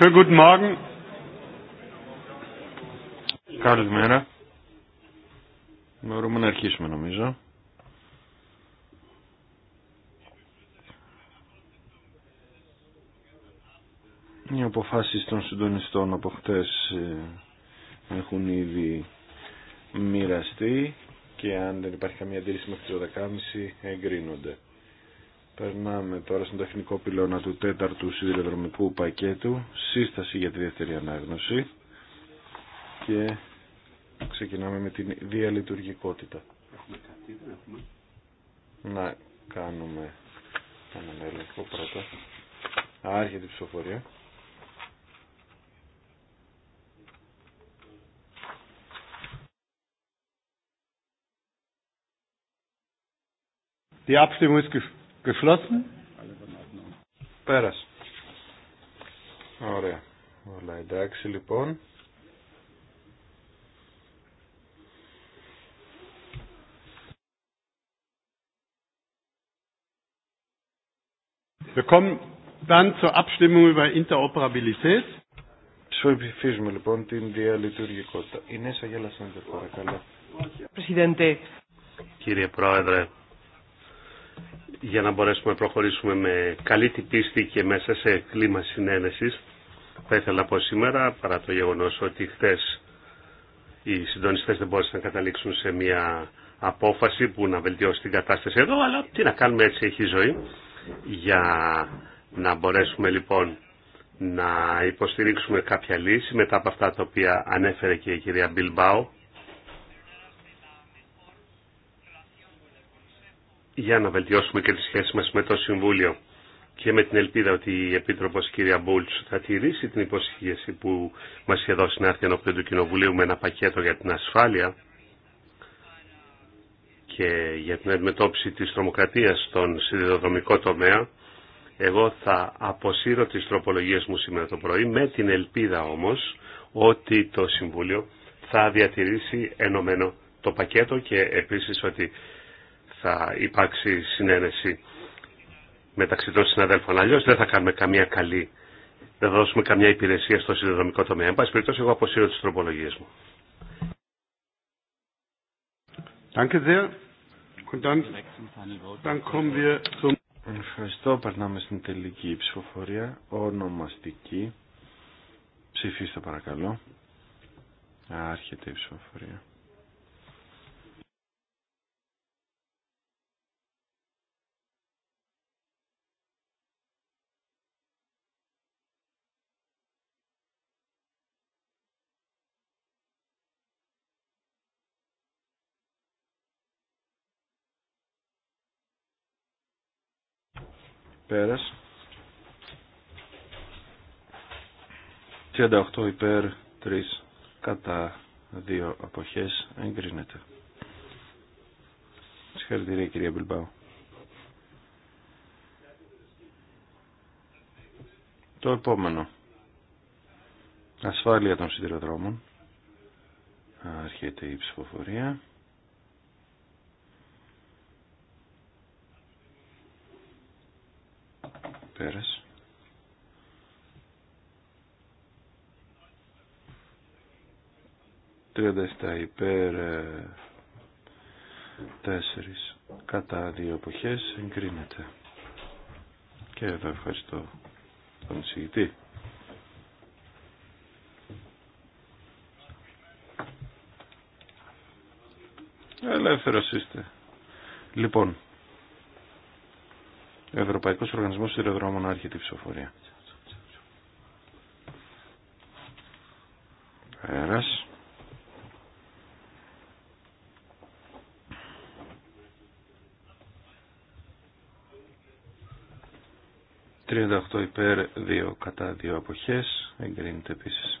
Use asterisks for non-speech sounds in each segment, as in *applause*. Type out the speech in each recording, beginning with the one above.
Schönen guten Morgen. Καλημέρα. Μπορούμε να αρχίσουμε νομίζω. Οι αποφάσεις των συντονιστών από χτες ε, έχουν ήδη μοιραστεί και αν δεν υπάρχει καμία αντίρρηση μέχρι τις 12.30 εγκρίνονται. Περνάμε τώρα στον τεχνικό πυλώνα του τέταρτου σιδηροδρομικού πακέτου, σύσταση για τη δεύτερη ανάγνωση και ξεκινάμε με την διαλειτουργικότητα. Να κάνουμε έναν έλεγχο πρώτα. Άρχεται η ψηφοφορία. Die Abstimmung ist Geschlossen. Πέρασε. Ωραία. Όλα εντάξει λοιπόν. Wir kommen dann zur Abstimmung über Interoperabilität. Ψηφίζουμε την Κύριε Πρόεδρε, για να μπορέσουμε να προχωρήσουμε με καλή την πίστη και μέσα σε κλίμα συνένεσης. Θα ήθελα από σήμερα, παρά το γεγονός ότι χθες οι συντονιστές δεν μπόρεσαν να καταλήξουν σε μια απόφαση που να βελτιώσει την κατάσταση εδώ, αλλά τι να κάνουμε έτσι έχει η ζωή για να μπορέσουμε λοιπόν να υποστηρίξουμε κάποια λύση μετά από αυτά τα οποία ανέφερε και η κυρία Μπιλμπάου για να βελτιώσουμε και τη σχέση μας με το Συμβούλιο και με την ελπίδα ότι η Επίτροπος κυρία Μπούλτς θα τηρήσει την υποσχέση που μας είχε δώσει να έρθει ενώπιον του Κοινοβουλίου με ένα πακέτο για την ασφάλεια και για την αντιμετώπιση της τρομοκρατίας στον σιδηροδρομικό τομέα. Εγώ θα αποσύρω τις τροπολογίες μου σήμερα το πρωί με την ελπίδα όμως ότι το Συμβούλιο θα διατηρήσει ενωμένο το πακέτο και επίσης ότι θα υπάρξει συνένεση μεταξύ των συναδέλφων. Αλλιώ δεν θα κάνουμε καμία καλή, δεν θα δώσουμε καμία υπηρεσία στο συνδρομικό τομέα. Εν πάση περιπτώσει, εγώ αποσύρω τι τροπολογίε μου. Ευχαριστώ. Περνάμε στην τελική ψηφοφορία. Ονομαστική. Ψηφίστε παρακαλώ. Άρχεται η ψηφοφορία. Πέρας. 38 υπέρ 3 κατά 2 αποχές εγκρίνεται. Συγχαρητήρια κυρία Μπιλμπάου. Το επόμενο. Ασφάλεια των σιδηροδρόμων. Αρχίεται η ψηφοφορία. Πέρας. Τριάντα υπέρ ε, τέσσερις κατά δύο εποχές εγκρίνεται. Και εδώ ευχαριστώ τον εισηγητή. Ελεύθερος είστε. Λοιπόν, Ευρωπαϊκός οργανισμός της Ρευρωμονάρχης της 38 υπέρ 2 κατά 2 αποχές. Εγκρίνεται επίσης.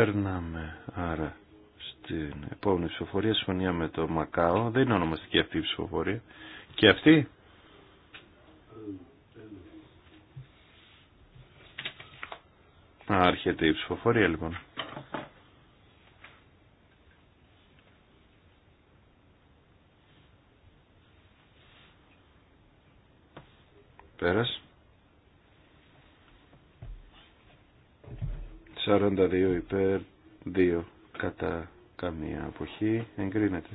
Περνάμε άρα στην επόμενη ψηφοφορία, συμφωνία με το Μακάο. Δεν είναι ονομαστική αυτή η ψηφοφορία. Και αυτή. Άρχεται η ψηφοφορία λοιπόν. κατά μία αποχή εγκρίνεται.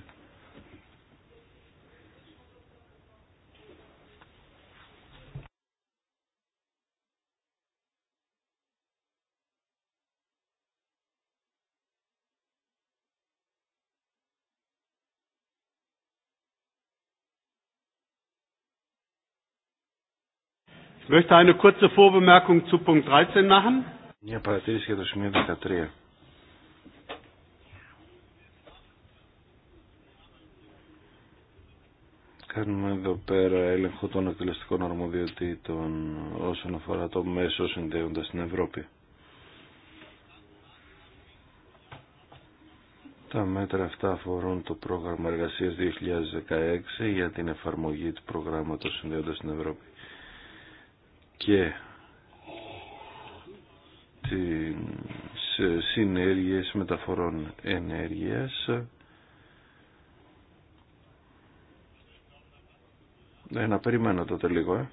Ich möchte eine kurze Vorbemerkung zu Punkt 13 machen. Ja, παρατήρηση για το 13. Κάνουμε εδώ πέρα έλεγχο των εκτελεστικών αρμοδιοτήτων όσον αφορά το μέσο συνδέοντα στην Ευρώπη. Τα μέτρα αυτά αφορούν το πρόγραμμα εργασίας 2016 για την εφαρμογή του προγράμματος συνδέοντας στην Ευρώπη και τις ε, συνέργειες μεταφορών ενέργειας Ναι, να περιμένω τότε λίγο, ε.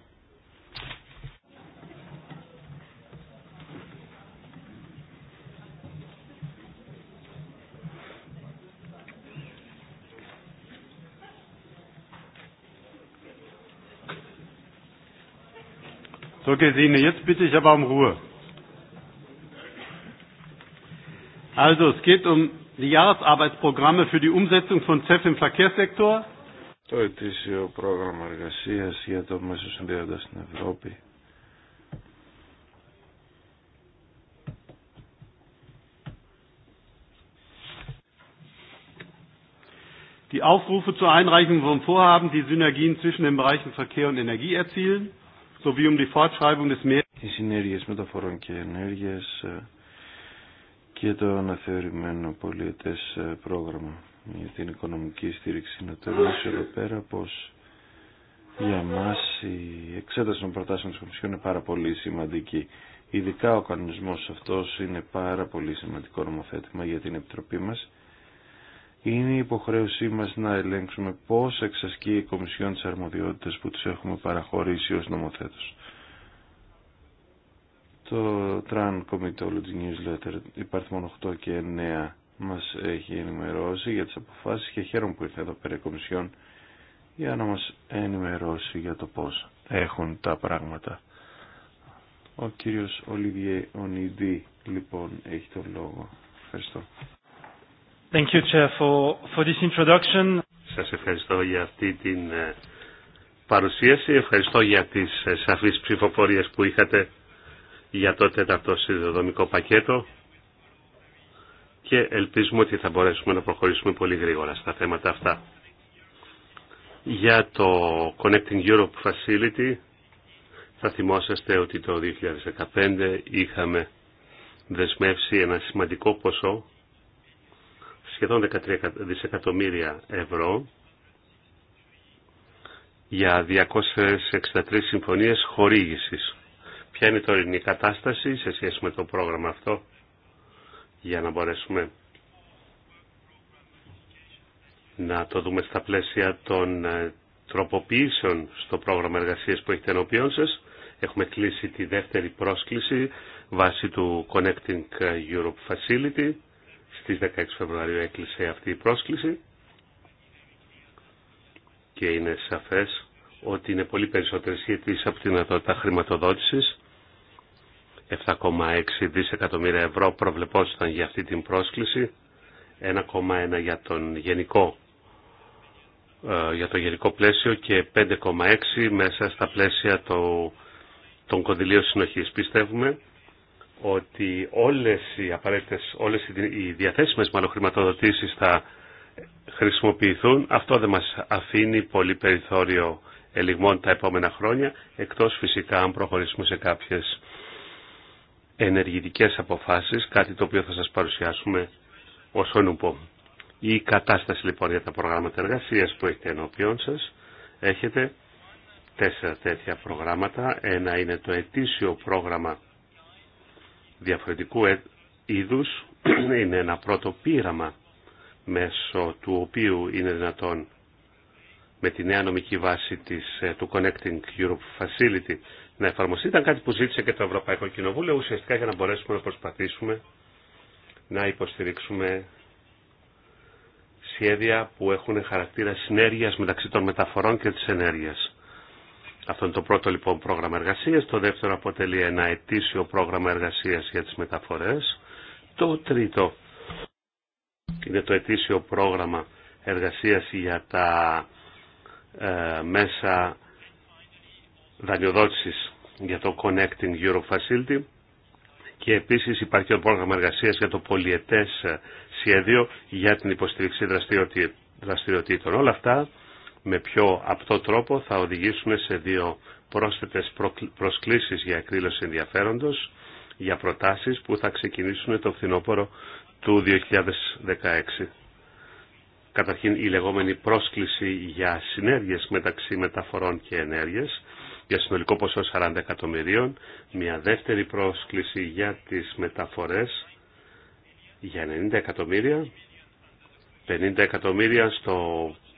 So, Gesine, jetzt bitte ich aber um Ruhe. Also, es geht um die Jahresarbeitsprogramme für die Umsetzung von CEF im Verkehrssektor το ετήσιο πρόγραμμα εργασίας για το μέσο συνδέοντα στην Ευρώπη. Die Aufrufe zur Einreichung von Vorhaben, die Synergien zwischen den Bereichen Verkehr und Energie erzielen, sowie um die Fortschreibung des Mehr Οι συνέργειες μεταφορών και ενέργειας και το αναθεωρημένο Polites πρόγραμμα για την οικονομική στήριξη να τελειώσει εδώ πέρα πως για μας η εξέταση των προτάσεων της Κομισιόν είναι πάρα πολύ σημαντική. Ειδικά ο κανονισμός αυτός είναι πάρα πολύ σημαντικό νομοθέτημα για την Επιτροπή μας. Είναι η υποχρέωσή μας να ελέγξουμε πώς εξασκεί η Κομισιόν τις αρμοδιότητες που τους έχουμε παραχωρήσει ως νομοθέτους. Το Tran Committology Newsletter υπάρχει μόνο 8 και 9 μας έχει ενημερώσει για τις αποφάσεις και χαίρομαι που ήρθε εδώ πέρα η Κομισιόν για να μας ενημερώσει για το πώς έχουν τα πράγματα. Ο κύριος Ολιβιέ Ονιδί λοιπόν έχει τον λόγο. Ευχαριστώ. Thank you, Chair, for, for this introduction. Σας ευχαριστώ για αυτή την ε, παρουσίαση. Ευχαριστώ για τις ε, σαφείς ψηφοφορίες που είχατε για το τέταρτο συνδεδομικό πακέτο και ελπίζουμε ότι θα μπορέσουμε να προχωρήσουμε πολύ γρήγορα στα θέματα αυτά. Για το Connecting Europe Facility θα θυμόσαστε ότι το 2015 είχαμε δεσμεύσει ένα σημαντικό ποσό σχεδόν 13 δισεκατομμύρια ευρώ για 263 συμφωνίες χορήγησης. Ποια είναι τώρα η κατάσταση σε σχέση με το πρόγραμμα αυτό για να μπορέσουμε να το δούμε στα πλαίσια των ε, τροποποιήσεων στο πρόγραμμα εργασίας που έχετε ενώπιόν σα. Έχουμε κλείσει τη δεύτερη πρόσκληση βάσει του Connecting Europe Facility. Στις 16 Φεβρουαρίου έκλεισε αυτή η πρόσκληση και είναι σαφές ότι είναι πολύ περισσότερες αιτήσεις από τη δυνατότητα χρηματοδότησης 7,6 δισεκατομμύρια ευρώ προβλεπόταν για αυτή την πρόσκληση, 1,1 για, τον γενικό, ε, για το γενικό πλαίσιο και 5,6 μέσα στα πλαίσια το, των κονδυλίων συνοχής. Πιστεύουμε ότι όλες οι απαραίτητες, όλες οι διαθέσιμες μαλοχρηματοδοτήσεις θα χρησιμοποιηθούν. Αυτό δεν μας αφήνει πολύ περιθώριο ελιγμών τα επόμενα χρόνια, εκτός φυσικά αν προχωρήσουμε σε κάποιες ενεργητικές αποφάσεις, κάτι το οποίο θα σας παρουσιάσουμε ως ονουπό. Η κατάσταση λοιπόν για τα προγράμματα εργασίας που έχετε ενώπιόν σας, έχετε τέσσερα τέτοια προγράμματα. Ένα είναι το ετήσιο πρόγραμμα διαφορετικού ε- είδους, *clears throat* είναι ένα πρώτο πείραμα μέσω του οποίου είναι δυνατόν με τη νέα νομική βάση της, ε, του Connecting Europe Facility να εφαρμοστεί. Ήταν κάτι που ζήτησε και το Ευρωπαϊκό Κοινοβούλιο ουσιαστικά για να μπορέσουμε να προσπαθήσουμε να υποστηρίξουμε σχέδια που έχουν χαρακτήρα συνέργειας μεταξύ των μεταφορών και της ενέργειας. Αυτό είναι το πρώτο λοιπόν πρόγραμμα εργασίας. Το δεύτερο αποτελεί ένα ετήσιο πρόγραμμα εργασίας για τις μεταφορές. Το τρίτο είναι το ετήσιο πρόγραμμα εργασίας για τα ε, μέσα δανειοδότησης για το Connecting Euro Facility και επίσης υπάρχει το πρόγραμμα εργασίας για το πολιετές ε, σχέδιο για την υποστήριξη δραστηριοτήτων. Όλα αυτά με πιο απτό τρόπο θα οδηγήσουν σε δύο πρόσθετες προσκλήσεις για εκδήλωση ενδιαφέροντος για προτάσεις που θα ξεκινήσουν το φθινόπωρο του 2016. Καταρχήν η λεγόμενη πρόσκληση για συνέργειες μεταξύ μεταφορών και ενέργειας για συνολικό ποσό 40 εκατομμυρίων, μια δεύτερη πρόσκληση για τις μεταφορές για 90 εκατομμύρια, 50 εκατομμύρια στο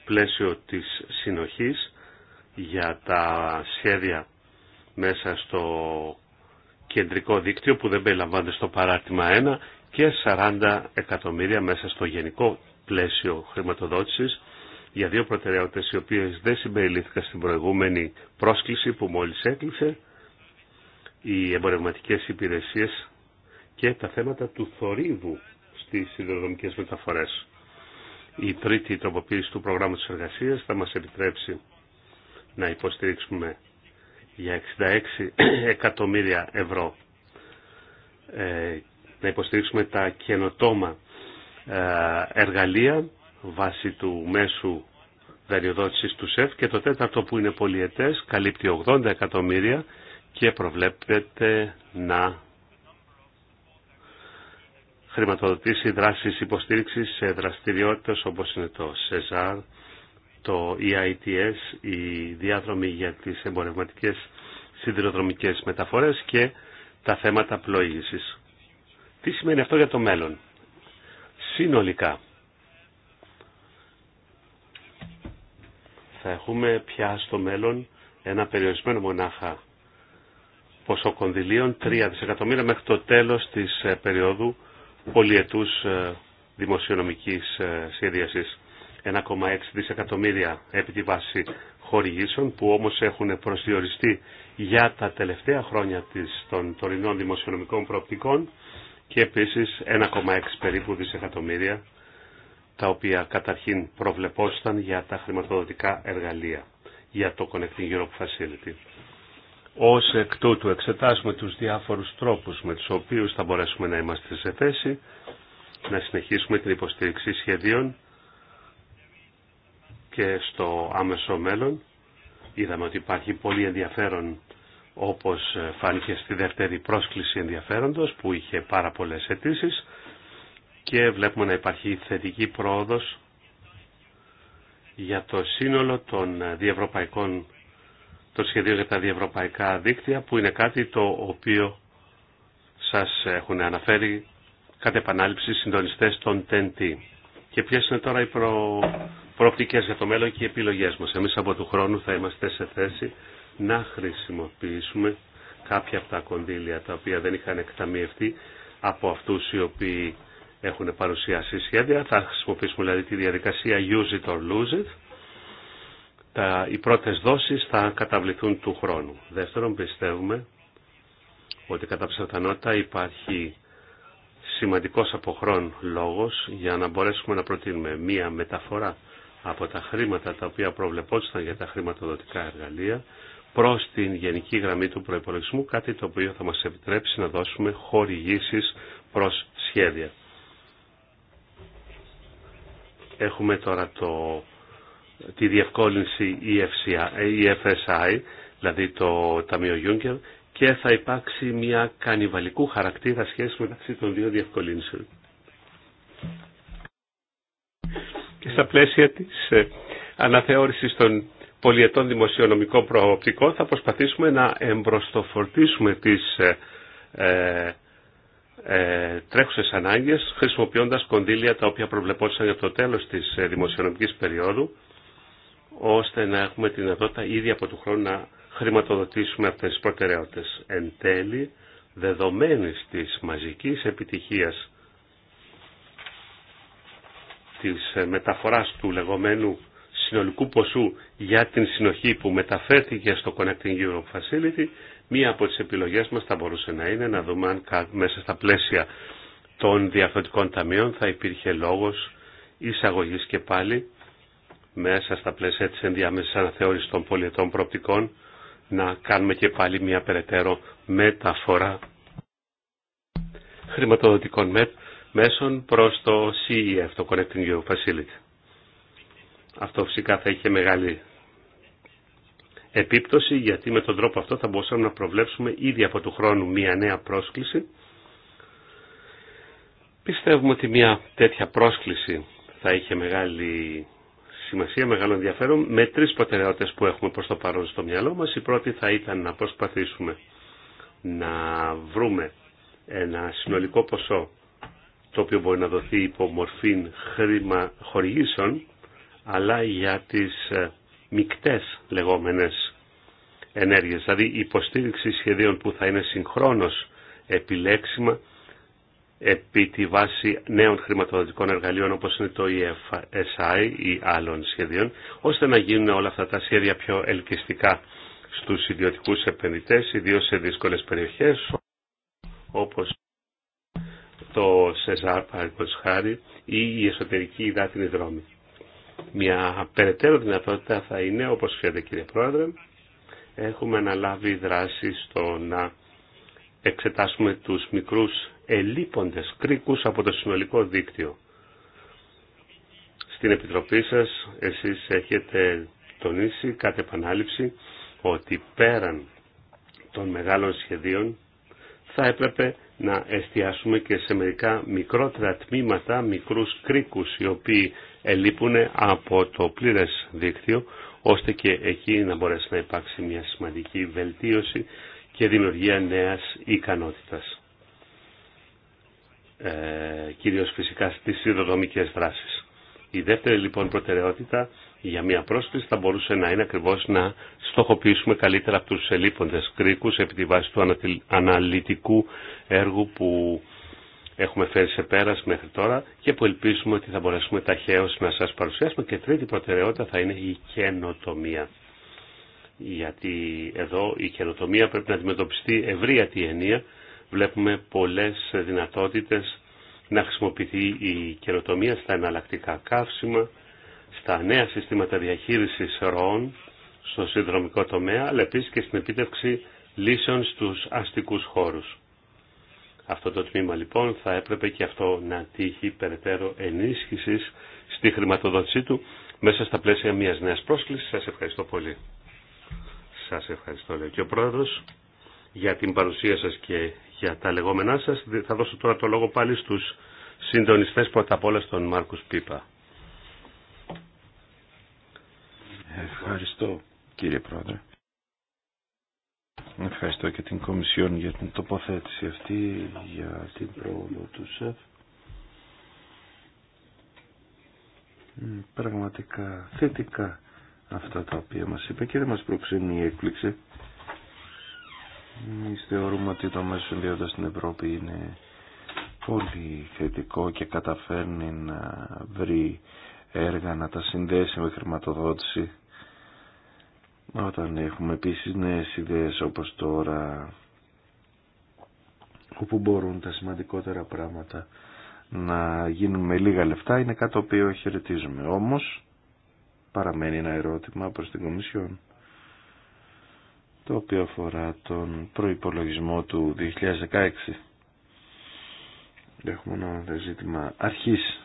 πλαίσιο της συνοχής για τα σχέδια μέσα στο κεντρικό δίκτυο που δεν περιλαμβάνεται στο παράρτημα 1 και 40 εκατομμύρια μέσα στο γενικό πλαίσιο χρηματοδότησης για δύο προτεραιότητες οι οποίες δεν συμπεριλήθηκαν στην προηγούμενη πρόσκληση που μόλις έκλεισε, οι εμπορευματικές υπηρεσίες και τα θέματα του θορύβου στις σιδηροδρομικές μεταφορές. Η τρίτη τροποποίηση του προγράμματος εργασίας θα μας επιτρέψει να υποστηρίξουμε για 66 εκατομμύρια ευρώ ε, να υποστηρίξουμε τα καινοτόμα ε, εργαλεία βάσει του μέσου δανειοδότησης του ΣΕΦ και το τέταρτο που είναι πολυετές καλύπτει 80 εκατομμύρια και προβλέπεται να χρηματοδοτήσει δράσεις υποστήριξης σε δραστηριότητες όπως είναι το ΣΕΖΑΡ, το EITS, οι διάδρομοι για τις εμπορευματικές σιδηροδρομικές μεταφορές και τα θέματα πλοήγησης. Τι σημαίνει αυτό για το μέλλον. Συνολικά, θα έχουμε πια στο μέλλον ένα περιορισμένο μονάχα ποσό κονδυλίων, 3 δισεκατομμύρια μέχρι το τέλος της ε, περίοδου πολιετούς ε, δημοσιονομικής ε, σχεδίασης. 1,6 δισεκατομμύρια επί τη βάση χορηγήσεων που όμως έχουν προσδιοριστεί για τα τελευταία χρόνια της, των τωρινών δημοσιονομικών προοπτικών και επίσης 1,6 περίπου δισεκατομμύρια τα οποία καταρχήν προβλεπόσταν για τα χρηματοδοτικά εργαλεία, για το Connecting Europe Facility. Ως εκ τούτου εξετάσουμε τους διάφορους τρόπους με τους οποίους θα μπορέσουμε να είμαστε σε θέση να συνεχίσουμε την υποστήριξη σχεδίων και στο άμεσο μέλλον. Είδαμε ότι υπάρχει πολύ ενδιαφέρον όπως φάνηκε στη δεύτερη πρόσκληση ενδιαφέροντος που είχε πάρα πολλές αιτήσει και βλέπουμε να υπάρχει θετική πρόοδος για το σύνολο των διευρωπαϊκών το σχεδίο για τα διευρωπαϊκά δίκτυα που είναι κάτι το οποίο σας έχουν αναφέρει κατ' επανάληψη συντονιστές των TNT. Και ποιες είναι τώρα οι προ... προοπτικές για το μέλλον και οι επιλογές μας. Εμείς από του χρόνου θα είμαστε σε θέση να χρησιμοποιήσουμε κάποια από τα κονδύλια τα οποία δεν είχαν εκταμιευτεί από αυτούς οι οποίοι έχουν παρουσιάσει σχέδια. Θα χρησιμοποιήσουμε δηλαδή τη διαδικασία use it or lose it. Τα, οι πρώτες δόσεις θα καταβληθούν του χρόνου. Δεύτερον, πιστεύουμε ότι κατά ψευτανότητα υπάρχει σημαντικός αποχρόν λόγος για να μπορέσουμε να προτείνουμε μία μεταφορά από τα χρήματα τα οποία προβλεπόταν για τα χρηματοδοτικά εργαλεία προς την γενική γραμμή του προϋπολογισμού, κάτι το οποίο θα μας επιτρέψει να δώσουμε χορηγήσεις προς σχέδια. Έχουμε τώρα το, τη διευκόλυνση EFSI, e δηλαδή το Ταμείο Juncker, και θα υπάρξει μια κανιβαλικού χαρακτήρα σχέση μεταξύ των δύο διευκολύνσεων. Και στα πλαίσια της ε, αναθεώρησης των πολιετών δημοσιονομικών προοπτικών θα προσπαθήσουμε να εμπροστοφορτήσουμε τις ε, ε, ε, τρέχουσες ανάγκες χρησιμοποιώντας κονδύλια τα οποία προβλεπόταν για το τέλος της ε, δημοσιονομικής περίοδου ώστε να έχουμε την δυνατότητα ήδη από του χρόνου να χρηματοδοτήσουμε αυτές τις προτεραιότητε. Εν τέλει, δεδομένης της μαζικής επιτυχίας της ε, μεταφοράς του λεγόμενου συνολικού ποσού για την συνοχή που μεταφέρθηκε στο Connecting Europe Facility, Μία από τις επιλογές μας θα μπορούσε να είναι να δούμε αν μέσα στα πλαίσια των διαφορετικών ταμείων θα υπήρχε λόγος εισαγωγής και πάλι μέσα στα πλαίσια της ενδιάμεσης αναθεώρησης των πολιετών προοπτικών να κάνουμε και πάλι μια περαιτέρω μεταφορά χρηματοδοτικών μέσων προς το CEF, το Connecting Europe Facility. Αυτό φυσικά θα είχε μεγάλη επίπτωση γιατί με τον τρόπο αυτό θα μπορούσαμε να προβλέψουμε ήδη από του χρόνου μια νέα πρόσκληση. Πιστεύουμε ότι μια τέτοια πρόσκληση θα είχε μεγάλη σημασία, μεγάλο ενδιαφέρον με τρεις προτεραιότητες που έχουμε προς το παρόν στο μυαλό μας. Η πρώτη θα ήταν να προσπαθήσουμε να βρούμε ένα συνολικό ποσό το οποίο μπορεί να δοθεί υπό μορφή χρήμα χορηγήσεων αλλά για τις ε, μικτές λεγόμενες ενέργειες, δηλαδή υποστήριξη σχεδίων που θα είναι συγχρόνως επιλέξιμα επί τη βάση νέων χρηματοδοτικών εργαλείων όπως είναι το EFSI ή άλλων σχεδίων, ώστε να γίνουν όλα αυτά τα σχέδια πιο ελκυστικά στους ιδιωτικούς επενδυτές, ιδίως σε δύσκολες περιοχές όπως το ΣΕΖΑΡ, παραδείγματος χάρη, ή η εσωτερική υδάτινη δρόμη. Μια περαιτέρω δυνατότητα θα είναι, όπως ξέρετε κύριε Πρόεδρε, έχουμε αναλάβει δράση στο να εξετάσουμε τους μικρούς ελείποντες κρίκους από το συνολικό δίκτυο. Στην Επιτροπή σας εσείς έχετε τονίσει κατ' επανάληψη ότι πέραν των μεγάλων σχεδίων θα έπρεπε να εστιάσουμε και σε μερικά μικρότερα τμήματα, μικρούς κρίκους οι οποίοι ελείπουν από το πλήρες δίκτυο, ώστε και εκεί να μπορέσει να υπάρξει μια σημαντική βελτίωση και δημιουργία νέας ικανότητας. Ε, κυρίως φυσικά στις ιδοδομικές δράσεις. Η δεύτερη λοιπόν προτεραιότητα για μια πρόσκληση θα μπορούσε να είναι ακριβώς να στοχοποιήσουμε καλύτερα από τους ελείποντες κρίκους επί τη βάση του αναλυτικού έργου που έχουμε φέρει σε πέρας μέχρι τώρα και που ελπίζουμε ότι θα μπορέσουμε ταχαίως να σας παρουσιάσουμε και τρίτη προτεραιότητα θα είναι η καινοτομία. Γιατί εδώ η καινοτομία πρέπει να αντιμετωπιστεί ευρία τη ενία. Βλέπουμε πολλές δυνατότητες να χρησιμοποιηθεί η καινοτομία στα εναλλακτικά καύσιμα, στα νέα συστήματα διαχείρισης ροών, στο συνδρομικό τομέα, αλλά επίσης και στην επίτευξη λύσεων στους αστικούς χώρους. Αυτό το τμήμα λοιπόν θα έπρεπε και αυτό να τύχει περαιτέρω ενίσχυσης στη χρηματοδότησή του μέσα στα πλαίσια μιας νέας πρόσκλησης. Σας ευχαριστώ πολύ. Σας ευχαριστώ λέει και ο Πρόεδρος για την παρουσία σας και για τα λεγόμενά σας. Θα δώσω τώρα το λόγο πάλι στους συντονιστές πρώτα απ' όλα στον Μάρκους Πίπα. Ευχαριστώ κύριε Πρόεδρε. Ευχαριστώ και την Κομισιόν για την τοποθέτηση αυτή, για την πρόοδο του ΣΕΦ. Πραγματικά θετικά αυτά τα οποία μας είπε και δεν μας προξενεί η έκπληξη. Εμείς θεωρούμε ότι το μέσο ενδιαφέροντας στην Ευρώπη είναι πολύ θετικό και καταφέρνει να βρει έργα να τα συνδέσει με χρηματοδότηση όταν έχουμε επίσης νέες ιδέες όπως τώρα όπου μπορούν τα σημαντικότερα πράγματα να γίνουν με λίγα λεφτά είναι κάτι το οποίο χαιρετίζουμε. Όμως παραμένει ένα ερώτημα προς την Κομισιόν το οποίο αφορά τον προϋπολογισμό του 2016. Έχουμε ένα ζήτημα αρχής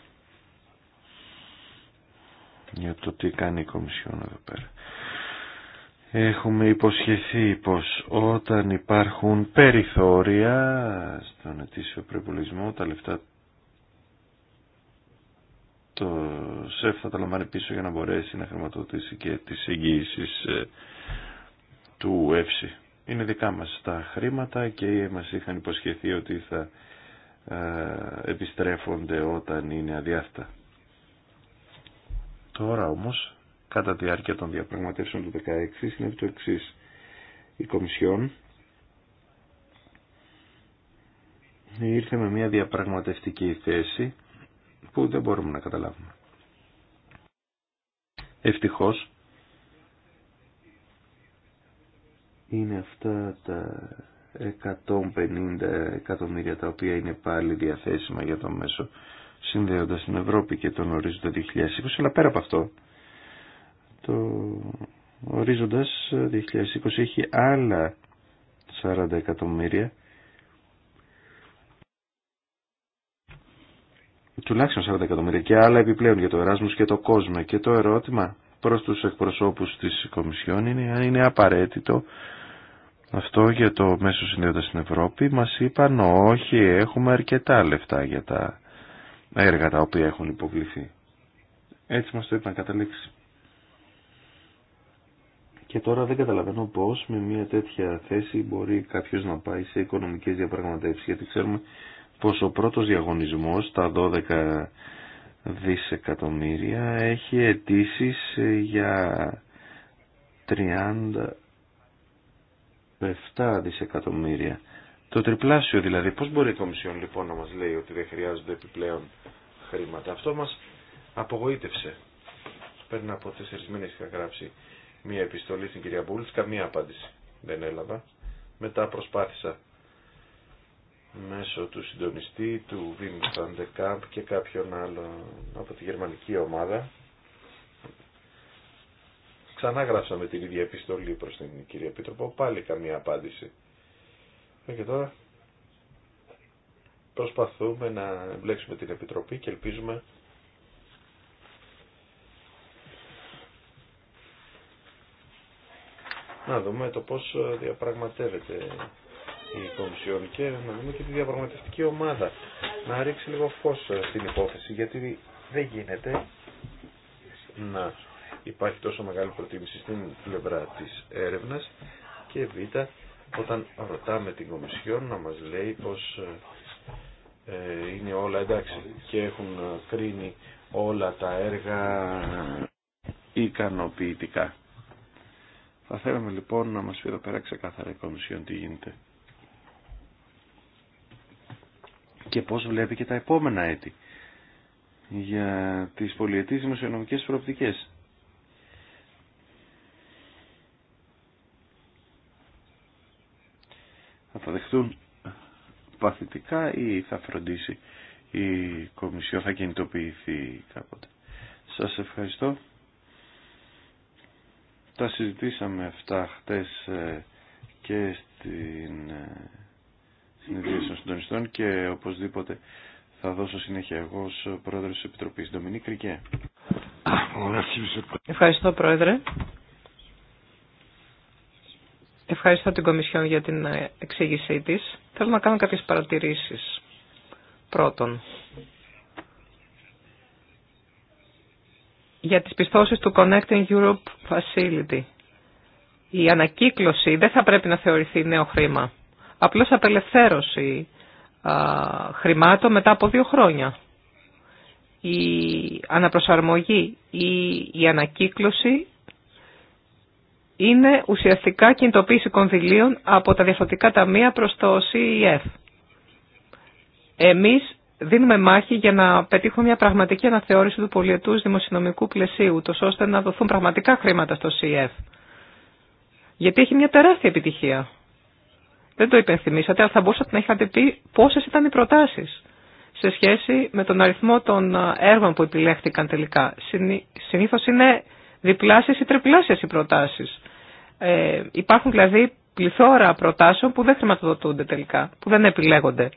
για το τι κάνει η Κομισιόν εδώ πέρα. Έχουμε υποσχεθεί πως όταν υπάρχουν περιθώρια στον ετήσιο προπολογισμό τα λεφτά το ΣΕΦ θα τα λαμβάνει πίσω για να μπορέσει να χρηματοδοτήσει και τις εγγύησεις ε, του ΕΦΣΙ. Είναι δικά μας τα χρήματα και μας είχαν υποσχεθεί ότι θα ε, επιστρέφονται όταν είναι αδιάστα. Τώρα όμως κατά τη διάρκεια των διαπραγματεύσεων του 2016 είναι το εξή. Η Κομισιόν ήρθε με μια διαπραγματευτική θέση που δεν μπορούμε να καταλάβουμε. Ευτυχώς είναι αυτά τα 150 εκατομμύρια τα οποία είναι πάλι διαθέσιμα για το μέσο συνδέοντας την Ευρώπη και τον ορίζοντα 2020 αλλά πέρα από αυτό το ορίζοντας 2020 έχει άλλα 40 εκατομμύρια τουλάχιστον 40 εκατομμύρια και άλλα επιπλέον για το εράσμος και το κόσμο και το ερώτημα προς τους εκπροσώπους της Κομισιόν είναι αν είναι απαραίτητο αυτό για το μέσο συνδέοντα στην Ευρώπη μας είπαν όχι έχουμε αρκετά λεφτά για τα έργα τα οποία έχουν υποβληθεί. Έτσι μας το είπαν καταλήξει και τώρα δεν καταλαβαίνω πώς με μια τέτοια θέση μπορεί κάποιος να πάει σε οικονομικές διαπραγματεύσεις, γιατί ξέρουμε πως ο πρώτος διαγωνισμός, τα 12 δισεκατομμύρια, έχει αιτήσει ε, για 37 δισεκατομμύρια. Το τριπλάσιο δηλαδή. Πώς μπορεί η Κομισιόν λοιπόν να μας λέει ότι δεν χρειάζονται επιπλέον χρήματα. Αυτό μας απογοήτευσε. παίρνει από τέσσερις μήνες είχα γράψει μία επιστολή στην κυρία Μπούλτς, καμία απάντηση δεν έλαβα. Μετά προσπάθησα μέσω του συντονιστή, του Βίμ Φαντεκάμπ και κάποιον άλλο από τη γερμανική ομάδα. Ξανά γράψαμε την ίδια επιστολή προς την κυρία Επίτροπο, πάλι καμία απάντηση. Ε, και τώρα προσπαθούμε να εμπλέξουμε την Επιτροπή και ελπίζουμε να δούμε το πώς ε, διαπραγματεύεται η Κομισιόν και να δούμε και τη διαπραγματευτική ομάδα να ρίξει λίγο φως ε, στην υπόθεση γιατί δεν γίνεται να υπάρχει τόσο μεγάλη προτίμηση στην πλευρά της έρευνας και β όταν ρωτάμε την Κομισιόν να μας λέει πως ε, είναι όλα εντάξει και έχουν κρίνει όλα τα έργα ικανοποιητικά. Θα θέλαμε λοιπόν να μας πει εδώ πέρα ξεκάθαρα η Κομισιόν τι γίνεται. Και πώς βλέπει και τα επόμενα έτη για τις πολιετήσεις δημοσιονομικές προοπτικές. Θα τα δεχτούν παθητικά ή θα φροντίσει η Κομισιό, θα φροντισει η κομισιον κάποτε. Σας ευχαριστώ. Τα συζητήσαμε αυτά χτες ε, και στην ε, συνεδρίαση των συντονιστών και οπωσδήποτε θα δώσω συνέχεια εγώ ως πρόεδρος της Επιτροπής. Ντομινίκ Ευχαριστώ πρόεδρε. Ευχαριστώ την Κομισιόν για την ε, εξήγησή της. Θέλω να κάνω κάποιες παρατηρήσεις. Πρώτον, για τις πιστώσεις του Connecting Europe Facility. Η ανακύκλωση δεν θα πρέπει να θεωρηθεί νέο χρήμα. Απλώς απελευθέρωση χρημάτων μετά από δύο χρόνια. Η αναπροσαρμογή ή η ανακύκλωση είναι ουσιαστικά κινητοποίηση κονδυλίων από τα διαφορετικά ταμεία προς το CEF. Εμείς δίνουμε μάχη για να πετύχουμε μια πραγματική αναθεώρηση του πολιετού δημοσιονομικού πλαισίου, τόσο ώστε να δοθούν πραγματικά χρήματα στο ΣΥΕΦ. Γιατί έχει μια τεράστια επιτυχία. Δεν το υπενθυμίσατε, αλλά θα μπορούσατε να είχατε πει πόσε ήταν οι προτάσει σε σχέση με τον αριθμό των ε, έργων που επιλέχθηκαν τελικά. Συνήθω είναι διπλάσιε ή τριπλάσιε οι προτάσει. Ε, υπάρχουν δηλαδή πληθώρα προτάσεων που δεν χρηματοδοτούνται τελικά, που δεν επιλέγονται.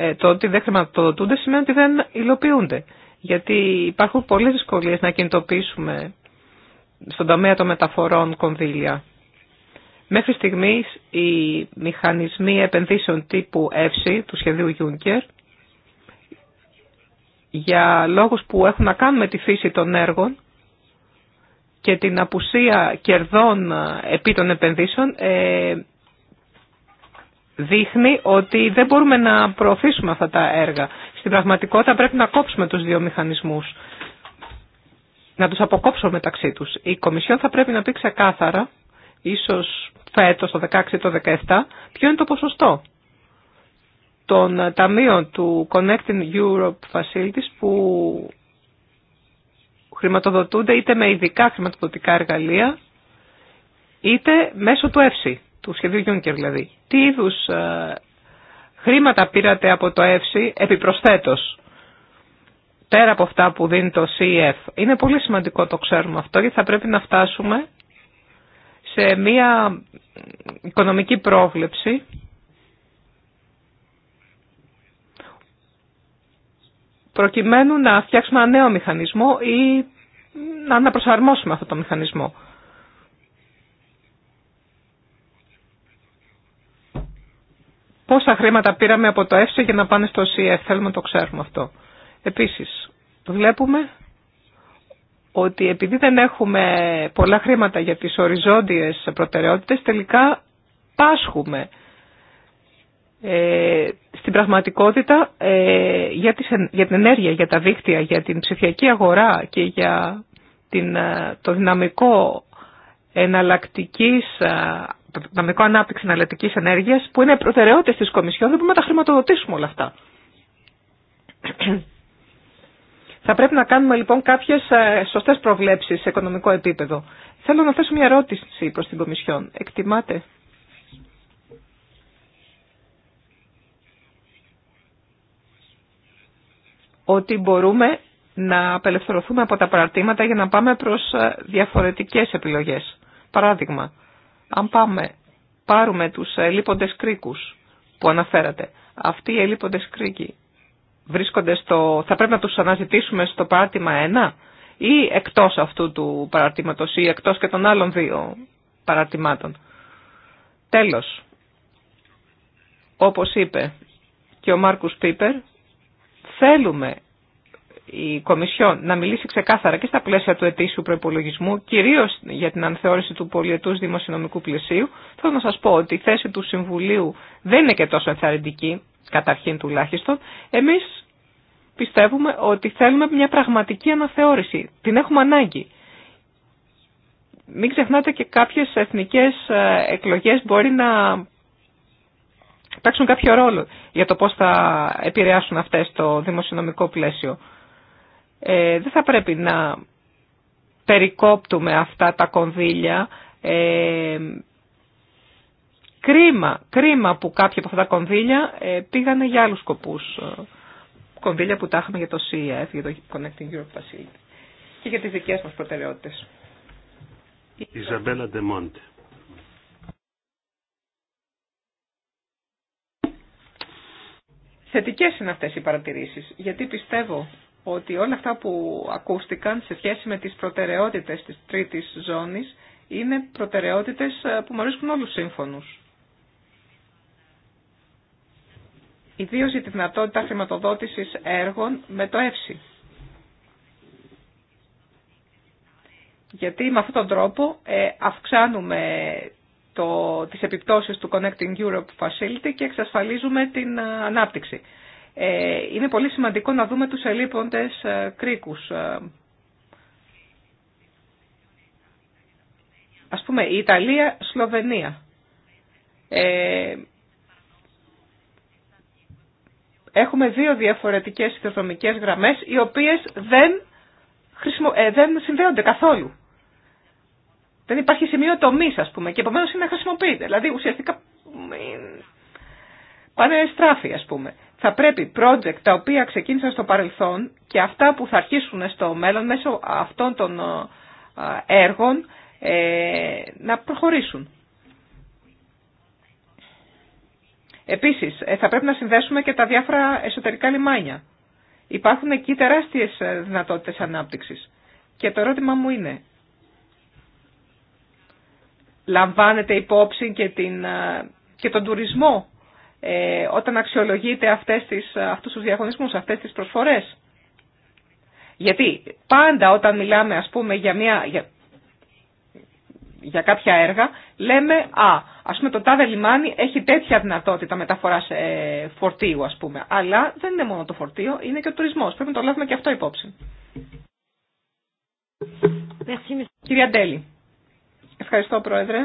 Ε, το ότι δεν χρηματοδοτούνται σημαίνει ότι δεν υλοποιούνται. Γιατί υπάρχουν πολλές δυσκολίες να κινητοποιήσουμε στον τομέα των μεταφορών κονδύλια. Μέχρι στιγμής οι μηχανισμοί επενδύσεων τύπου ΕΦΣΙ του σχεδίου Juncker για λόγους που έχουν να κάνουν με τη φύση των έργων και την απουσία κερδών ε, επί των επενδύσεων ε, δείχνει ότι δεν μπορούμε να προωθήσουμε αυτά τα έργα. Στην πραγματικότητα πρέπει να κόψουμε τους δύο μηχανισμούς, να τους αποκόψουμε μεταξύ τους. Η Κομισιόν θα πρέπει να πει ξεκάθαρα, ίσως φέτος το 16 ή το 17, ποιο είναι το ποσοστό των ε, ταμείων του Connecting Europe Facilities που χρηματοδοτούνται είτε με ειδικά χρηματοδοτικά εργαλεία, είτε μέσω του ΕΦΣΥ του σχεδίου Juncker δηλαδή. Τι είδους ε, χρήματα πήρατε από το ΕΦΣΥ επιπροσθέτως πέρα από αυτά που δίνει το CEF. Είναι πολύ σημαντικό το ξέρουμε αυτό γιατί θα πρέπει να φτάσουμε σε μια οικονομική πρόβλεψη προκειμένου να φτιάξουμε ένα νέο μηχανισμό ή να αναπροσαρμόσουμε αυτό το μηχανισμό. Πόσα χρήματα πήραμε από το ΕΦΣΕ για να πάνε στο ΣΥΕΦ, θέλουμε να το ξέρουμε αυτό. Επίσης, βλέπουμε ότι επειδή δεν έχουμε πολλά χρήματα για τις οριζόντιες προτεραιότητες, τελικά πάσχουμε ε, στην πραγματικότητα ε, για, τις, για την ενέργεια, για τα δίκτυα, για την ψηφιακή αγορά και για την, ε, το δυναμικό εναλλακτικής ε, το δυναμικό ανάπτυξη αναλυτική ενέργεια που είναι προτεραιότητε τη Κομισιόν, δεν μπορούμε να τα χρηματοδοτήσουμε όλα αυτά. *clears throat* Θα πρέπει να κάνουμε λοιπόν κάποιε σωστέ προβλέψει σε οικονομικό επίπεδο. Θέλω να θέσω μια ερώτηση προ την Κομισιόν. Εκτιμάτε. ότι μπορούμε να απελευθερωθούμε από τα παρατήματα για να πάμε προς ε, διαφορετικές επιλογές. Παράδειγμα, αν πάμε, πάρουμε τους ελίποντες κρίκους που αναφέρατε, αυτοί οι ελίποντες κρίκοι βρίσκονται στο... θα πρέπει να τους αναζητήσουμε στο παράρτημα 1 ή εκτός αυτού του παραρτήματος ή εκτός και των άλλων δύο παραρτημάτων. Τέλος, όπως είπε και ο Μάρκους Πίπερ, θέλουμε η Κομισιόν να μιλήσει ξεκάθαρα και στα πλαίσια του ετήσιου προπολογισμού, κυρίω για την ανθεώρηση του πολιετού δημοσιονομικού πλαισίου, θέλω να σα πω ότι η θέση του Συμβουλίου δεν είναι και τόσο ενθαρρυντική, καταρχήν τουλάχιστον. Εμεί πιστεύουμε ότι θέλουμε μια πραγματική αναθεώρηση. Την έχουμε ανάγκη. Μην ξεχνάτε και κάποιες εθνικές ε, εκλογές μπορεί να παίξουν κάποιο ρόλο για το πώς θα επηρεάσουν αυτές το δημοσιονομικό πλαίσιο ε, δεν θα πρέπει να περικόπτουμε αυτά τα κονδύλια. Ε, κρίμα, κρίμα που κάποια από αυτά τα κονδύλια ε, πήγανε για άλλους σκοπούς. Ε, κονδύλια που τα είχαμε για το CEF, για το Connecting Europe Facility και για τις δικές μας προτεραιότητες. Ιζαμπέλα Ντεμόντε. Θετικές είναι αυτές οι παρατηρήσεις, γιατί πιστεύω ότι όλα αυτά που ακούστηκαν σε σχέση με τις προτεραιότητες της τρίτης ζώνης είναι προτεραιότητες ε, που μου όλους σύμφωνους. Ιδίως για τη δυνατότητα χρηματοδότησης έργων με το ΕΦΣΥ. Γιατί με αυτόν τον τρόπο ε, αυξάνουμε το, τις επιπτώσεις του Connecting Europe Facility και εξασφαλίζουμε την ε, ανάπτυξη. Ε, είναι πολύ σημαντικό να δούμε τους ελείποντες ε, κρίκους. Ε, ας πούμε, η Ιταλία, Σλοβενία. έχουμε δύο διαφορετικές ιδεοδομικές γραμμές, οι οποίες δεν, χρησιμο, δεν συνδέονται καθόλου. Δεν υπάρχει σημείο τομή, α πούμε, και επομένω είναι χρησιμοποιείται. Δηλαδή, ουσιαστικά πάνε στράφη, α πούμε θα πρέπει project τα οποία ξεκίνησαν στο παρελθόν και αυτά που θα αρχίσουν στο μέλλον μέσω αυτών των ε, έργων ε, να προχωρήσουν. Επίσης, ε, θα πρέπει να συνδέσουμε και τα διάφορα εσωτερικά λιμάνια. Υπάρχουν εκεί τεράστιες δυνατότητες ανάπτυξης. Και το ερώτημα μου είναι, λαμβάνετε υπόψη και, την, και τον τουρισμό ε, όταν αξιολογείτε αυτές τις, αυτούς τους διαγωνισμούς, αυτές τις προσφορές. Γιατί πάντα όταν μιλάμε ας πούμε για, μια, για, για κάποια έργα λέμε «Α, ας πούμε το τάδε λιμάνι έχει τέτοια δυνατότητα μεταφοράς ε, φορτίου ας πούμε». Αλλά δεν είναι μόνο το φορτίο, είναι και ο τουρισμός. Πρέπει να το λάβουμε και αυτό υπόψη. Κυρία Ντέλη, ευχαριστώ Πρόεδρε.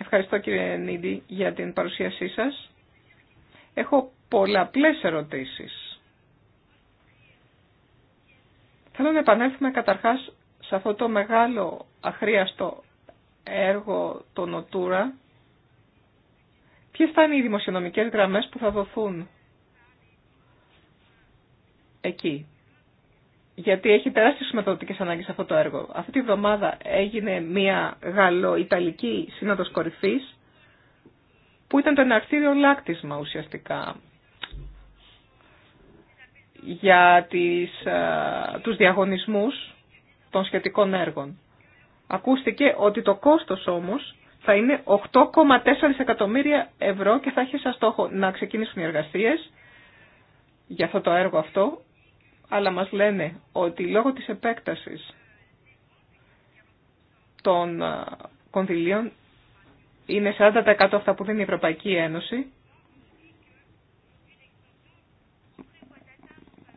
Ευχαριστώ κύριε Νίδη για την παρουσίασή σας. Έχω πολλαπλές ερωτήσεις. Θέλω να επανέλθουμε καταρχάς σε αυτό το μεγάλο αχρίαστο έργο το Νοτούρα. Ποιες θα είναι οι δημοσιονομικές γραμμές που θα δοθούν εκεί γιατί έχει τεράστιες χρηματοδοτικές ανάγκες αυτό το έργο. Αυτή τη βδομάδα έγινε μια γαλλο-ιταλική σύνοδος κορυφή που ήταν το εναρτήριο λάκτισμα ουσιαστικά για τις, α, ε, τους διαγωνισμούς των σχετικών έργων. Ακούστηκε ότι το κόστος όμως θα είναι 8,4 εκατομμύρια ευρώ και θα έχει σαν στόχο να ξεκινήσουν οι εργασίες για αυτό το έργο αυτό αλλά μας λένε ότι λόγω της επέκτασης των ε, κονδυλίων είναι 40% αυτά που δίνει η Ευρωπαϊκή Ένωση.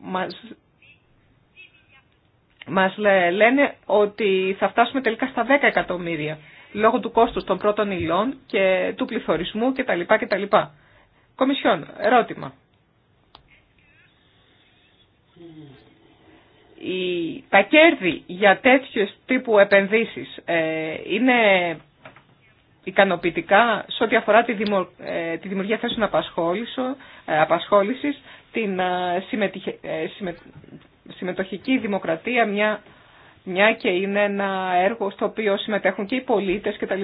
Μας, μας λένε ότι θα φτάσουμε τελικά στα 10 εκατομμύρια λόγω του κόστους των πρώτων υλών και του πληθωρισμού κτλ. κτλ. Κομισιόν, ερώτημα η, τα κέρδη για τέτοιου τύπου επενδύσεις ε, είναι ικανοποιητικά σε ό,τι αφορά τη, ε, τη δημιουργία θέσεων ε, απασχόλησης, την ε, ε, συμμετοχική δημοκρατία, μια, μια και είναι ένα έργο στο οποίο συμμετέχουν και οι πολίτες κτλ.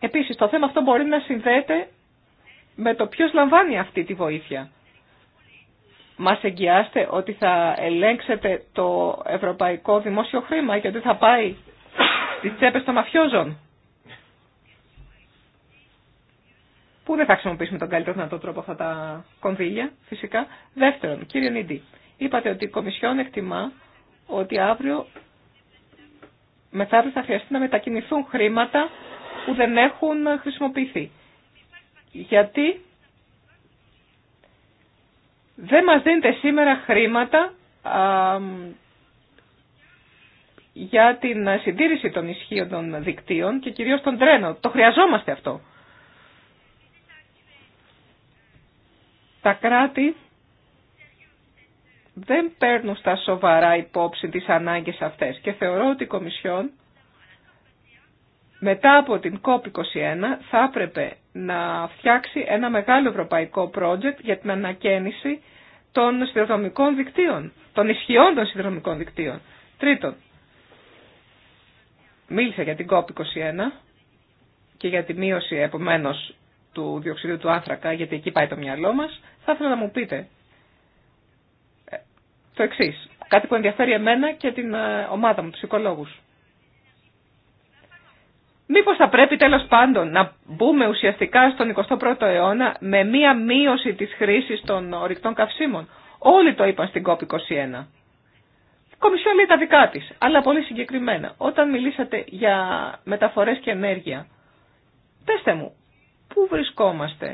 Επίσης, το θέμα αυτό μπορεί να συνδέεται με το ποιος λαμβάνει αυτή τη βοήθεια. Μας εγγυάστε ότι θα ελέγξετε το ευρωπαϊκό δημόσιο χρήμα και ότι θα πάει στις τσέπες των μαφιόζων. Πού δεν θα χρησιμοποιήσουμε τον καλύτερο δυνατό τρόπο αυτά τα κονδύλια, φυσικά. Δεύτερον, κύριε Νίντι, είπατε ότι η Κομισιόν εκτιμά ότι αύριο μεθαύριο θα χρειαστεί να μετακινηθούν χρήματα που δεν έχουν χρησιμοποιηθεί. Γιατί δεν μας δίνετε σήμερα χρήματα για την συντήρηση των ισχύων των δικτύων και κυρίως των τρένων. Το χρειαζόμαστε αυτό. Τα κράτη δεν παίρνουν στα σοβαρά υπόψη τις ανάγκες αυτές και θεωρώ ότι η Κομισιόν μετά από την COP21 θα έπρεπε να φτιάξει ένα μεγάλο ευρωπαϊκό project για την ανακαίνιση των σιδηροδρομικών δικτύων, των ισχυών των σιδηροδρομικών δικτύων. Τρίτον, μίλησα για την COP21 και για τη μείωση επομένω του διοξιδίου του άνθρακα, γιατί εκεί πάει το μυαλό μα, Θα ήθελα να μου πείτε ε, το εξή. Κάτι που ενδιαφέρει εμένα και την ε, ομάδα μου, του ψυχολόγου. Μήπως θα πρέπει τέλος πάντων να μπούμε ουσιαστικά στον 21ο αιώνα με μία μείωση της χρήσης των ορυκτών καυσίμων. Όλοι το είπαν στην COP21. Η Κομισιόν λέει τα δικά της, αλλά πολύ συγκεκριμένα. Όταν μιλήσατε για μεταφορές και ενέργεια, πέστε μου, πού βρισκόμαστε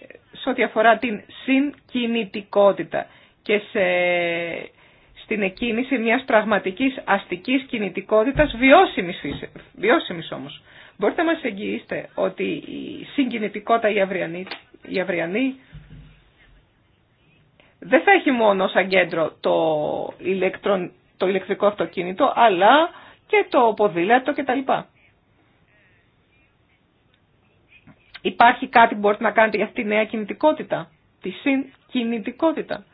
ε, σε ό,τι αφορά την συγκινητικότητα και σε στην εκκίνηση μιας πραγματικής αστικής κινητικότητας βιώσιμης, βιώσιμης όμως. Μπορείτε να μας εγγυήσετε ότι η συγκινητικότητα η αυριανή, η δεν θα έχει μόνο σαν κέντρο το, ηλεκτρον το ηλεκτρικό αυτοκίνητο, αλλά και το ποδήλατο κτλ. Υπάρχει κάτι που μπορείτε να κάνετε για αυτή τη νέα κινητικότητα, τη συγκινητικότητα.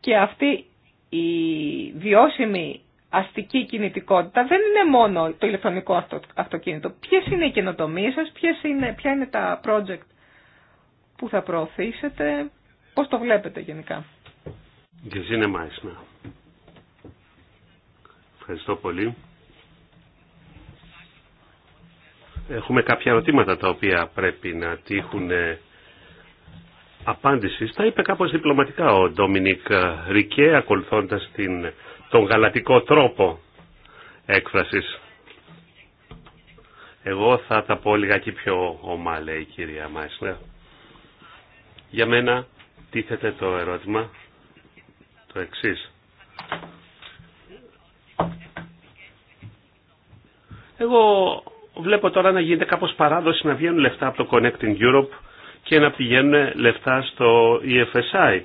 Και αυτή η βιώσιμη αστική κινητικότητα δεν είναι μόνο το ηλεκτρονικό αυτο, αυτοκίνητο. Ποιες είναι οι καινοτομίες σας, ποιες είναι, ποια είναι τα project που θα προωθήσετε, πώς το βλέπετε γενικά. Ευχαριστώ πολύ. Έχουμε κάποια ερωτήματα τα οποία πρέπει να τύχουν απάντησης τα είπε κάπως διπλωματικά ο Ντόμινικ Ρικέ ακολουθώντα τον γαλατικό τρόπο έκφραση. Εγώ θα τα πω και πιο ομά, λέει η κυρία Μάισνερ. Για μένα τίθεται το ερώτημα το εξή. Εγώ βλέπω τώρα να γίνεται κάπως παράδοση να βγαίνουν λεφτά από το Connecting Europe και να πηγαίνουν λεφτά στο EFSI.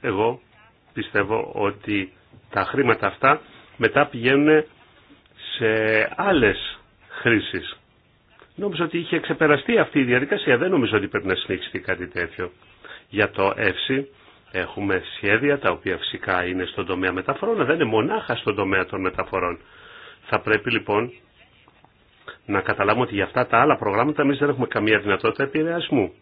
Εγώ πιστεύω ότι τα χρήματα αυτά μετά πηγαίνουν σε άλλες χρήσεις. Νόμιζα ότι είχε ξεπεραστεί αυτή η διαδικασία. Δεν νομίζω ότι πρέπει να συνεχιστεί κάτι τέτοιο. Για το ΕΦΣΥ έχουμε σχέδια τα οποία φυσικά είναι στον τομέα μεταφορών, αλλά δεν είναι μονάχα στον τομέα των μεταφορών. Θα πρέπει λοιπόν να καταλάβουμε ότι για αυτά τα άλλα προγράμματα εμεί δεν έχουμε καμία δυνατότητα επηρεασμού.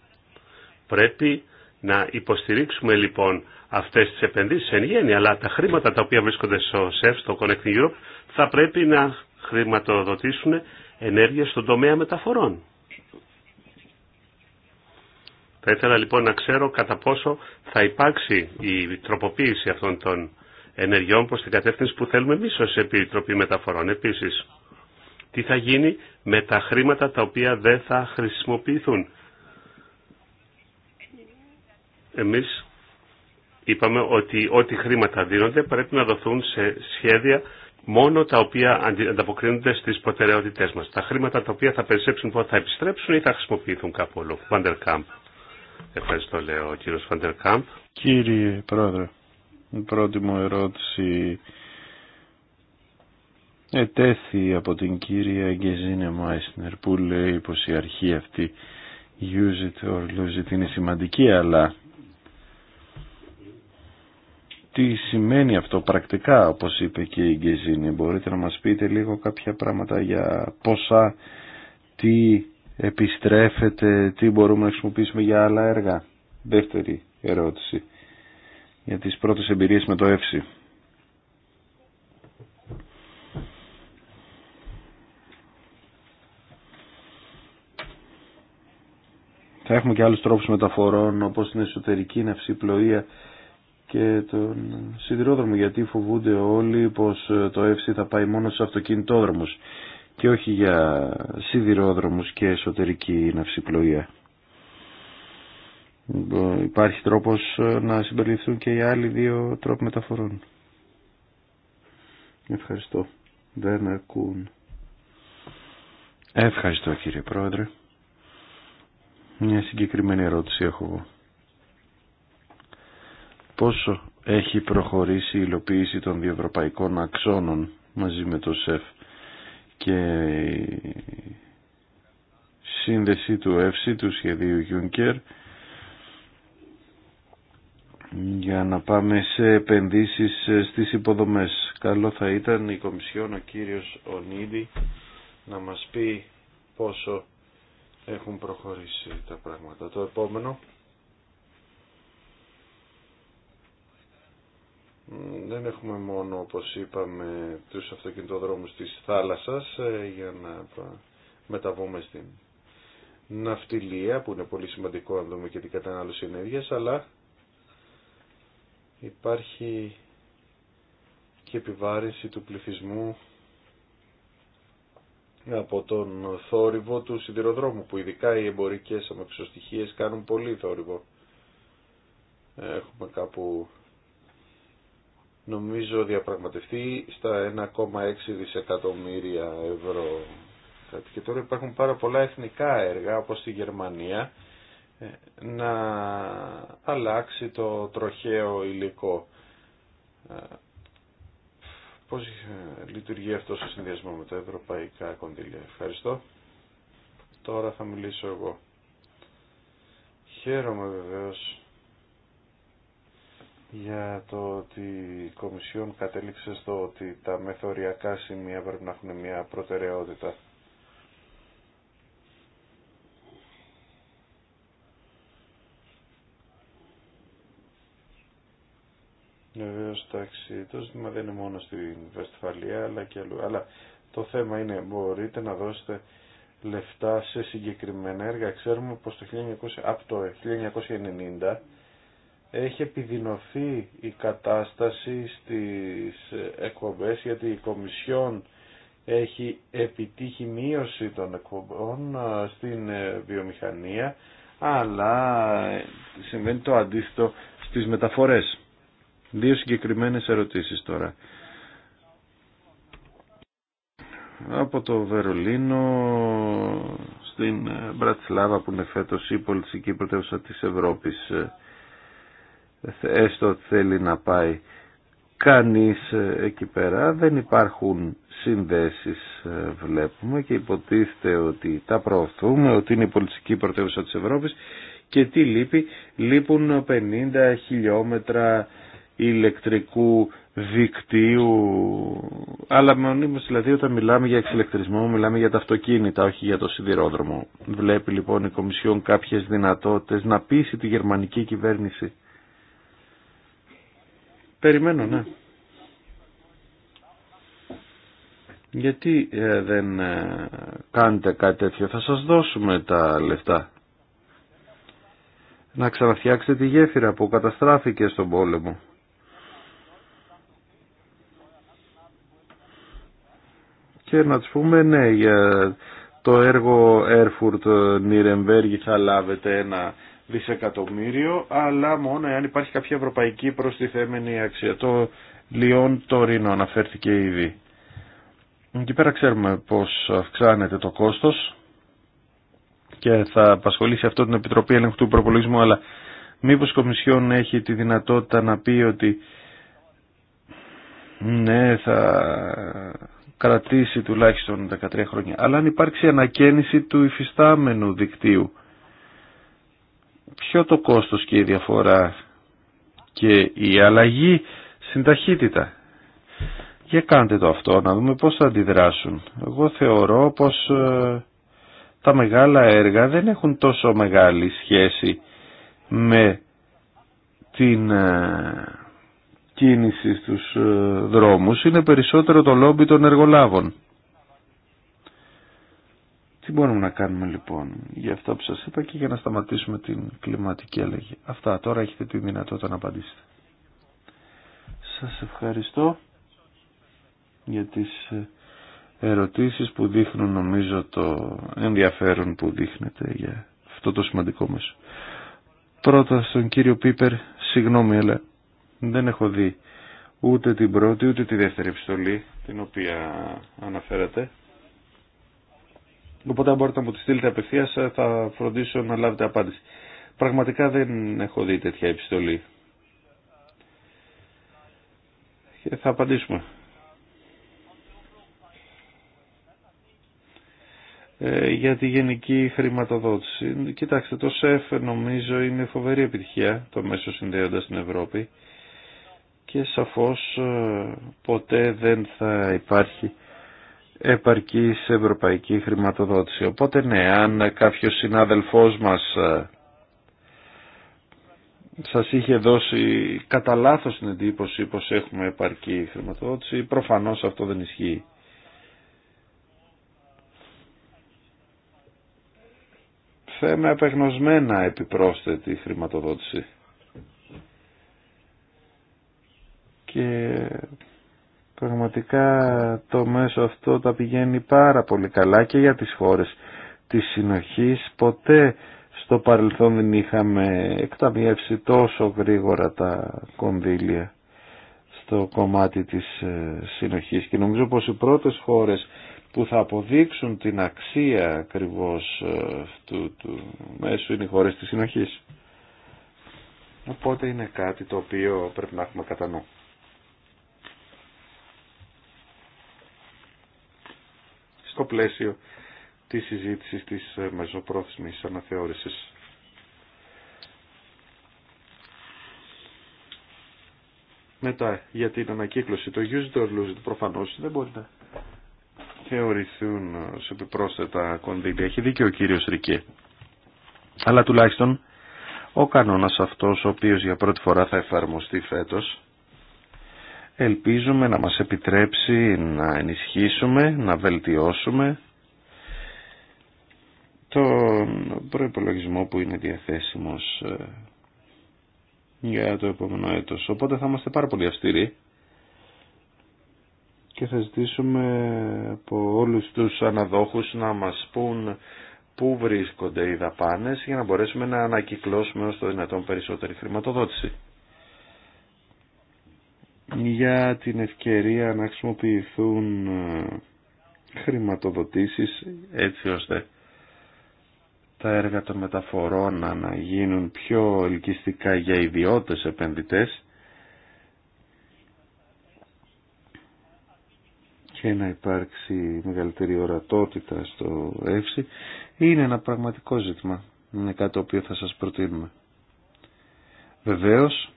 Πρέπει να υποστηρίξουμε λοιπόν αυτέ τι επενδύσει εν γέννη, αλλά τα χρήματα τα οποία βρίσκονται στο ΣΕΦ, στο Connecting Europe, θα πρέπει να χρηματοδοτήσουν ενέργειες στον τομέα μεταφορών. Θα ήθελα λοιπόν να ξέρω κατά πόσο θα υπάρξει η τροποποίηση αυτών των ενεργειών προς την κατεύθυνση που θέλουμε εμείς ως Επιτροπή Μεταφορών. Επίσης, τι θα γίνει με τα χρήματα τα οποία δεν θα χρησιμοποιηθούν. Εμείς είπαμε ότι ό,τι χρήματα δίνονται πρέπει να δοθούν σε σχέδια μόνο τα οποία ανταποκρίνονται στις προτεραιότητές μας. Τα χρήματα τα οποία θα περισσέψουν πότε θα επιστρέψουν ή θα χρησιμοποιηθούν κάπου όλο. Φαντερκάμπ. Ευχαριστώ λέω ο κύριος Φαντερκάμπ. Κύριε Πρόεδρε, η θα χρησιμοποιηθουν καπου ολο Κάμπ. ευχαριστω λεω ο κυριος Κάμπ. κυριε προεδρε πρωτη μου ερώτηση ετέθη από την κύρια Γκεζίνε Μάισνερ που λέει πως η αρχή αυτή use it or lose it είναι σημαντική αλλά τι σημαίνει αυτό πρακτικά όπως είπε και η Γκεζίνε μπορείτε να μας πείτε λίγο κάποια πράγματα για πόσα τι επιστρέφεται τι μπορούμε να χρησιμοποιήσουμε για άλλα έργα δεύτερη ερώτηση για τις πρώτες εμπειρίες με το έύση. Θα έχουμε και άλλους τρόπους μεταφορών όπως την εσωτερική πλοία και τον σιδηρόδρομο γιατί φοβούνται όλοι πως ε, το ΕΦΣΙ θα πάει μόνο στους αυτοκινητόδρομους και όχι για σιδηρόδρομους και εσωτερική πλοία. Υπάρχει τρόπος ε, να συμπεριληφθούν και οι άλλοι δύο τρόποι μεταφορών. Ευχαριστώ. Δεν ακούν. Ευχαριστώ κύριε Πρόεδρε. Μια συγκεκριμένη ερώτηση έχω Πόσο έχει προχωρήσει η υλοποίηση των διευρωπαϊκών αξώνων μαζί με το ΣΕΦ και η σύνδεση του ΕΦΣΥ, του σχεδίου Γιούνκερ, για να πάμε σε επενδύσεις στις υποδομές. Καλό θα ήταν η Κομισιόν, ο κύριος Ονίδη, να μας πει πόσο έχουν προχωρήσει τα πράγματα. Το επόμενο δεν έχουμε μόνο όπως είπαμε τους αυτοκινητοδρόμους της θάλασσας ε, για να μεταβούμε στην ναυτιλία που είναι πολύ σημαντικό να δούμε και την κατανάλωση ενέργειας αλλά υπάρχει και επιβάρυνση του πληθυσμού από τον θόρυβο του σιδηροδρόμου που ειδικά οι εμπορικές αμεξοστοιχίες κάνουν πολύ θόρυβο. Έχουμε κάπου νομίζω διαπραγματευτεί στα 1,6 δισεκατομμύρια ευρώ. Και τώρα υπάρχουν πάρα πολλά εθνικά έργα όπως στη Γερμανία ε, να αλλάξει το τροχαίο υλικό ε, πώς λειτουργεί αυτό ο συνδυασμό με τα ευρωπαϊκά κονδύλια. Ευχαριστώ. Τώρα θα μιλήσω εγώ. Χαίρομαι βεβαίως για το ότι η Κομισιόν κατέληξε στο ότι τα μεθοριακά σημεία πρέπει να έχουν μια προτεραιότητα. Βεβαίω, εντάξει, το ζήτημα δεν είναι μόνο στην Βεσφαλία αλλά και αλλού. Αλλά το θέμα είναι, μπορείτε να δώσετε λεφτά σε συγκεκριμένα έργα. Ξέρουμε πω από το 1990 έχει επιδεινωθεί η κατάσταση στι εκπομπέ γιατί η Κομισιόν έχει επιτύχει μείωση των εκπομπών ε, στην ε, βιομηχανία αλλά ε, συμβαίνει το αντίθετο στις μεταφορές. Δύο συγκεκριμένες ερωτήσεις τώρα. Από το Βερολίνο στην Μπρατσλάβα που είναι φέτος η πολιτική πρωτεύουσα της Ευρώπης έστω ότι θέλει να πάει κανείς εκεί πέρα δεν υπάρχουν συνδέσεις βλέπουμε και υποτίθεται ότι τα προωθούμε ότι είναι η πολιτική πρωτεύουσα της Ευρώπης και τι λείπει λείπουν 50 χιλιόμετρα ηλεκτρικού δικτύου, αλλά μονίμως δηλαδή όταν μιλάμε για εξηλεκτρισμό μιλάμε για τα αυτοκίνητα, όχι για το σιδηρόδρομο. Βλέπει λοιπόν η Κομισιόν κάποιες δυνατότητες να πείσει τη γερμανική κυβέρνηση. Περιμένω, ναι. Γιατί ε, δεν ε, κάνετε κάτι τέτοιο, θα σας δώσουμε τα λεφτά. Να ξαναφτιάξετε τη γέφυρα που καταστράφηκε στον πόλεμο. και να τους πούμε ναι για το έργο Erfurt Νιρεμβέργη θα λάβετε ένα δισεκατομμύριο αλλά μόνο εάν υπάρχει κάποια ευρωπαϊκή προστιθέμενη αξία. Το Λιόν Τωρίνο αναφέρθηκε ήδη. Εκεί πέρα ξέρουμε πως αυξάνεται το κόστος και θα απασχολήσει αυτό την Επιτροπή Έλεγχου του Προπολογισμού αλλά μήπως η Κομισιόν έχει τη δυνατότητα να πει ότι ναι θα κρατήσει τουλάχιστον 13 χρόνια. Αλλά αν υπάρξει ανακαίνιση του υφιστάμενου δικτύου, ποιο το κόστος και η διαφορά και η αλλαγή στην ταχύτητα. Για κάντε το αυτό, να δούμε πώς θα αντιδράσουν. Εγώ θεωρώ πως ε, τα μεγάλα έργα δεν έχουν τόσο μεγάλη σχέση με την... Ε, κίνηση τους ε, δρόμους είναι περισσότερο το λόμπι των εργολάβων. Τι μπορούμε να κάνουμε λοιπόν για αυτό που σας είπα και για να σταματήσουμε την κλιματική αλλαγή. Αυτά τώρα έχετε τη δυνατότητα να απαντήσετε. Σας ευχαριστώ για τις ε, ερωτήσεις που δείχνουν νομίζω το ενδιαφέρον που δείχνετε για αυτό το σημαντικό μέσο. Πρώτα στον κύριο Πίπερ, συγγνώμη αλλά δεν έχω δει ούτε την πρώτη ούτε τη δεύτερη επιστολή την οποία αναφέρατε. Οπότε αν μπορείτε να μου τη στείλετε απευθείας θα φροντίσω να λάβετε απάντηση. Πραγματικά δεν έχω δει τέτοια επιστολή. Και θα απαντήσουμε. Ε, για τη γενική χρηματοδότηση. Κοιτάξτε, το ΣΕΦ νομίζω είναι φοβερή επιτυχία, το μέσο συνδέοντας στην Ευρώπη και σαφώς ε, ποτέ δεν θα υπάρχει επαρκής ευρωπαϊκή χρηματοδότηση. Οπότε ναι, αν κάποιος συνάδελφός μας ε, σας είχε δώσει κατά λάθο την εντύπωση πως έχουμε επαρκή χρηματοδότηση, προφανώς αυτό δεν ισχύει. Θέμα επεγνωσμένα επιπρόσθετη χρηματοδότηση. και πραγματικά το μέσο αυτό τα πηγαίνει πάρα πολύ καλά και για τις χώρες της συνοχής. Ποτέ στο παρελθόν δεν είχαμε εκταμιεύσει τόσο γρήγορα τα κονδύλια στο κομμάτι της ε, συνοχής και νομίζω πως οι πρώτες χώρες που θα αποδείξουν την αξία ακριβώς ε, αυτού του μέσου είναι οι χώρες της συνοχής. Οπότε είναι κάτι το οποίο πρέπει να έχουμε κατά στο πλαίσιο της συζήτησης της ε, μεσοπρόθεσμης αναθεώρησης. Μετά για την ανακύκλωση, το use it or lose it προφανώς δεν μπορεί να θεωρηθούν ε, σε επιπρόσθετα κονδύλια. Έχει δίκιο ο κύριος Ρικέ. Αλλά τουλάχιστον ο κανόνας αυτός ο οποίος για πρώτη φορά θα εφαρμοστεί φέτος ελπίζουμε να μας επιτρέψει να ενισχύσουμε, να βελτιώσουμε τον προϋπολογισμό που είναι διαθέσιμος ε, για το επόμενο έτος. Οπότε θα είμαστε πάρα πολύ αυστηροί και θα ζητήσουμε από όλους τους αναδόχους να μας πούν πού βρίσκονται οι δαπάνες για να μπορέσουμε να ανακυκλώσουμε ως το δυνατόν περισσότερη χρηματοδότηση για την ευκαιρία να χρησιμοποιηθούν ε, χρηματοδοτήσεις έτσι ώστε τα έργα των μεταφορών να γίνουν πιο ελκυστικά για ιδιώτες επενδυτές και να υπάρξει μεγαλύτερη ορατότητα στο ΕΦΣΙ είναι ένα πραγματικό ζήτημα. Είναι κάτι το οποίο θα σας προτείνουμε. Βεβαίως,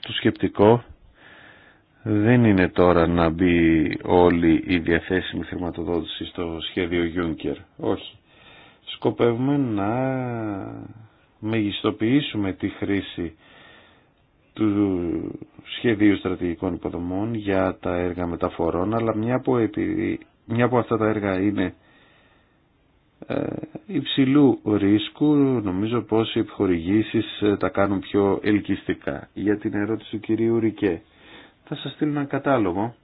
το σκεπτικό δεν είναι τώρα να μπει όλη η διαθέσιμη χρηματοδότηση στο σχέδιο Juncker. Όχι. Σκοπεύουμε να μεγιστοποιήσουμε τη χρήση του σχεδίου στρατηγικών υποδομών για τα έργα μεταφορών, αλλά μια που, αυτά τα έργα είναι ε, υψηλού ρίσκου, νομίζω πως οι επιχορηγήσεις ε, τα κάνουν πιο ελκυστικά. Για την ερώτηση του κυρίου Ρικέ θα σας στείλω ένα κατάλογο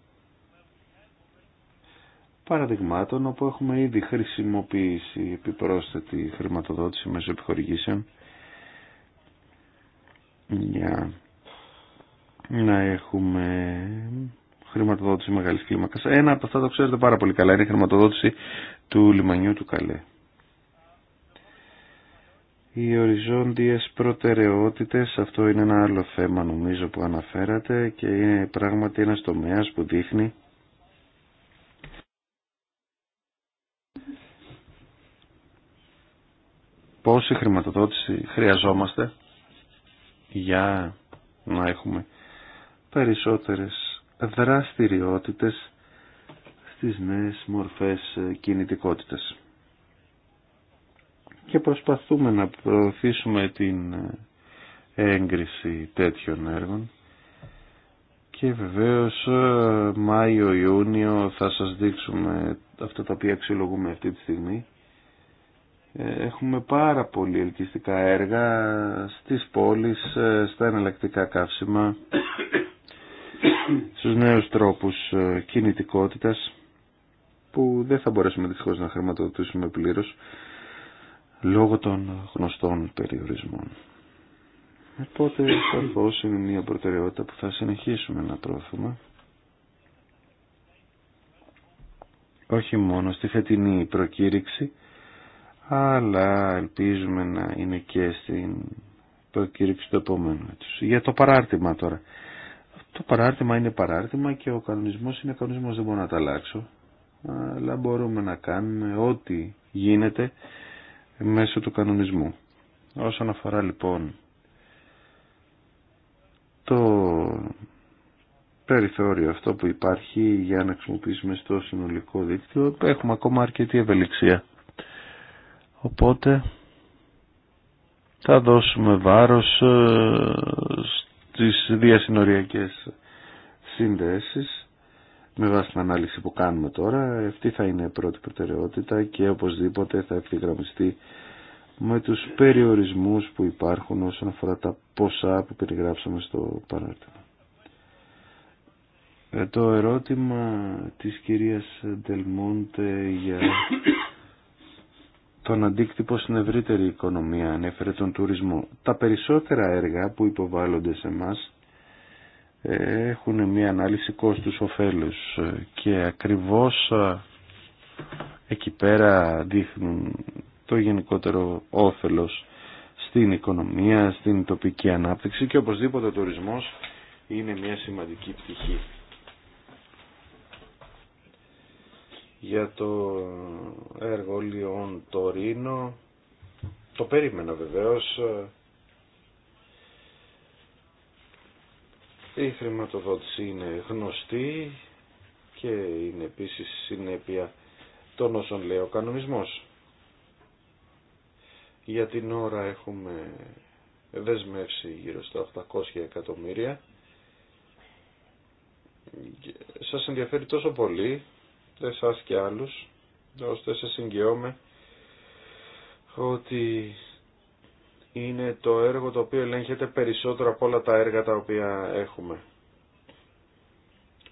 παραδειγμάτων όπου έχουμε ήδη χρησιμοποιήσει επιπρόσθετη χρηματοδότηση μέσω επιχορηγήσεων για να έχουμε χρηματοδότηση μεγάλης κλίμακας. Ένα από αυτά το ξέρετε πάρα πολύ καλά είναι η χρηματοδότηση του λιμανιού του Καλέ. Οι οριζόντιες προτεραιότητες, αυτό είναι ένα άλλο θέμα νομίζω που αναφέρατε και είναι πράγματι ένας τομέας που δείχνει πόση χρηματοδότηση χρειαζόμαστε για να έχουμε περισσότερες δραστηριότητες στις νέες μορφές κινητικότητας και προσπαθούμε να προωθήσουμε την ε, έγκριση τέτοιων έργων και βεβαίως ε, Μάιο-Ιούνιο θα σας δείξουμε αυτό τα οποία αξιολογούμε αυτή τη στιγμή. Ε, έχουμε πάρα πολύ ελκυστικά έργα στις πόλεις, στα εναλλακτικά καύσιμα, στους νέους τρόπους κινητικότητας που δεν θα μπορέσουμε δυστυχώς να χρηματοδοτήσουμε πλήρως λόγω των γνωστών περιορισμών. Οπότε ε, σαφώς είναι μια προτεραιότητα που θα συνεχίσουμε να τρώθουμε. Όχι μόνο στη φετινή προκήρυξη, αλλά ελπίζουμε να είναι και στην προκήρυξη του επόμενου έτους. Για το παράρτημα τώρα. Το παράρτημα είναι παράρτημα και ο κανονισμός είναι κανονισμός, δεν μπορώ να τα αλλάξω. Αλλά μπορούμε να κάνουμε ό,τι γίνεται μέσω του κανονισμού. Όσον αφορά λοιπόν το περιθώριο αυτό που υπάρχει για να χρησιμοποιήσουμε στο συνολικό δίκτυο έχουμε ακόμα αρκετή ευελιξία. Οπότε θα δώσουμε βάρος ε, στις διασυνοριακές συνδέσεις με βάση την ανάλυση που κάνουμε τώρα, αυτή θα είναι η πρώτη προτεραιότητα και οπωσδήποτε θα ευθυγραμμιστεί με τους περιορισμούς που υπάρχουν όσον αφορά τα ποσά που περιγράψαμε στο παράρτημα. Ε, το ερώτημα της κυρίας Ντελμόντε για τον αντίκτυπο στην ευρύτερη οικονομία ανέφερε τον τουρισμό. Τα περισσότερα έργα που υποβάλλονται σε μας έχουν μια ανάλυση κόστους κόστους-οφέλους και ακριβώς εκεί πέρα δείχνουν το γενικότερο όφελος στην οικονομία, στην τοπική ανάπτυξη και οπωσδήποτε ο τουρισμός είναι μια σημαντική πτυχή. Για το έργο Λιόν Τωρίνο το περίμενα βεβαίως Η χρηματοδότηση είναι γνωστή και είναι επίσης συνέπεια των όσων λέει ο κανονισμός. Για την ώρα έχουμε δεσμεύσει γύρω στα 800 εκατομμύρια. Σας ενδιαφέρει τόσο πολύ, εσάς και άλλους, ώστε σε συγκαιώμαι ότι είναι το έργο το οποίο ελέγχεται περισσότερο από όλα τα έργα τα οποία έχουμε.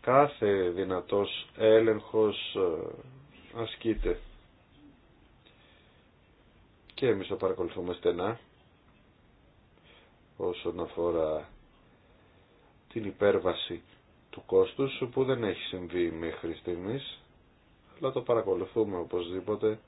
Κάθε δυνατός έλεγχος ε, ασκείται. Και εμείς το παρακολουθούμε στενά όσον αφορά την υπέρβαση του κόστους που δεν έχει συμβεί μέχρι στιγμής αλλά το παρακολουθούμε οπωσδήποτε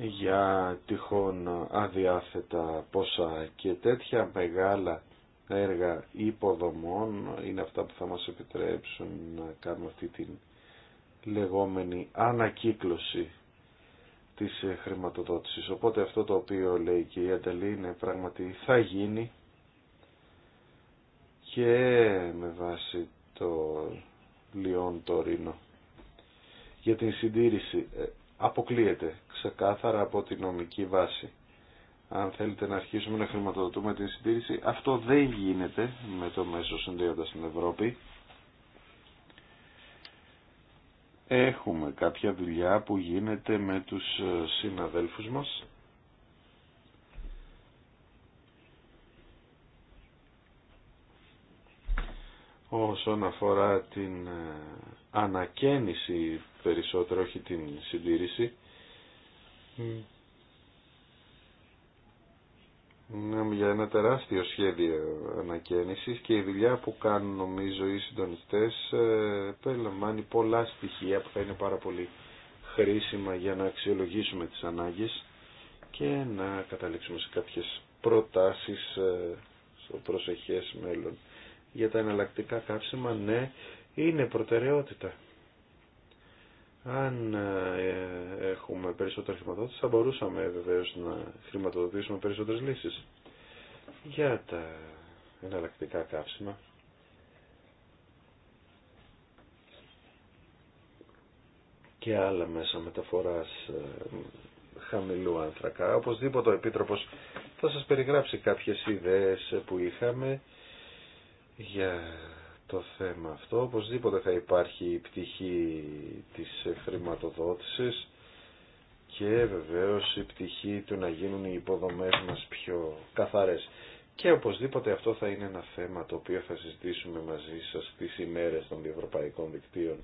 για τυχόν αδιάθετα πόσα και τέτοια μεγάλα έργα υποδομών είναι αυτά που θα μας επιτρέψουν να κάνουμε αυτή την λεγόμενη ανακύκλωση της χρηματοδότησης. Οπότε αυτό το οποίο λέει και η Ανταλή είναι πράγματι θα γίνει και με βάση το Λιόν Τωρίνο για την συντήρηση ε, αποκλείεται ξεκάθαρα από την νομική βάση. Αν θέλετε να αρχίσουμε να χρηματοδοτούμε την συντήρηση, αυτό δεν γίνεται με το μέσο συνδέοντα στην Ευρώπη. Έχουμε κάποια δουλειά που γίνεται με τους ε, συναδέλφους μας. όσον αφορά την ε, ανακαίνιση περισσότερο, όχι την συντήρηση. για ένα τεράστιο σχέδιο ανακαίνησης και η δουλειά που κάνουν νομίζω οι συντονιστές ε, περιλαμβάνει πολλά στοιχεία που θα είναι πάρα πολύ χρήσιμα για να αξιολογήσουμε τις ανάγκες και να καταλήξουμε σε κάποιες προτάσεις ε, στο προσεχές μέλλον. Για τα εναλλακτικά κάψιμα ναι, είναι προτεραιότητα. Αν ε, έχουμε περισσότερη χρηματοδότηση θα μπορούσαμε βεβαίω να χρηματοδοτήσουμε περισσότερες λύσεις. Για τα εναλλακτικά καύσιμα. και άλλα μέσα μεταφοράς ε, χαμηλού άνθρακα. Οπωσδήποτε ο Επίτροπος θα σας περιγράψει κάποιες ιδέες που είχαμε για το θέμα αυτό. Οπωσδήποτε θα υπάρχει η πτυχή της χρηματοδότησης και βεβαίως η πτυχή του να γίνουν οι υποδομές μας πιο καθαρές. Και οπωσδήποτε αυτό θα είναι ένα θέμα το οποίο θα συζητήσουμε μαζί σας τις ημέρες των διευρωπαϊκών δικτύων.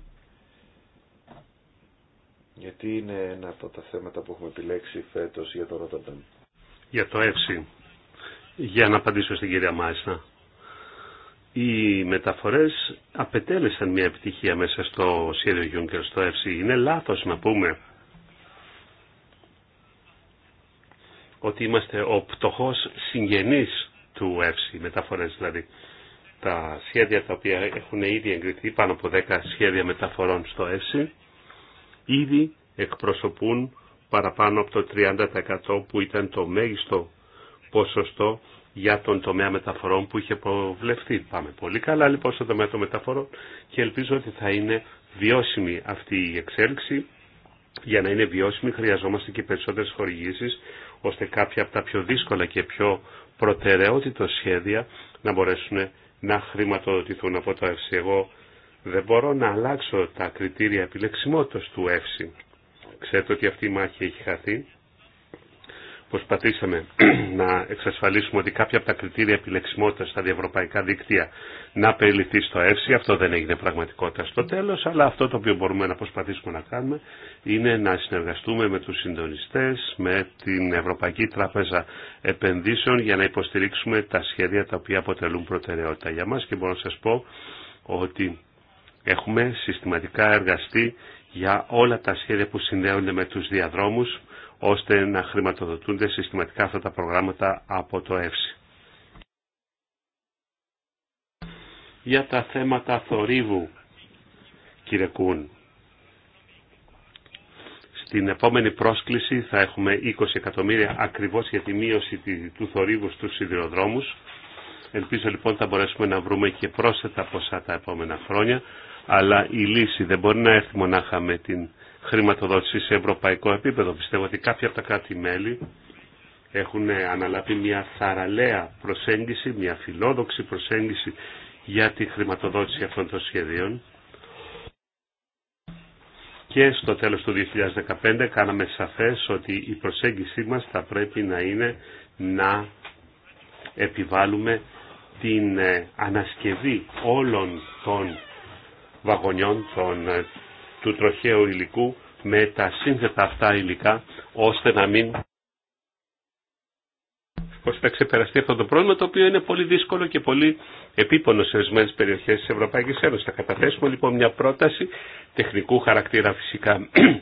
Γιατί είναι ένα από τα θέματα που έχουμε επιλέξει φέτος για το Ρότερνταμ. Για το ΕΦΣΥ. Για να απαντήσω στην κυρία Μάισνα οι μεταφορές απετέλεσαν μια επιτυχία μέσα στο σχέδιο Γιούγκερ στο ΕΦΣΥ. Είναι λάθος να πούμε ότι είμαστε ο πτωχός συγγενής του ΕΦΣΥ, μεταφορές δηλαδή. Τα σχέδια τα οποία έχουν ήδη εγκριθεί, πάνω από 10 σχέδια μεταφορών στο ΕΦΣΥ, ήδη εκπροσωπούν παραπάνω από το 30% που ήταν το μέγιστο ποσοστό για τον τομέα μεταφορών που είχε προβλεφθεί. Πάμε πολύ καλά λοιπόν στον τομέα των μεταφορών και ελπίζω ότι θα είναι βιώσιμη αυτή η εξέλιξη. Για να είναι βιώσιμη χρειαζόμαστε και περισσότερες χορηγήσεις ώστε κάποια από τα πιο δύσκολα και πιο προτεραιότητα σχέδια να μπορέσουν να χρηματοδοτηθούν από το ΕΦΣΙ. Εγώ δεν μπορώ να αλλάξω τα κριτήρια επιλεξιμότητας του ΕΦΣΙ. Ξέρετε ότι αυτή η μάχη έχει χαθεί προσπαθήσαμε *clears throat* να εξασφαλίσουμε ότι κάποια από τα κριτήρια επιλεξιμότητας στα διευρωπαϊκά δίκτυα να περιληφθεί στο ΕΦΣΙ. Αυτό δεν έγινε πραγματικότητα στο τέλος, αλλά αυτό το οποίο μπορούμε να προσπαθήσουμε να κάνουμε είναι να συνεργαστούμε με τους συντονιστές, με την Ευρωπαϊκή Τράπεζα Επενδύσεων για να υποστηρίξουμε τα σχέδια τα οποία αποτελούν προτεραιότητα για μας και μπορώ να σας πω ότι έχουμε συστηματικά εργαστεί για όλα τα σχέδια που συνδέονται με τους διαδρόμους ώστε να χρηματοδοτούνται συστηματικά αυτά τα προγράμματα από το ΕΦΣΙ. Για τα θέματα θορύβου, κύριε Κούν, στην επόμενη πρόσκληση θα έχουμε 20 εκατομμύρια ακριβώς για τη μείωση του θορύβου στους σιδηροδρόμους. Ελπίζω λοιπόν θα μπορέσουμε να βρούμε και πρόσθετα ποσά τα επόμενα χρόνια, αλλά η λύση δεν μπορεί να έρθει μονάχα με την χρηματοδότηση σε ευρωπαϊκό επίπεδο. Πιστεύω ότι κάποια από τα κράτη-μέλη έχουν αναλάβει μια θαραλέα προσέγγιση, μια φιλόδοξη προσέγγιση για τη χρηματοδότηση αυτών των σχεδίων. Και στο τέλος του 2015 κάναμε σαφές ότι η προσέγγιση μας θα πρέπει να είναι να επιβάλλουμε την ε, ανασκευή όλων των βαγονιών, των ε, του τροχαίου υλικού με τα σύνθετα αυτά υλικά ώστε να μην ώστε να ξεπεραστεί αυτό το πρόβλημα, το οποίο είναι πολύ δύσκολο και πολύ επίπονο σε ορισμένε περιοχέ τη Ευρωπαϊκή Ένωση. Θα καταθέσουμε λοιπόν μια πρόταση τεχνικού χαρακτήρα φυσικά, *clears throat*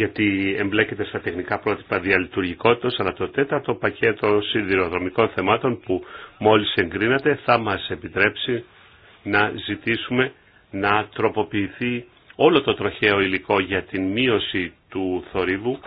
γιατί εμπλέκεται στα τεχνικά πρότυπα διαλειτουργικότητα, αλλά το τέταρτο πακέτο σιδηροδρομικών θεμάτων που μόλι εγκρίνατε θα μα επιτρέψει να ζητήσουμε να τροποποιηθεί όλο το τροχαίο υλικό για την μείωση του θορύβου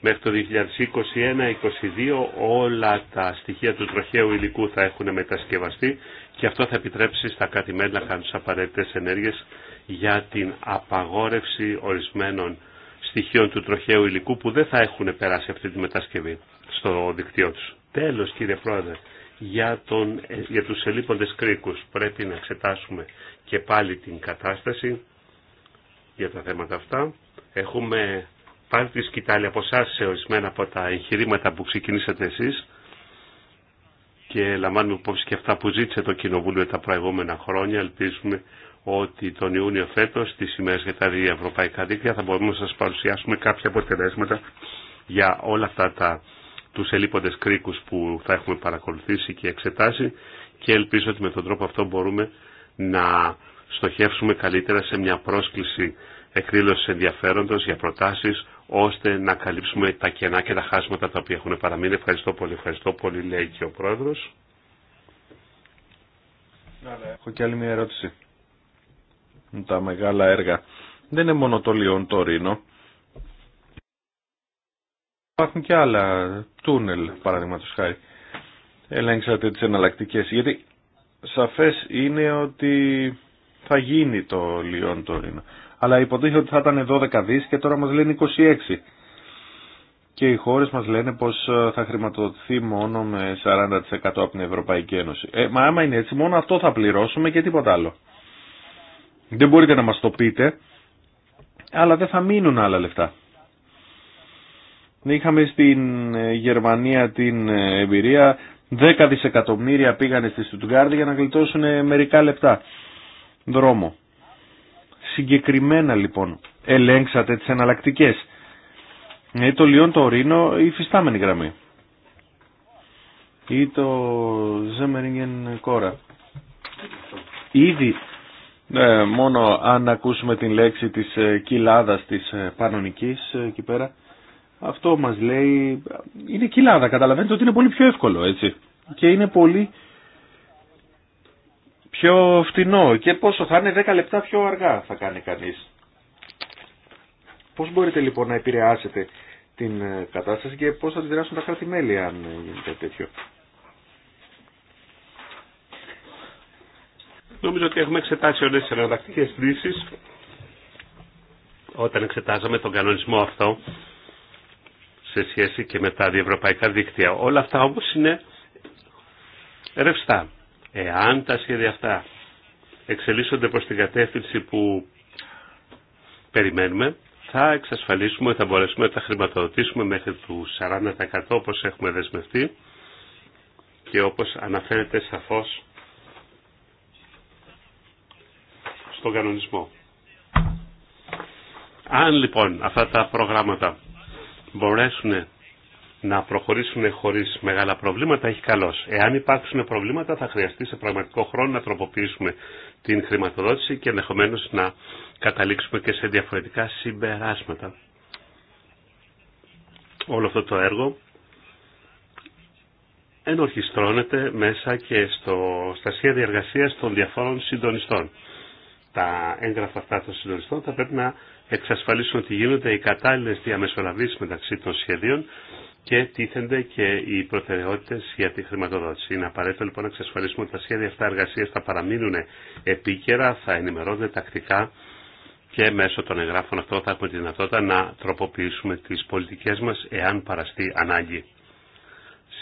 μέχρι το 2021-2022 όλα τα στοιχεία του τροχαίου υλικού θα έχουν μετασκευαστεί και αυτό θα επιτρέψει στα κάτι μέλη να κάνουν απαραίτητες ενέργειες για την απαγόρευση ορισμένων στοιχείων του τροχαίου υλικού που δεν θα έχουν περάσει αυτή τη μετασκευή στο δικτύο τους. Τέλος κύριε Πρόεδρε, για, τον, για τους κρίκους πρέπει να εξετάσουμε και πάλι την κατάσταση για τα θέματα αυτά. Έχουμε πάρει τη σκητάλη από εσά σε ορισμένα από τα εγχειρήματα που ξεκινήσατε εσείς και λαμβάνουμε υπόψη και αυτά που ζήτησε το Κοινοβούλιο τα προηγούμενα χρόνια. Ελπίζουμε ότι τον Ιούνιο φέτος, στις ημέρες για τα ευρωπαϊκά δίκτυα, θα μπορούμε να σας παρουσιάσουμε κάποια αποτελέσματα για όλα αυτά τα, τους ελείποντες κρίκους που θα έχουμε παρακολουθήσει και εξετάσει και ελπίζω ότι με τον τρόπο αυτό μπορούμε να στοχεύσουμε καλύτερα σε μια πρόσκληση εκδήλωση ενδιαφέροντος για προτάσεις ώστε να καλύψουμε τα κενά και τα χάσματα τα οποία έχουν παραμείνει. Ευχαριστώ πολύ, ευχαριστώ πολύ λέει και ο Πρόεδρος. Έχω και άλλη μια ερώτηση. Τα μεγάλα έργα δεν είναι μόνο το Λιόν Τωρίνο. Υπάρχουν και άλλα τούνελ, παραδείγματο χάρη. Ελέγξατε τι εναλλακτικέ. Γιατί σαφές είναι ότι θα γίνει το Λιόν Αλλά υποτίθεται ότι θα ήταν 12 δις και τώρα μας λένε 26. Και οι χώρες μας λένε πως ε, θα χρηματοδοτηθεί μόνο με 40% από την Ευρωπαϊκή Ένωση. Ε, μα άμα είναι έτσι μόνο αυτό θα πληρώσουμε και τίποτα άλλο. Δεν μπορείτε να μας το πείτε, αλλά δεν θα μείνουν άλλα λεφτά. Είχαμε στην ε, Γερμανία την ε, εμπειρία 10 δισεκατομμύρια πήγανε στη Στουτγκάρδη για να γλιτώσουν μερικά λεπτά δρόμο. Συγκεκριμένα λοιπόν ελέγξατε τις εναλλακτικέ. Ή ε, το Λιόν το Ρήνο η φυστάμενη γραμμή. Ή το Ζέμεριγγεν Κόρα. Ήδη ε, μόνο αν ακούσουμε την λέξη της ε, κοιλάδας της Πανωνικής εκεί πέρα αυτό μας λέει, είναι κοιλάδα, καταλαβαίνετε ότι είναι πολύ πιο εύκολο έτσι και είναι πολύ πιο φτηνό και πόσο θα είναι 10 λεπτά πιο αργά θα κάνει κανείς. Πώς μπορείτε λοιπόν να επηρεάσετε την ε, κατάσταση και πώς θα αντιδράσουν τα κράτη-μέλη αν γίνεται τέτοιο. Νομίζω ότι έχουμε εξετάσει όλες τις εναλλακτικέ λύσεις όταν εξετάζαμε τον κανονισμό αυτό σε σχέση και με τα διευρωπαϊκά δίκτυα. Όλα αυτά όμως είναι ρευστά. Εάν τα σχέδια αυτά εξελίσσονται προς την κατεύθυνση που περιμένουμε, θα εξασφαλίσουμε, θα μπορέσουμε να τα χρηματοδοτήσουμε μέχρι του 40% όπως έχουμε δεσμευτεί και όπως αναφέρεται σαφώς στον κανονισμό. Αν λοιπόν αυτά τα προγράμματα μπορέσουν να προχωρήσουν χωρίς μεγάλα προβλήματα έχει καλώς. Εάν υπάρξουν προβλήματα θα χρειαστεί σε πραγματικό χρόνο να τροποποιήσουμε την χρηματοδότηση και ενδεχομένω να καταλήξουμε και σε διαφορετικά συμπεράσματα. Όλο αυτό το έργο ενορχιστρώνεται μέσα και στο, στα σχέδια εργασίας των διαφόρων συντονιστών. Τα έγγραφα αυτά των συντονιστών θα πρέπει να εξασφαλίσουν ότι γίνονται οι κατάλληλε διαμεσολαβήσει μεταξύ των σχεδίων και τίθενται και οι προτεραιότητε για τη χρηματοδότηση. Είναι απαραίτητο λοιπόν να εξασφαλίσουμε ότι τα σχέδια αυτά εργασία θα παραμείνουν επίκαιρα, θα ενημερώνονται τακτικά και μέσω των εγγράφων αυτών θα έχουμε τη δυνατότητα να τροποποιήσουμε τι πολιτικέ μα εάν παραστεί ανάγκη.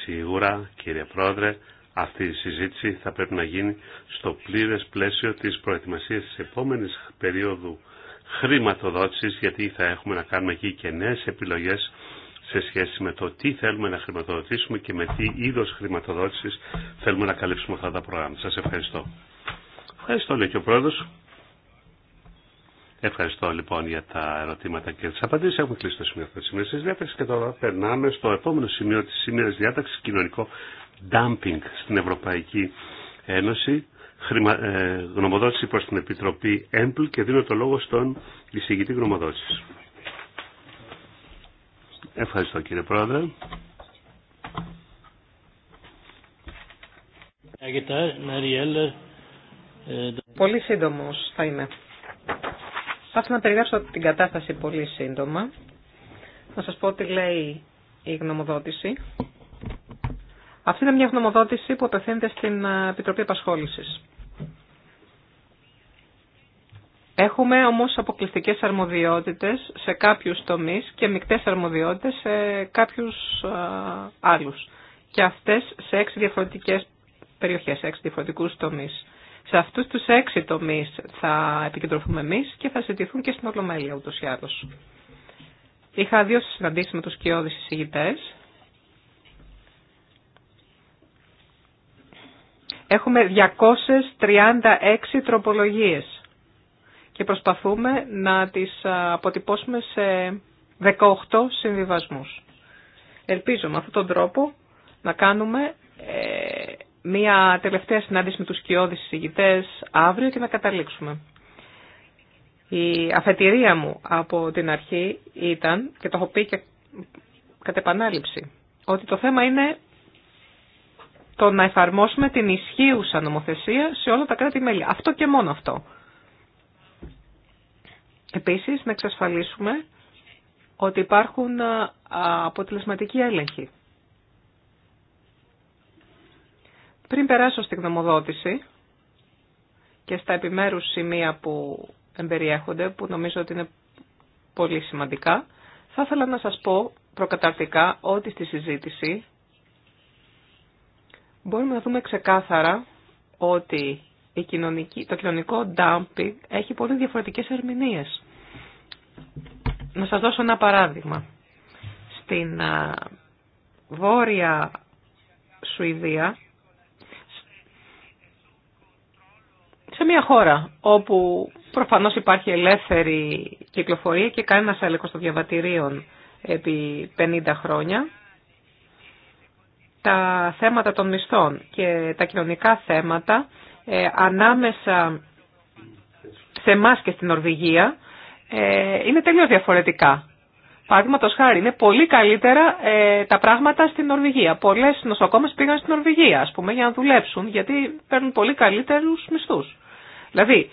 Σίγουρα, κύριε Πρόεδρε, αυτή η συζήτηση θα πρέπει να γίνει στο πλήρε πλαίσιο τη προετοιμασία τη επόμενη περίοδου χρηματοδότησης, γιατί θα έχουμε να κάνουμε εκεί και νέες επιλογές σε σχέση με το τι θέλουμε να χρηματοδοτήσουμε και με τι είδος χρηματοδότησης θέλουμε να καλύψουμε αυτά τα προγράμματα. Σας ευχαριστώ. Ευχαριστώ, λέει και ο Πρόεδρος. Ευχαριστώ λοιπόν για τα ερωτήματα και τι απαντήσει. Έχουμε κλείσει το σημείο αυτό τη σημερινή διάταξη και τώρα περνάμε στο επόμενο σημείο τη σημερινή διάταξη, κοινωνικό dumping στην Ευρωπαϊκή Ένωση. Ε, γνωμοδότηση προς την Επιτροπή ΕΜΠΛ και δίνω το λόγο στον εισηγητή γνωμοδότησης. Ευχαριστώ κύριε Πρόεδρε. Πολύ σύντομος θα είμαι. Θα ήθελα να περιγράψω την κατάσταση πολύ σύντομα. Να σας πω τι λέει η γνωμοδότηση. Αυτή είναι μια γνωμοδότηση που απευθύνεται στην ε, Επιτροπή Επασχόλησης. Έχουμε όμως αποκλειστικές αρμοδιότητες σε κάποιους τομείς και μικτές αρμοδιότητες σε κάποιους ε, άλλους. Και αυτές σε έξι διαφορετικές περιοχές, σε έξι διαφορετικούς τομείς. Σε αυτούς τους έξι τομείς θα επικεντρωθούμε εμείς και θα συζητηθούν και στην Ολομέλεια ούτως ή Είχα δύο συναντήσεις με τους κοιόδης εισηγητές Έχουμε 236 τροπολογίες και προσπαθούμε να τις αποτυπώσουμε σε 18 συμβιβασμούς. Ελπίζω με αυτόν τον τρόπο να κάνουμε ε, μία τελευταία συνάντηση με τους κοιόδης συζητητές αύριο και να καταλήξουμε. Η αφετηρία μου από την αρχή ήταν, και το έχω πει και κατ' επανάληψη, ότι το θέμα είναι το να εφαρμόσουμε την ισχύουσα νομοθεσία σε όλα τα κράτη-μέλη. Αυτό και μόνο αυτό. Επίσης, να εξασφαλίσουμε ότι υπάρχουν αποτελεσματικοί έλεγχοι. Πριν περάσω στη γνωμοδότηση και στα επιμέρους σημεία που εμπεριέχονται, που νομίζω ότι είναι πολύ σημαντικά, θα ήθελα να σας πω προκαταρτικά ότι στη συζήτηση μπορούμε να δούμε ξεκάθαρα ότι η το κοινωνικό dumping έχει πολύ διαφορετικές ερμηνείες. Να σας δώσω ένα παράδειγμα. Στην βόρεια Σουηδία, σε μια χώρα όπου προφανώς υπάρχει ελεύθερη κυκλοφορία και κανένα έλεγχο των διαβατηρίων επί 50 χρόνια, τα θέματα των μισθών και τα κοινωνικά θέματα ε, ανάμεσα σε εμά και στην Νορβηγία ε, είναι τελείως διαφορετικά. Παραδείγματο χάρη, είναι πολύ καλύτερα ε, τα πράγματα στην Νορβηγία. Πολλέ νοσοκόμε πήγαν στην Νορβηγία, α πούμε, για να δουλέψουν, γιατί παίρνουν πολύ καλύτερου μισθού. Δηλαδή,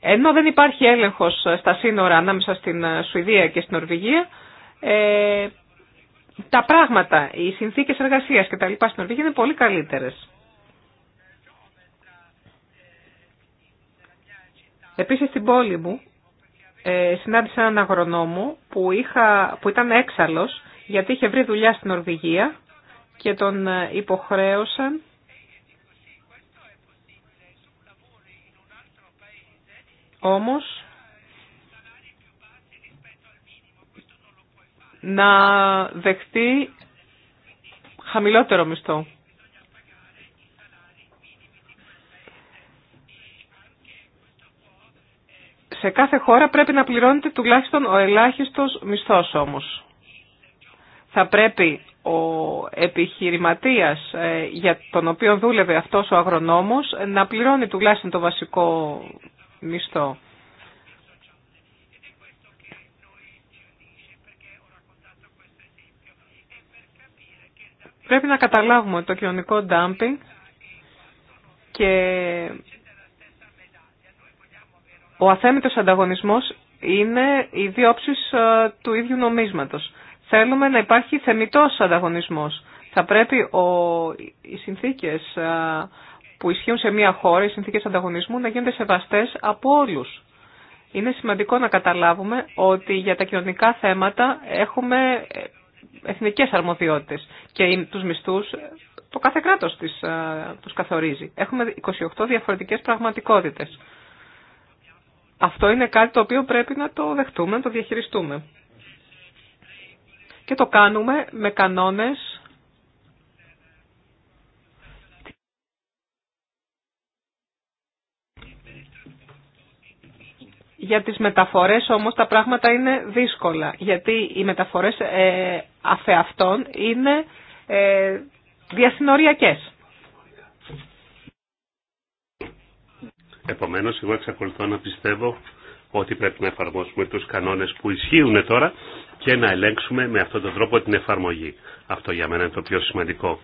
ενώ δεν υπάρχει έλεγχο στα σύνορα ανάμεσα στην Σουηδία και στην Νορβηγία, ε, τα πράγματα, οι συνθήκες εργασίας και τα λοιπά στην Νορβηγία είναι πολύ καλύτερες. Επίσης στην πόλη μου ε, συνάντησα έναν αγρονόμο που, είχα, που ήταν έξαλλος γιατί είχε βρει δουλειά στην Ορβηγία και τον ε, υποχρέωσαν όμως να δεχτεί χαμηλότερο μισθό. Σε κάθε χώρα πρέπει να πληρώνεται τουλάχιστον ο ελάχιστος μισθός όμως. Θα πρέπει ο επιχειρηματίας ε, για τον οποίο δούλευε αυτός ο αγρονόμος να πληρώνει τουλάχιστον το βασικό μισθό. Πρέπει να καταλάβουμε ότι το κοινωνικό ντάμπινγκ και ο αθέμητος ανταγωνισμός είναι οι δύο ε, του ίδιου νομίσματος. Θέλουμε να υπάρχει θεμητός ανταγωνισμός. Θα πρέπει οι συνθήκες ε, που ισχύουν σε μια χώρα, οι συνθήκες ανταγωνισμού, να γίνονται σεβαστές από όλους. Είναι σημαντικό να καταλάβουμε ότι για τα κοινωνικά θέματα έχουμε εθνικές αρμοδιότητες και τους μισθού. Ε, το κάθε κράτο ε, τους καθορίζει. Έχουμε 28 διαφορετικές πραγματικότητε. Αυτό είναι κάτι το οποίο πρέπει να το δεχτούμε, να το διαχειριστούμε. Και το κάνουμε με κανόνες Για τις μεταφορές όμως τα πράγματα είναι δύσκολα, γιατί οι μεταφορές ε, αφεαυτών είναι ε, διασυνοριακές. Επομένως, εγώ εξακολουθώ να πιστεύω ότι πρέπει να εφαρμόσουμε τους κανόνες που ισχύουν τώρα και να ελέγξουμε με αυτόν τον τρόπο την εφαρμογή. Αυτό για μένα είναι το πιο σημαντικό.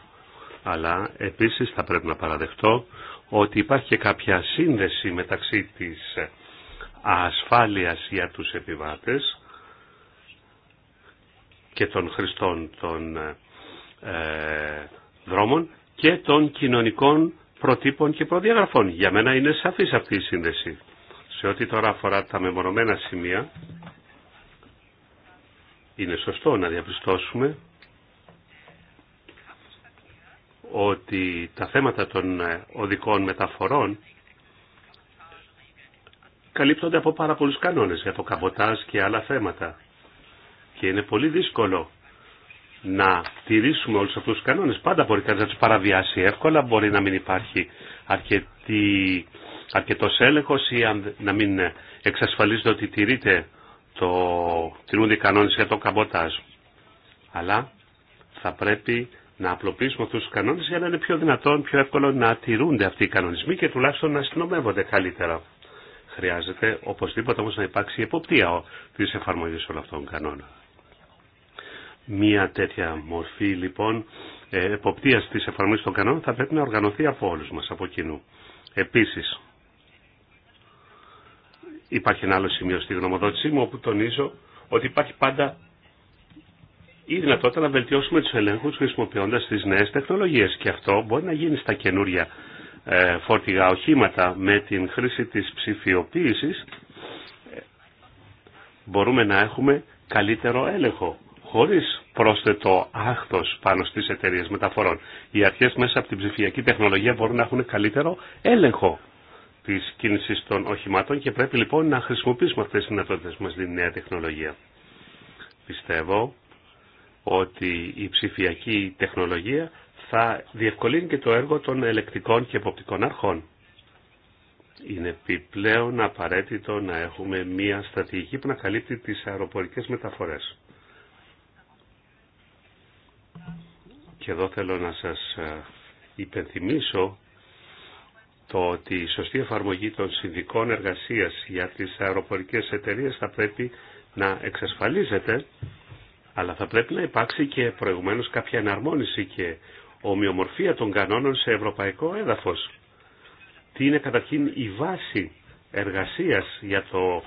Αλλά επίσης θα πρέπει να παραδεχτώ ότι υπάρχει και κάποια σύνδεση μεταξύ της ε, ασφάλειας για τους επιβάτες και των χρηστών των ε, δρόμων και των κοινωνικών προτύπων και προδιαγραφών. Για μένα είναι σαφής αυτή η σύνδεση. Σε ό,τι τώρα αφορά τα μεμονωμένα σημεία, είναι σωστό να διαπιστώσουμε ότι τα θέματα των ε, οδικών μεταφορών καλύπτονται από πάρα πολλούς κανόνες για το καμποτάζ και άλλα θέματα. Και είναι πολύ δύσκολο να τηρήσουμε όλους αυτούς τους κανόνες. Πάντα μπορεί κανείς να τους παραβιάσει εύκολα, μπορεί να μην υπάρχει αρκετή, αρκετός έλεγχος ή να μην εξασφαλίζεται ότι τηρείται το, τηρούνται οι κανόνες για το καμποτάζ. Αλλά θα πρέπει να απλοποιήσουμε αυτούς τους κανόνες για να είναι πιο δυνατόν, πιο εύκολο να τηρούνται αυτοί οι κανονισμοί και τουλάχιστον να συνομεύονται καλύτερα. Χρειάζεται οπωσδήποτε όμως να υπάρξει εποπτεία της εφαρμογής όλων αυτών των κανόνων. Μία τέτοια μορφή λοιπόν ε, εποπτείας της εφαρμογής των κανόνων θα πρέπει να οργανωθεί από όλους μας, από κοινού. Επίσης, υπάρχει ένα άλλο σημείο στη γνωμοδότησή μου όπου τονίζω ότι υπάρχει πάντα η δυνατότητα να βελτιώσουμε τους ελέγχους χρησιμοποιώντας τις νέες τεχνολογίες και αυτό μπορεί να γίνει στα καινούρια ε, φορτηγά οχήματα με την χρήση της ψηφιοποίησης μπορούμε να έχουμε καλύτερο έλεγχο χωρίς πρόσθετο άχθος πάνω στις εταιρείε μεταφορών. Οι αρχές μέσα από την ψηφιακή τεχνολογία μπορούν να έχουν καλύτερο έλεγχο της κίνησης των οχημάτων και πρέπει λοιπόν να χρησιμοποιήσουμε αυτές τις δυνατότητες μας νέα τεχνολογία. Πιστεύω ότι η ψηφιακή τεχνολογία θα διευκολύνει και το έργο των ελεκτικών και εποπτικών αρχών. Είναι επιπλέον απαραίτητο να έχουμε μια στρατηγική που να καλύπτει τις αεροπορικές μεταφορές. Και εδώ θέλω να σας ε, υπενθυμίσω το ότι η σωστή εφαρμογή των συνδικών εργασίας για τις αεροπορικές εταιρείες θα πρέπει να εξασφαλίζεται, αλλά θα πρέπει να υπάρξει και προηγουμένως κάποια εναρμόνιση και ομοιομορφία των κανόνων σε ευρωπαϊκό έδαφος. Τι είναι καταρχήν η βάση εργασίας για το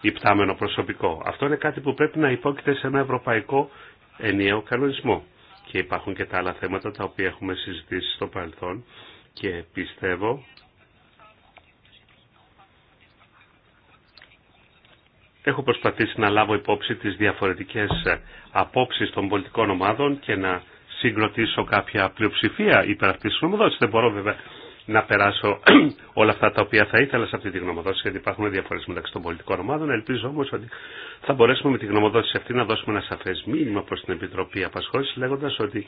υπτάμενο προσωπικό. Αυτό είναι κάτι που πρέπει να υπόκειται σε ένα ευρωπαϊκό ενιαίο κανονισμό. Και υπάρχουν και τα άλλα θέματα τα οποία έχουμε συζητήσει στο παρελθόν και πιστεύω Έχω προσπαθήσει να λάβω υπόψη τις διαφορετικές απόψεις των πολιτικών ομάδων και να συγκροτήσω κάποια πλειοψηφία υπέρ αυτής της γνωμοδότησης. Δεν μπορώ βέβαια να περάσω *clears throat* όλα αυτά τα οποία θα ήθελα σε αυτή τη γνωμοδότηση, γιατί υπάρχουν διαφορέ μεταξύ των πολιτικών ομάδων. Ελπίζω όμως ότι θα μπορέσουμε με τη γνωμοδότηση αυτή να δώσουμε ένα σαφέ μήνυμα προς την Επιτροπή Απασχόληση, λέγοντας ότι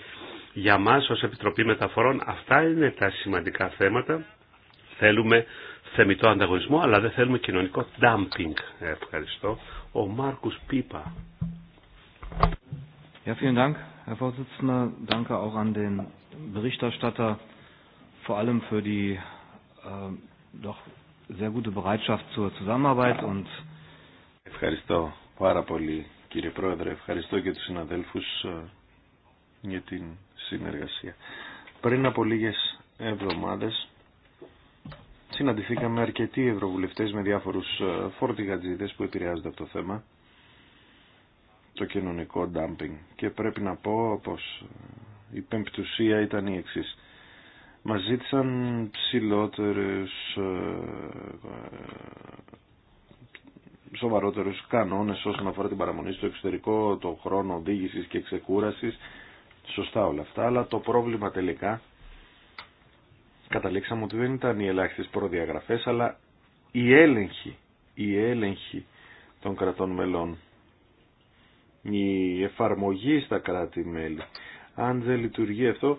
για μας ως Επιτροπή Μεταφορών αυτά είναι τα σημαντικά θέματα. Θέλουμε θεμητό ανταγωνισμό, αλλά δεν θέλουμε κοινωνικό dumping. Ευχαριστώ. Ο Μάρκους Πίπα. Ja, Herr Vorsitzender, danke auch an den Ευχαριστώ πάρα πολύ κύριε Πρόεδρε, ευχαριστώ και τους συναδέλφους ε, για την συνεργασία. Πριν από λίγες εβδομάδες συναντηθήκαμε αρκετοί ευρωβουλευτές με διάφορους ε, φορτηγατζίδες που επηρεάζονται από το θέμα το κοινωνικό ντάμπινγκ. Και πρέπει να πω πως ε, η πεμπτουσία ήταν η εξής. Μας ζήτησαν ψηλότερους, ε, ε, σοβαρότερους κανόνες όσον αφορά την παραμονή στο εξωτερικό, το χρόνο οδήγησης και ξεκούρασης. Σωστά όλα αυτά, αλλά το πρόβλημα τελικά καταλήξαμε ότι δεν ήταν οι ελάχιστες προδιαγραφές, αλλά η έλεγχη, η έλεγχη των κρατών μελών η εφαρμογή στα κράτη-μέλη. Αν δεν λειτουργεί αυτό,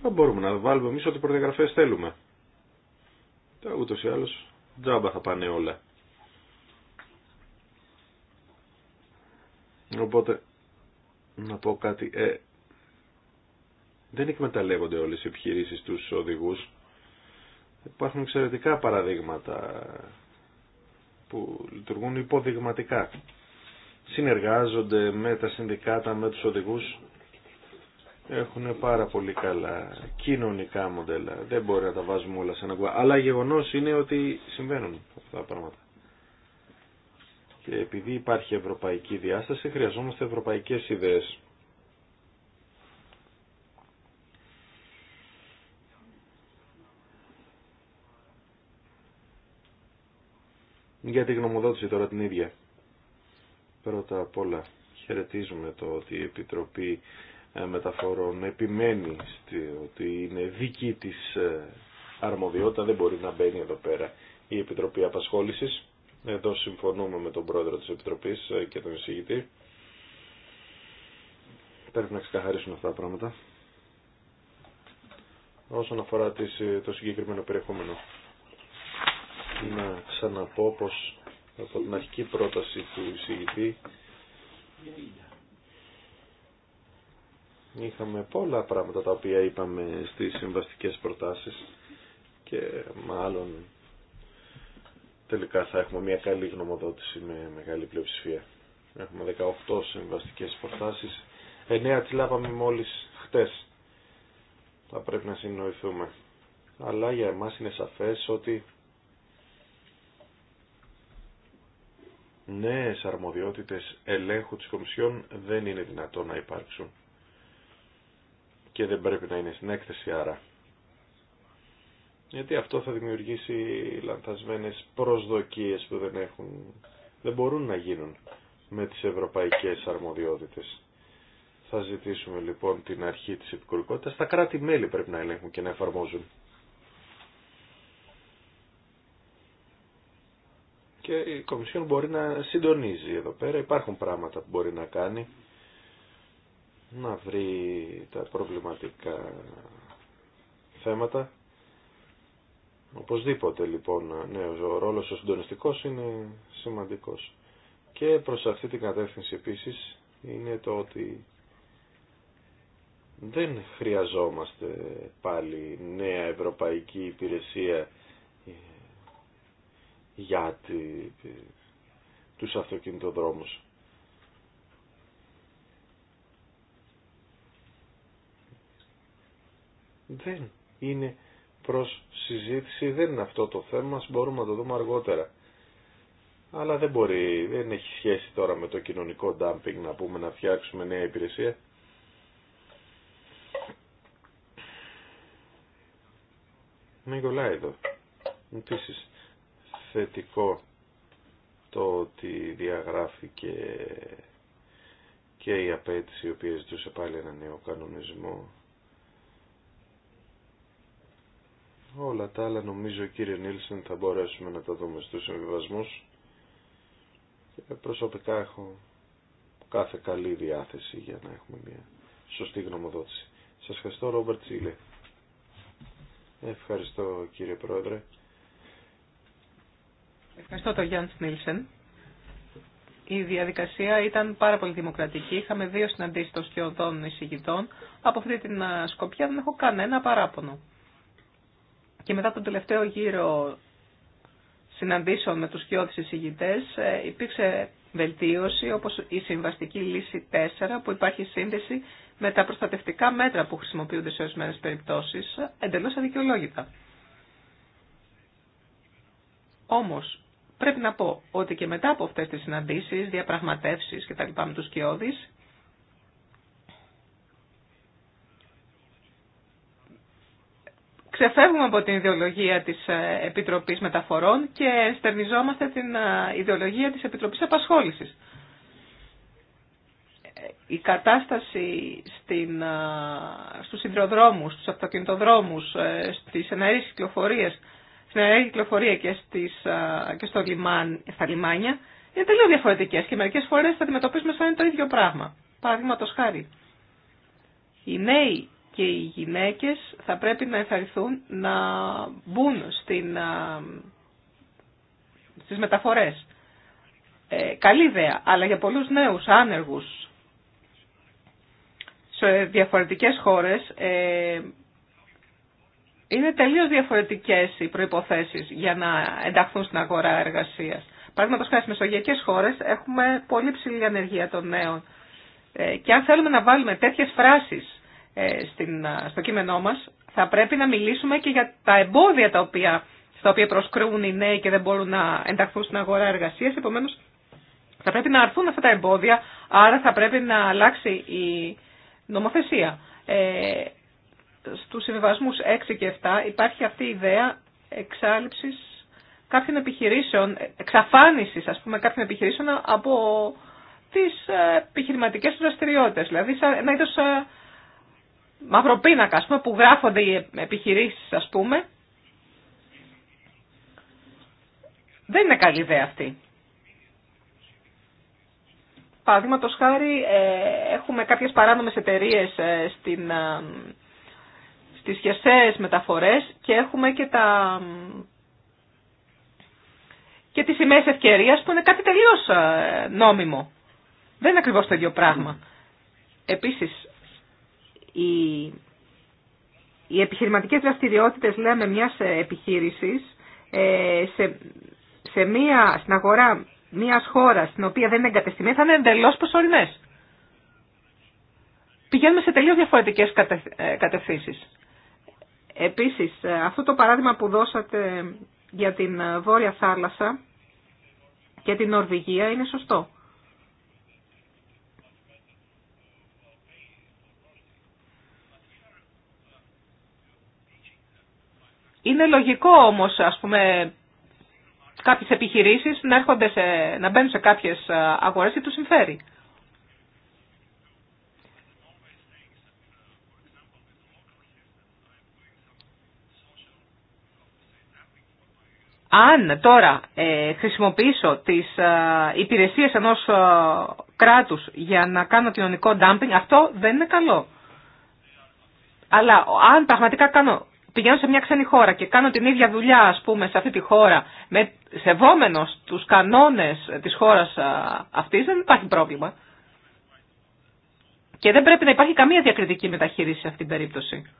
θα μπορούμε να βάλουμε εμεί ό,τι προδιαγραφέ θέλουμε. Τα ούτω ή άλλω τζάμπα θα πάνε όλα. Οπότε, να πω κάτι. Ε, δεν εκμεταλλεύονται όλες οι επιχειρήσεις τους οδηγού. Υπάρχουν εξαιρετικά παραδείγματα που λειτουργούν υποδειγματικά συνεργάζονται με τα συνδικάτα, με τους οδηγούς. Έχουν πάρα πολύ καλά κοινωνικά μοντέλα. Δεν μπορεί να τα βάζουμε όλα σε ένα κουβά. Αλλά γεγονός είναι ότι συμβαίνουν αυτά τα πράγματα. Και επειδή υπάρχει ευρωπαϊκή διάσταση, χρειαζόμαστε ευρωπαϊκές ιδέες. Για τη γνωμοδότηση τώρα την ίδια. Πρώτα απ' όλα χαιρετίζουμε το ότι η Επιτροπή ε, Μεταφορών επιμένει ότι είναι δική της ε, αρμοδιότητα, δεν μπορεί να μπαίνει εδώ πέρα η Επιτροπή Απασχόλησης. Εδώ συμφωνούμε με τον πρόεδρο της Επιτροπής ε, και τον εισηγητή. Πρέπει να ξεκαθαρίσουν αυτά τα πράγματα. Όσον αφορά το συγκεκριμένο περιεχόμενο, να ξαναπώ πως από την αρχική πρόταση του εισηγητή είχαμε πολλά πράγματα τα οποία είπαμε στις συμβαστικές προτάσεις και μάλλον τελικά θα έχουμε μια καλή γνωμοδότηση με μεγάλη πλειοψηφία. Έχουμε 18 συμβαστικές προτάσεις, 9 τις λάβαμε μόλις χτες. Θα πρέπει να συνοηθούμε. Αλλά για εμάς είναι σαφές ότι νέες αρμοδιότητες ελέγχου της Κομισιόν δεν είναι δυνατόν να υπάρξουν και δεν πρέπει να είναι στην έκθεση άρα. Γιατί αυτό θα δημιουργήσει λανθασμένες προσδοκίες που δεν έχουν, δεν μπορούν να γίνουν με τις ευρωπαϊκές αρμοδιότητες. Θα ζητήσουμε λοιπόν την αρχή της επικουρικότητας. Τα κράτη-μέλη πρέπει να ελέγχουν και να εφαρμόζουν. και η Κομισιόν μπορεί να συντονίζει εδώ πέρα. Υπάρχουν πράγματα που μπορεί να κάνει να βρει τα προβληματικά θέματα. Οπωσδήποτε λοιπόν ναι, ο ρόλος ο συντονιστικός είναι σημαντικός. Και προς αυτή την κατεύθυνση επίσης είναι το ότι δεν χρειαζόμαστε πάλι νέα ευρωπαϊκή υπηρεσία για τους αυτοκινητοδρόμους. Δεν είναι προς συζήτηση, δεν είναι αυτό το θέμα, μπορούμε να το δούμε αργότερα. Αλλά δεν μπορεί, δεν έχει σχέση τώρα με το κοινωνικό ντάμπινγκ να πούμε να φτιάξουμε νέα υπηρεσία. Με κολλάει εδώ. Επίσης, θετικό το ότι διαγράφηκε και η απέτηση η οποία ζητούσε πάλι ένα νέο κανονισμό. Όλα τα άλλα νομίζω κύριε Νίλσεν θα μπορέσουμε να τα δούμε στους συμβιβασμούς. Και προσωπικά έχω κάθε καλή διάθεση για να έχουμε μια σωστή γνωμοδότηση. Σας ευχαριστώ Ρόμπερτ Σίλε. Ευχαριστώ κύριε Πρόεδρε. Ευχαριστώ τον Γιάννη Νίλσεν. Η διαδικασία ήταν πάρα πολύ δημοκρατική. Είχαμε δύο συναντήσεις των σκιωδών εισηγητών. Από αυτή την σκοπιά δεν έχω κανένα παράπονο. Και μετά τον τελευταίο γύρο συναντήσεων με τους σκιώδεις εισηγητές ε, υπήρξε βελτίωση όπως η συμβαστική λύση 4 που υπάρχει σύνδεση με τα προστατευτικά μέτρα που χρησιμοποιούνται σε ορισμένε περιπτώσεις εντελώς αδικαιολόγητα. Όμως Πρέπει να πω ότι και μετά από αυτές τις συναντήσεις, διαπραγματεύσεις και τα λοιπά με τους Κιώδης, ξεφεύγουμε από την ιδεολογία της ε, Επιτροπής Μεταφορών και στερνιζόμαστε την ε, ιδεολογία της Επιτροπής Απασχόλησης. Ε, η κατάσταση στην, στους συνδροδρόμους, στους αυτοκινητοδρόμους, στις εναέριες κυκλοφορίες στην ναι, αεραία κυκλοφορία και, στις, και στο λιμάν, στα λιμάνια είναι τελείω διαφορετικέ και μερικέ φορέ θα αντιμετωπίσουμε σαν το ίδιο πράγμα. Παραδείγματο χάρη, οι νέοι και οι γυναίκε θα πρέπει να ενθαρρυνθούν να μπουν στι στις μεταφορές. Ε, καλή ιδέα, αλλά για πολλούς νέους άνεργους σε διαφορετικές χώρες ε, είναι τελείως διαφορετικές οι προϋποθέσεις για να ενταχθούν στην αγορά εργασίας. Παραδείγματος χάρη στις μεσογειακές χώρες έχουμε πολύ ψηλή ανεργία των νέων. Ε, και αν θέλουμε να βάλουμε τέτοιες φράσεις ε, στο κείμενό μας, θα πρέπει να μιλήσουμε και για τα εμπόδια τα οποία, στα οποία προσκρούν οι νέοι και δεν μπορούν να ενταχθούν στην αγορά εργασίας. Επομένως, θα πρέπει να αρθούν αυτά τα εμπόδια, άρα θα πρέπει να αλλάξει η νομοθεσία. Ε, στους συμβιβασμούς 6 και 7 υπάρχει αυτή η ιδέα εξάλληψης κάποιων επιχειρήσεων, εξαφάνισης ας πούμε κάποιων επιχειρήσεων από τις ε, επιχειρηματικές δραστηριότητες. Δηλαδή ένα είδος ε, μαυροπίνακα ας πούμε, που γράφονται οι επιχειρήσεις ας πούμε. Δεν είναι καλή ιδέα αυτή. Παραδείγματο χάρη ε, έχουμε κάποιες παράνομες εταιρείε στην στις χερσαίες μεταφορές και έχουμε και τα και τις σημαίες ευκαιρίας που είναι κάτι τελείως ε, νόμιμο. Δεν είναι ακριβώς το ίδιο πράγμα. Επίσης, οι, οι επιχειρηματικές δραστηριότητες, λέμε, μιας ε, επιχείρησης ε, σε, σε μια, στην αγορά μιας χώρας στην οποία δεν είναι εγκατεστημένη θα είναι εντελώς προσωρινές. Πηγαίνουμε σε τελείως διαφορετικές κατευθύνσεις. Επίσης, ε, αυτό το παράδειγμα που δώσατε για την ε, Βόρεια Θάλασσα και την Νορβηγία είναι σωστό. Είναι λογικό όμως, ας πούμε, κάποιες επιχειρήσεις να, έρχονται να μπαίνουν σε κάποιες ε, αγορές και τους συμφέρει. Αν τώρα ε, χρησιμοποιήσω τις ε, υπηρεσίες ενός ε, κράτους για να κάνω κοινωνικό dumping, αυτό δεν είναι καλό. Αλλά αν πραγματικά κάνω, πηγαίνω σε μια ξένη χώρα και κάνω την ίδια δουλειά, ας πούμε, σε αυτή τη χώρα, με, σεβόμενος τους κανόνες της χώρας ε, αυτής, δεν υπάρχει πρόβλημα. Και δεν πρέπει να υπάρχει καμία διακριτική μεταχείριση σε αυτήν την περίπτωση.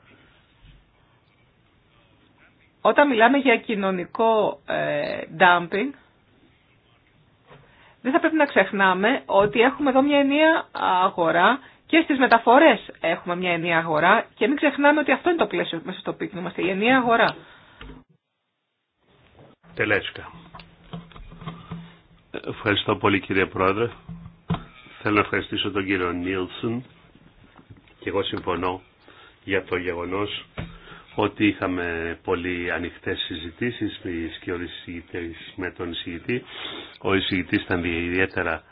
Όταν μιλάμε για κοινωνικό ε, dumping, δεν θα πρέπει να ξεχνάμε ότι έχουμε εδώ μια ενία αγορά και στις μεταφορές έχουμε μια ενία αγορά και μην ξεχνάμε ότι αυτό είναι το πλαίσιο μέσα στο οποίο μας η ενία αγορά. Τελέσκα. Ευχαριστώ πολύ κύριε Πρόεδρε. Θέλω να ευχαριστήσω τον κύριο Νίλσον και εγώ συμφωνώ για το γεγονός ότι είχαμε πολύ ανοιχτέ συζητήσεις και ο με τον εισηγητή. Ο εισηγητή ήταν ιδιαίτερα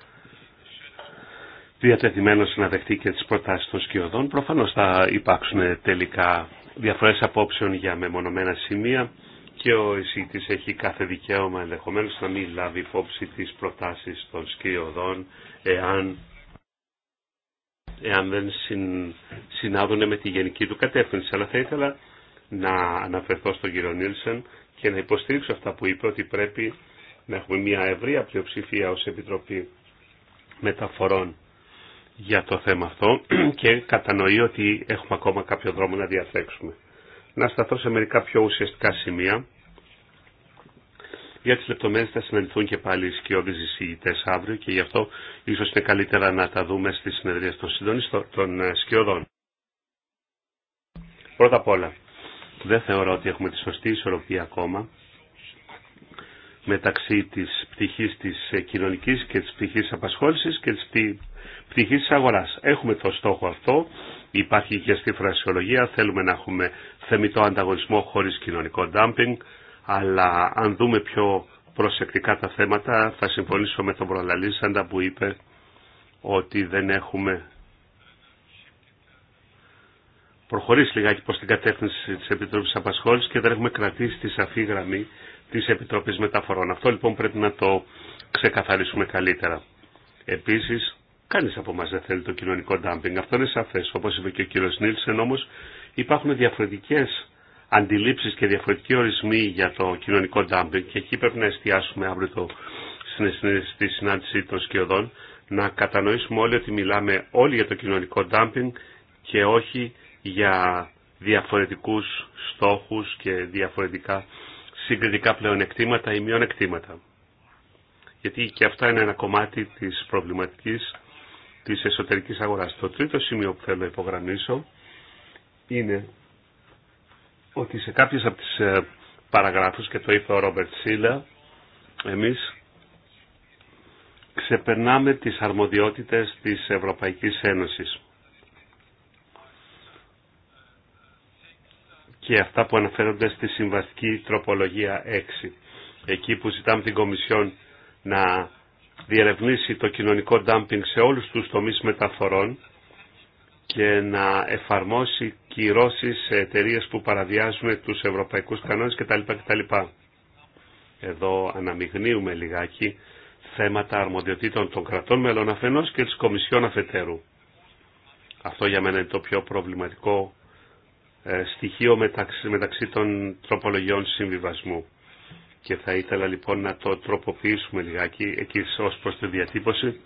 διατεθειμένο να δεχτεί και τι προτάσει των σκιωδών. Προφανώ θα υπάρξουν τελικά διαφορέ απόψεων για μεμονωμένα σημεία και ο εισηγητή έχει κάθε δικαίωμα ενδεχομένω να μην λάβει υπόψη τι προτάσει των σκιωδών εάν εάν δεν συν, συνάδουν με τη γενική του κατεύθυνση. Αλλά θα ήθελα να αναφερθώ στον κύριο Νίλσεν και να υποστηρίξω αυτά που είπε ότι πρέπει να έχουμε μια ευρεία πλειοψηφία ως Επιτροπή Μεταφορών για το θέμα αυτό *clears throat* και κατανοεί ότι έχουμε ακόμα κάποιο δρόμο να διαθέξουμε. Να σταθώ σε μερικά πιο ουσιαστικά σημεία. Για τις λεπτομέρειες θα συναντηθούν και πάλι οι σκιώδεις εισηγητές αύριο και γι' αυτό ίσως είναι καλύτερα να τα δούμε στις συνεδρίες των, των ε, σκιωδών. Πρώτα απ' όλα, δεν θεωρώ ότι έχουμε τη σωστή ισορροπία ακόμα μεταξύ της πτυχής της κοινωνικής και της πτυχής απασχόλησης και της πτυχής της αγοράς. Έχουμε το στόχο αυτό, υπάρχει και στη φρασιολογία, θέλουμε να έχουμε θεμητό ανταγωνισμό χωρίς κοινωνικό ντάμπινγκ, αλλά αν δούμε πιο προσεκτικά τα θέματα θα συμφωνήσω με τον Προλαλήσαντα που είπε ότι δεν έχουμε προχωρήσει λιγάκι προ την κατεύθυνση τη Επιτροπή Απασχόληση και δεν έχουμε κρατήσει τη σαφή γραμμή τη επιτροπή Μεταφορών. Αυτό λοιπόν πρέπει να το ξεκαθαρίσουμε καλύτερα. Επίση, κανεί από εμά δεν θέλει το κοινωνικό ντάμπινγκ. Αυτό είναι σαφέ, Όπω είπε και ο κύριο Νίλσεν όμω, υπάρχουν διαφορετικέ αντιλήψει και διαφορετικοί ορισμοί για το κοινωνικό ντάμπινγκ και εκεί πρέπει να εστιάσουμε αύριο το, στη συνάντηση των σκιωδών να κατανοήσουμε όλοι ότι μιλάμε όλοι για το κοινωνικό ντάμπινγκ και όχι για διαφορετικούς στόχους και διαφορετικά συγκριτικά πλεονεκτήματα ή μειονεκτήματα. Γιατί και αυτά είναι ένα κομμάτι της προβληματικής της εσωτερικής αγοράς. Το τρίτο σημείο που θέλω να υπογραμμίσω είναι ότι σε κάποιες από τις ε, παραγράφους, και το είπε ο Ρόμπερτ Σίλα, εμείς ξεπερνάμε τις αρμοδιότητες της Ευρωπαϊκής Ένωσης. και αυτά που αναφέρονται στη συμβαστική τροπολογία 6. Εκεί που ζητάμε την Κομισιόν να διερευνήσει το κοινωνικό ντάμπινγκ σε όλους τους τομείς μεταφορών και να εφαρμόσει κυρώσεις σε εταιρείες που παραδιάζουν τους ευρωπαϊκούς κανόνες κτλ. κτλ. Εδώ αναμειγνύουμε λιγάκι θέματα αρμοδιοτήτων των κρατών μελών αφενός και της Κομισιόν αφετέρου. Αυτό για μένα είναι το πιο προβληματικό ε, στοιχείο μεταξύ, μεταξύ των τροπολογιών συμβιβασμού. Και θα ήθελα λοιπόν να το τροποποιήσουμε λιγάκι εκεί ως προς τη διατύπωση.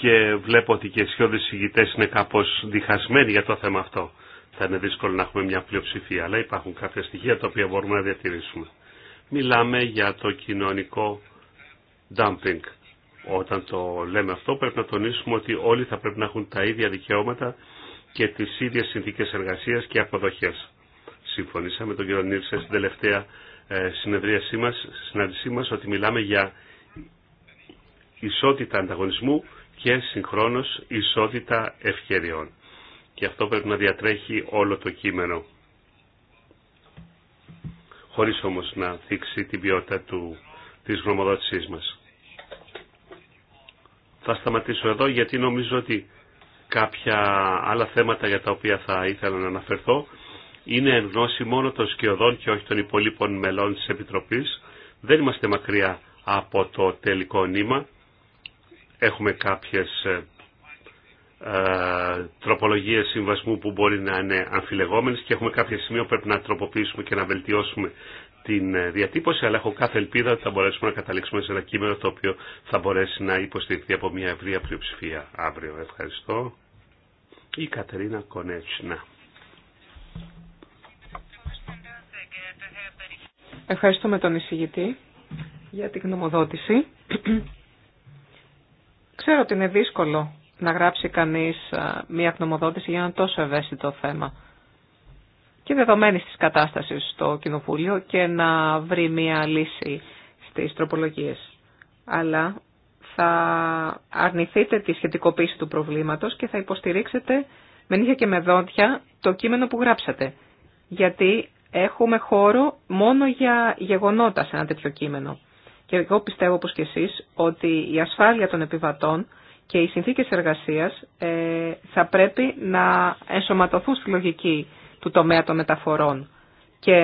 Και βλέπω ότι και οι σιώδεις ηγητές είναι κάπως διχασμένοι για το θέμα αυτό. Θα είναι δύσκολο να έχουμε μια πλειοψηφία, αλλά υπάρχουν κάποια στοιχεία τα οποία μπορούμε να διατηρήσουμε. Μιλάμε για το κοινωνικό dumping. Όταν το λέμε αυτό πρέπει να τονίσουμε ότι όλοι θα πρέπει να έχουν τα ίδια δικαιώματα και τις ίδιες συνθήκες εργασίας και αποδοχές. Συμφωνήσαμε με τον κύριο Νίρσε στην τελευταία ε, συνεδρίασή μας, συνάντησή μας ότι μιλάμε για ισότητα ανταγωνισμού και συγχρόνως ισότητα ευκαιριών. Και αυτό πρέπει να διατρέχει όλο το κείμενο. Χωρίς όμως να δείξει την ποιότητα του, της γνωμοδότησής μας. Θα σταματήσω εδώ γιατί νομίζω ότι κάποια άλλα θέματα για τα οποία θα ήθελα να αναφερθώ είναι εν γνώση μόνο των σκιωδών και όχι των υπολείπων μελών της Επιτροπής. Δεν είμαστε μακριά από το τελικό νήμα. Έχουμε κάποιες ε, ε τροπολογίες συμβασμού που μπορεί να είναι αμφιλεγόμενες και έχουμε κάποια σημεία που πρέπει να τροποποιήσουμε και να βελτιώσουμε την ε, διατύπωση, αλλά έχω κάθε ελπίδα ότι θα μπορέσουμε να καταλήξουμε σε ένα κείμενο το οποίο θα μπορέσει να υποστηριχθεί από μια ευρεία πλειοψηφία αύριο. Ευχαριστώ. Η Κατερίνα Κονέτσινα. Ευχαριστούμε τον εισηγητή για την γνωμοδότηση. Ξέρω ότι είναι δύσκολο να γράψει κανείς μια γνωμοδότηση για ένα τόσο ευαίσθητο θέμα και δεδομένη της κατάστασης στο Κοινοβούλιο και να βρει μια λύση στις τροπολογίες. Αλλά θα αρνηθείτε τη σχετικοποίηση του προβλήματος και θα υποστηρίξετε με νύχια και με δόντια το κείμενο που γράψατε. Γιατί έχουμε χώρο μόνο για γεγονότα σε ένα τέτοιο κείμενο. Και εγώ πιστεύω, όπως και εσείς, ότι η ασφάλεια των επιβατών και οι συνθήκες εργασίας ε, θα πρέπει να ενσωματωθούν στη λογική του τομέα των μεταφορών. Και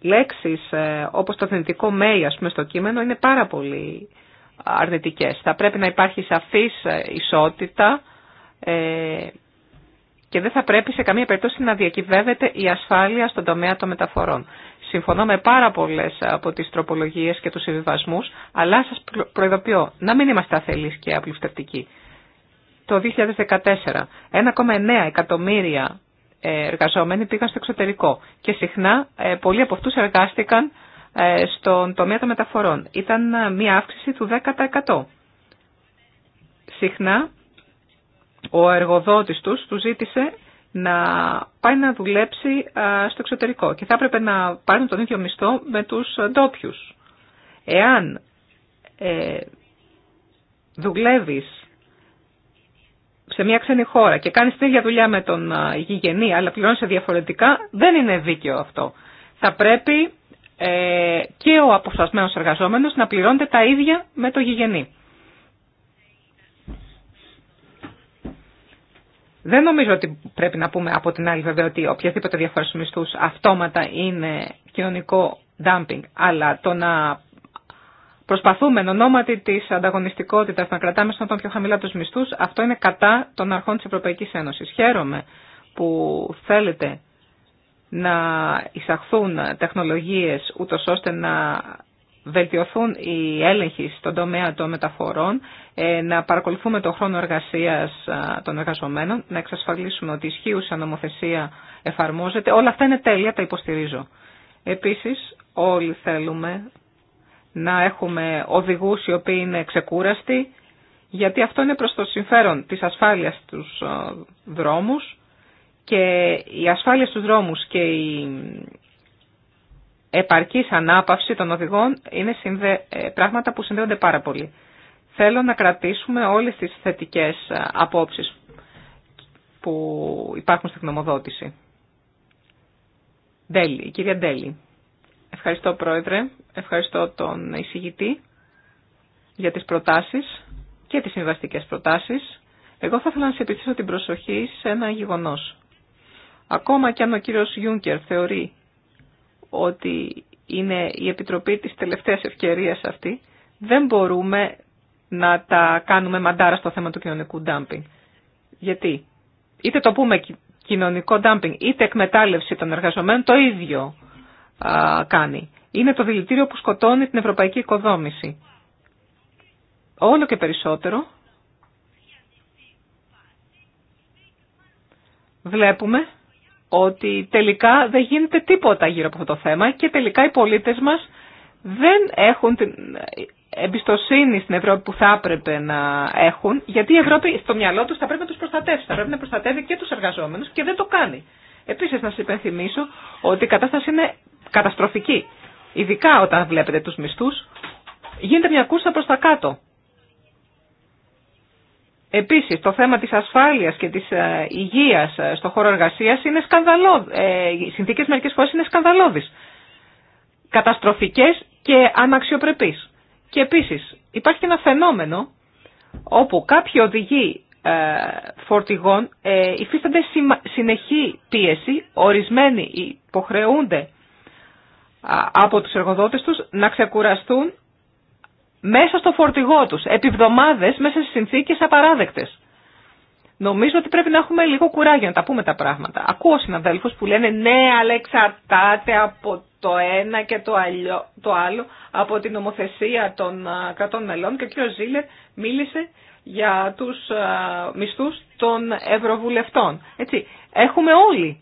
λέξεις ε, όπως το θνητικό μέι, στο κείμενο είναι πάρα πολύ αρνητικές. Θα πρέπει να υπάρχει σαφής ε, ισότητα ε, και δεν θα πρέπει σε καμία περίπτωση να διακυβεύεται η ασφάλεια στον τομέα των μεταφορών. Συμφωνώ με πάρα πολλέ από τι τροπολογίε και του συμβιβασμού, αλλά σα προειδοποιώ να μην είμαστε αφελεί και απλουστευτικοί. Το 2014, 1,9 εκατομμύρια εργαζόμενοι πήγαν στο εξωτερικό και συχνά ε, πολλοί από αυτούς εργάστηκαν ε, στον τομέα των μεταφορών. Ήταν ε, μία αύξηση του 10%. Συχνά ο εργοδότης τους του ζήτησε να πάει να δουλέψει στο εξωτερικό και θα έπρεπε να πάρουν τον ίδιο μισθό με τους ντόπιου. Εάν ε, δουλεύεις σε μια ξένη χώρα και κάνεις την ίδια δουλειά με τον γηγενή αλλά πληρώνεις διαφορετικά, δεν είναι δίκαιο αυτό. Θα πρέπει ε, και ο αποσπασμένος εργαζόμενος να πληρώνεται τα ίδια με τον γηγενή. Δεν νομίζω ότι πρέπει να πούμε από την άλλη βέβαια ότι οποιαδήποτε διαφορά στους μισθούς αυτόματα είναι κοινωνικό dumping, αλλά το να προσπαθούμε εν ονόματι τη ανταγωνιστικότητα να κρατάμε στον πιο χαμηλά του μισθού, αυτό είναι κατά των αρχών τη Ευρωπαϊκή Ένωση. Χαίρομαι που θέλετε να εισαχθούν τεχνολογίε ούτω ώστε να βελτιωθούν οι έλεγχοι στον τομέα των μεταφορών, ε, να παρακολουθούμε τον χρόνο εργασίας ε, των εργαζομένων, να εξασφαλίσουμε ότι η ισχύουσα νομοθεσία εφαρμόζεται. Όλα αυτά είναι τέλεια, τα υποστηρίζω. Επίσης, όλοι θέλουμε να έχουμε οδηγούς οι οποίοι είναι ξεκούραστοι, γιατί αυτό είναι προς το συμφέρον της ασφάλειας στους ε, δρόμους και η ασφάλεια στους δρόμους και η επαρκής ανάπαυση των οδηγών είναι ε, πράγματα που συνδέονται πάρα πολύ. Θέλω να κρατήσουμε όλες τις θετικές ε, απόψεις που υπάρχουν στη γνωμοδότηση. Ντέλη, η κυρία Ντέλη. Ευχαριστώ Πρόεδρε, ευχαριστώ τον εισηγητή για τις προτάσεις και τις συμβαστικές προτάσεις. Εγώ θα ήθελα να σε επιθέσω την προσοχή σε ένα γεγονός. Ακόμα και αν ο κύριος Γιούνκερ θεωρεί ότι είναι η Επιτροπή της τελευταίας ευκαιρίας αυτή, δεν μπορούμε να τα κάνουμε μαντάρα στο θέμα του κοινωνικού ντάμπινγκ. Γιατί είτε το πούμε κοινωνικό ντάμπινγκ είτε εκμετάλλευση των εργαζομένων το ίδιο κάνει. Είναι το δηλητήριο που σκοτώνει την ευρωπαϊκή οικοδόμηση. Όλο και περισσότερο βλέπουμε ότι τελικά δεν γίνεται τίποτα γύρω από αυτό το θέμα και τελικά οι πολίτες μας δεν έχουν την εμπιστοσύνη στην Ευρώπη που θα έπρεπε να έχουν, γιατί η Ευρώπη στο μυαλό τους θα πρέπει να τους προστατεύσει, θα πρέπει να προστατεύει και τους εργαζόμενους και δεν το κάνει. Επίσης να σας υπενθυμίσω ότι η κατάσταση είναι καταστροφική. Ειδικά όταν βλέπετε τους μισθούς, γίνεται μια κούρσα προς τα κάτω. Επίσης, το θέμα της ασφάλειας και της ε, υγείας ε, στο χώρο εργασίας είναι σκανδαλώδη. Ε, οι συνθήκες μερικές φορές είναι σκανδαλώδεις. Καταστροφικές και αναξιοπρεπείς. Και επίσης, υπάρχει ένα φαινόμενο όπου κάποιοι οδηγοί φορτηγών υφίστανται συνεχή πίεση, ορισμένοι υποχρεούνται από τους εργοδότες τους να ξεκουραστούν μέσα στο φορτηγό τους, επί εβδομάδες, μέσα σε συνθήκες απαράδεκτες. Νομίζω ότι πρέπει να έχουμε λίγο κουράγιο να τα πούμε τα πράγματα. Ακούω συναδέλφους που λένε ναι, αλλά εξαρτάται από το ένα και το, το άλλο, από την νομοθεσία των κρατών μελών και ο κ. Ζήλερ μίλησε για τους μισθούς των ευρωβουλευτών. Έτσι, έχουμε όλοι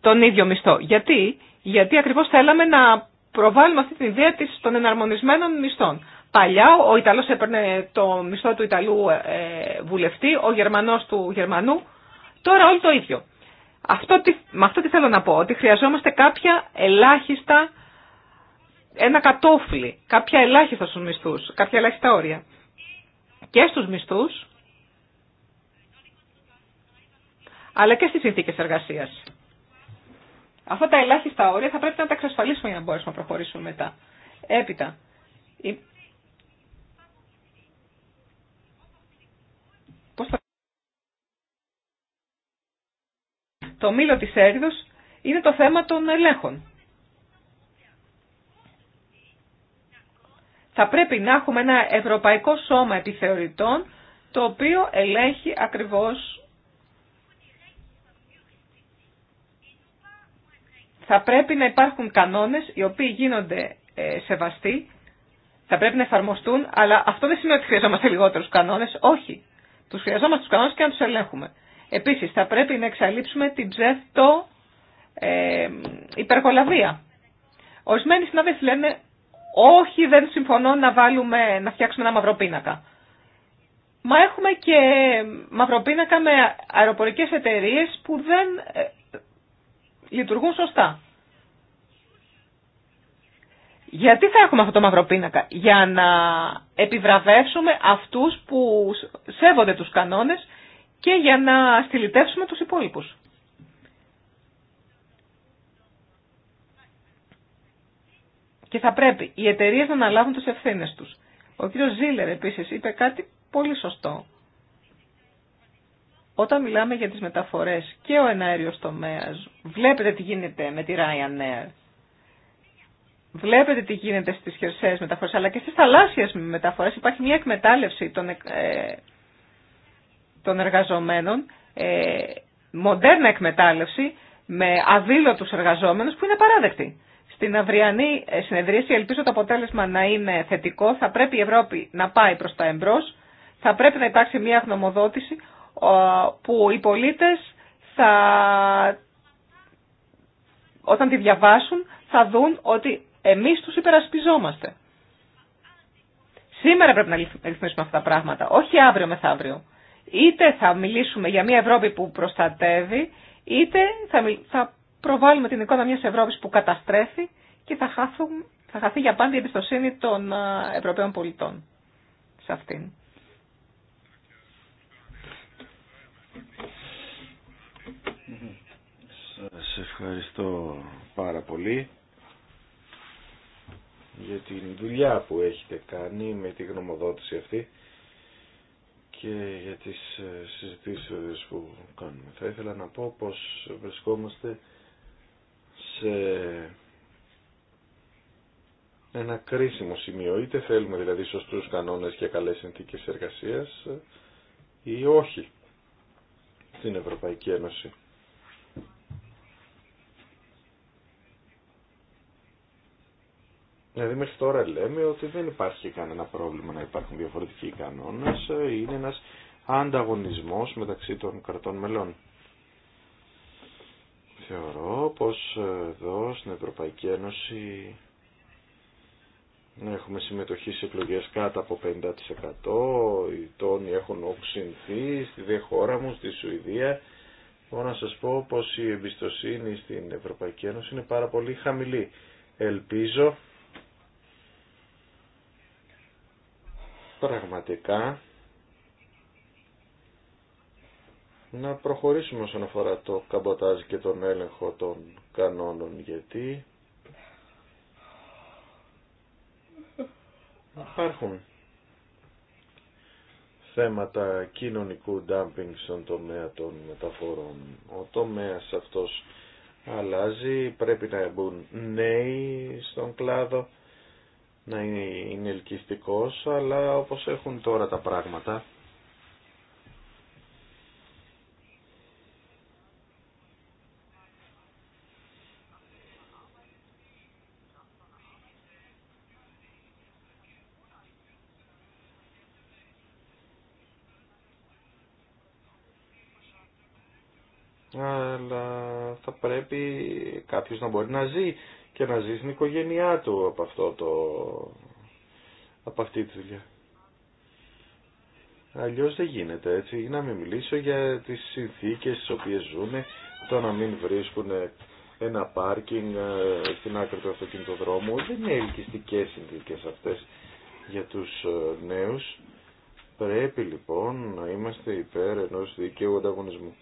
τον ίδιο μισθό. Γιατί γιατί ακριβώς θέλαμε να προβάλλουμε αυτή την ιδέα της, των εναρμονισμένων μισθών. Παλιά ο Ιταλός έπαιρνε το μισθό του Ιταλού ε, βουλευτή, ο Γερμανός του Γερμανού, τώρα όλοι το ίδιο. Αυτό τι, με αυτό τι θέλω να πω, ότι χρειαζόμαστε κάποια ελάχιστα, ένα κατόφλι, κάποια ελάχιστα στους μισθούς, κάποια ελάχιστα όρια. Και στους μισθούς, αλλά και στις συνθήκες εργασίας. Αυτά τα ελάχιστα όρια θα πρέπει να τα εξασφαλίσουμε για να μπορέσουμε να προχωρήσουμε μετά. Έπειτα. Πώς Το μήλο της έρηδος είναι το θέμα των ελέγχων. Θα πρέπει να έχουμε ένα ευρωπαϊκό σώμα επιθεωρητών το οποίο ελέγχει ακριβώς θα πρέπει να υπάρχουν κανόνες οι οποίοι γίνονται ε, σεβαστοί, θα πρέπει να εφαρμοστούν, αλλά αυτό δεν σημαίνει ότι χρειαζόμαστε λιγότερους κανόνες, όχι. Τους χρειαζόμαστε τους κανόνες και να τους ελέγχουμε. Επίσης, θα πρέπει να εξαλείψουμε την ψεύτο ε, υπερκολαβία. Ορισμένοι συνάδελφοι λένε, όχι δεν συμφωνώ να, βάλουμε, να φτιάξουμε ένα μαυροπίνακα. Μα έχουμε και μαυροπίνακα με αεροπορικές εταιρείε που δεν ε, λειτουργούν σωστά. Γιατί θα έχουμε αυτό το μαύρο πίνακα, για να επιβραβεύσουμε αυτούς που σέβονται τους κανόνες και για να στυλιτεύσουμε τους υπόλοιπους. Και θα πρέπει οι εταιρείε να αναλάβουν τις ευθύνες τους. Ο κύριος Ζήλερ επίσης είπε κάτι πολύ σωστό. Όταν μιλάμε για τις μεταφορές και ο εναέριος τομέας, βλέπετε τι γίνεται με τη Ryanair, βλέπετε τι γίνεται στις χερσαίες μεταφορές, αλλά και στις θαλάσσιες μεταφορές υπάρχει μια εκμετάλλευση των, ε, των εργαζομένων, ε, μοντέρνα εκμετάλλευση με αδήλωτους εργαζόμενους που είναι παράδεκτη. Στην αυριανή ε, συνεδρίαση ελπίζω το αποτέλεσμα να είναι θετικό. Θα πρέπει η Ευρώπη να πάει προς τα εμπρός. Θα πρέπει να υπάρξει μια γνωμοδότηση που οι πολίτες θα, όταν τη διαβάσουν θα δουν ότι εμείς τους υπερασπιζόμαστε. Σήμερα πρέπει να ρυθμίσουμε αυτά τα πράγματα, όχι αύριο μεθαύριο. Είτε θα μιλήσουμε για μια Ευρώπη που προστατεύει, είτε θα προβάλλουμε την εικόνα μιας Ευρώπης που καταστρέφει και θα, χάθουν, θα χαθεί για πάντα η εμπιστοσύνη των Ευρωπαίων πολιτών σε αυτήν. Σας ευχαριστώ πάρα πολύ για την δουλειά που έχετε κάνει με τη γνωμοδότηση αυτή και για τις ε, συζητήσεις που κάνουμε. Θα ήθελα να πω πως βρισκόμαστε σε ένα κρίσιμο σημείο. Είτε θέλουμε δηλαδή σωστούς κανόνες και καλές συνθήκες εργασίας ή όχι στην Ευρωπαϊκή Ένωση. Δηλαδή μέχρι τώρα λέμε ότι δεν υπάρχει κανένα πρόβλημα να υπάρχουν διαφορετικοί κανόνες, είναι ένας ανταγωνισμός μεταξύ των κρατών μελών. Θεωρώ πως εδώ στην Ευρωπαϊκή Ένωση έχουμε συμμετοχή σε εκλογές κάτω από 50%, οι τόνοι έχουν οξυνθεί στη δε χώρα μου, στη Σουηδία. Μπορώ να σας πω πως η εμπιστοσύνη στην Ευρωπαϊκή Ένωση είναι πάρα πολύ χαμηλή. Ελπίζω πραγματικά να προχωρήσουμε όσον αφορά το καμποτάζ και τον έλεγχο των κανόνων γιατί υπάρχουν θέματα κοινωνικού ντάμπινγκ στον τομέα των μεταφορών. Ο τομέας αυτός αλλάζει, πρέπει να μπουν νέοι στον κλάδο να είναι ελκυστικός, αλλά όπως έχουν τώρα τα πράγματα, αλλά θα πρέπει κάποιος να μπορεί να ζει και να ζει στην οικογένειά του από, αυτό το, από αυτή τη δουλειά. Αλλιώ δεν γίνεται έτσι, να μην μιλήσω για τις συνθήκε στις οποίες ζουν, το να μην βρίσκουν ένα πάρκινγκ ε, στην άκρη του αυτοκινητοδρόμου, δεν είναι ελκυστικέ συνθήκε αυτές για τους ε, νέους. Πρέπει λοιπόν να είμαστε υπέρ ενό δικαίου ανταγωνισμού.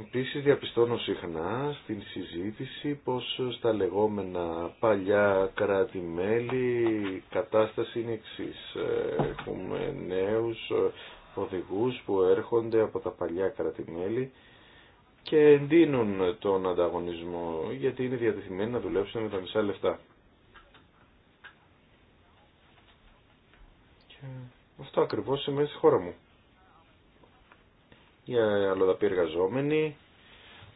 Επίσης διαπιστώνω συχνά στην συζήτηση πως στα λεγόμενα παλιά κράτη-μέλη η κατάσταση είναι εξής. Έχουμε νέους οδηγούς που έρχονται από τα παλιά κράτη-μέλη και εντείνουν τον ανταγωνισμό γιατί είναι διατεθειμένοι να δουλέψουν με τα μισά λεφτά. Και αυτό ακριβώς σημαίνει στη χώρα μου οι αλλοδαποί εργαζόμενοι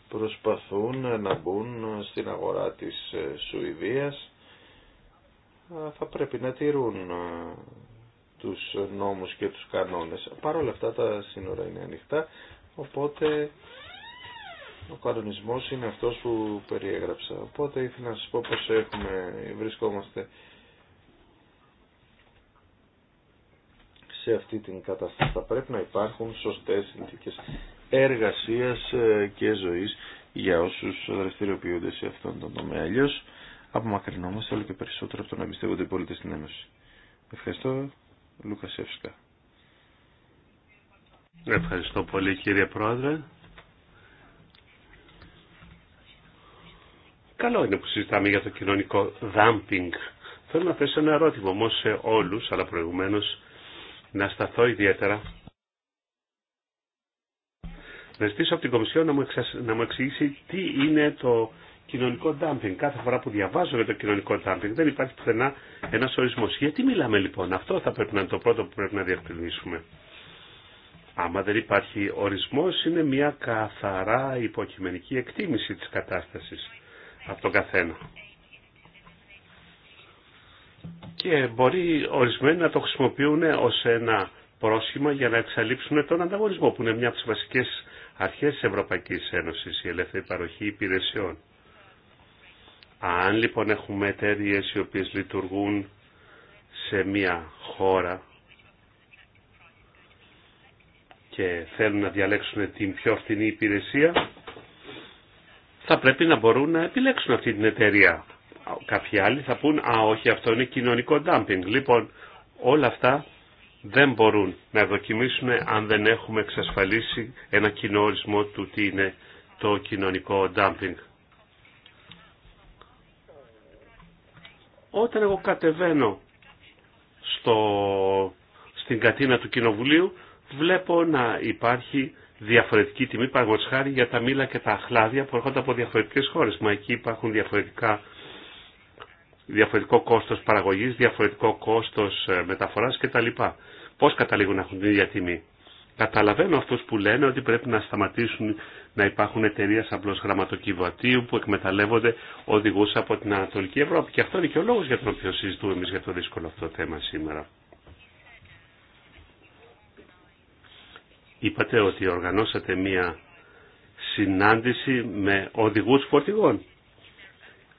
προσπαθούν να μπουν στην αγορά της ε, Σουηδίας θα πρέπει να τηρούν ε, τους νόμους και τους κανόνες. Παρ' όλα αυτά τα σύνορα είναι ανοιχτά, οπότε ο κανονισμός είναι αυτός που περιέγραψα. Οπότε ήθελα να σας πω πως έχουμε, βρισκόμαστε σε αυτή την κατάσταση. Θα πρέπει να υπάρχουν σωστές συνθήκες εργασίας ε, και ζωής για όσους δραστηριοποιούνται σε αυτόν τον τομέα. Αλλιώ απομακρυνόμαστε όλο και περισσότερο από το να εμπιστεύονται οι πολίτες στην Ένωση. Ευχαριστώ. Σεύσκα. Ευχαριστώ πολύ κύριε Πρόεδρε. Καλό είναι που συζητάμε για το κοινωνικό dumping. Θέλω να θέσω ένα ερώτημα όμως σε όλους, αλλά προηγουμένως να σταθώ ιδιαίτερα. Να ζητήσω από την Κομισιόν να μου, να μου εξηγήσει τι είναι το κοινωνικό dumping. Κάθε φορά που διαβάζω για το κοινωνικό dumping δεν υπάρχει πουθενά ένα ορισμό. Γιατί μιλάμε λοιπόν, αυτό θα πρέπει να είναι το πρώτο που πρέπει να διευκρινίσουμε. Άμα δεν υπάρχει ορισμός είναι μια καθαρά υποκειμενική εκτίμηση τη κατάσταση από τον καθένα και μπορεί ορισμένοι να το χρησιμοποιούν ως ένα πρόσχημα για να εξαλείψουν τον ανταγωνισμό που είναι μια από τις βασικές αρχές της Ευρωπαϊκής Ένωσης, η ελεύθερη παροχή υπηρεσιών. Αν λοιπόν έχουμε εταιρείε οι οποίες λειτουργούν σε μια χώρα και θέλουν να διαλέξουν την πιο φθηνή υπηρεσία, θα πρέπει να μπορούν να επιλέξουν αυτή την εταιρεία κάποιοι άλλοι θα πούν «Α, όχι, αυτό είναι κοινωνικό ντάμπινγκ». Λοιπόν, όλα αυτά δεν μπορούν να δοκιμήσουμε αν δεν έχουμε εξασφαλίσει ένα κοινό ορισμό του τι είναι το κοινωνικό ντάμπινγκ. Όταν εγώ κατεβαίνω στο, στην κατίνα του Κοινοβουλίου, βλέπω να υπάρχει διαφορετική τιμή, παραγωγή χάρη για τα μήλα και τα αχλάδια που έρχονται από διαφορετικές χώρες. Μα εκεί υπάρχουν διαφορετικά διαφορετικό κόστος παραγωγής, διαφορετικό κόστος ε, μεταφοράς κτλ. Πώς καταλήγουν να έχουν την ίδια τιμή. Καταλαβαίνω αυτούς που λένε ότι πρέπει να σταματήσουν να υπάρχουν εταιρείε απλώς γραμματοκιβωτίου που εκμεταλλεύονται οδηγούς από την Ανατολική Ευρώπη. Και αυτό είναι και ο λόγος για τον οποίο συζητούμε εμείς για το δύσκολο αυτό θέμα σήμερα. Είπατε ότι οργανώσατε μία συνάντηση με οδηγούς φορτηγών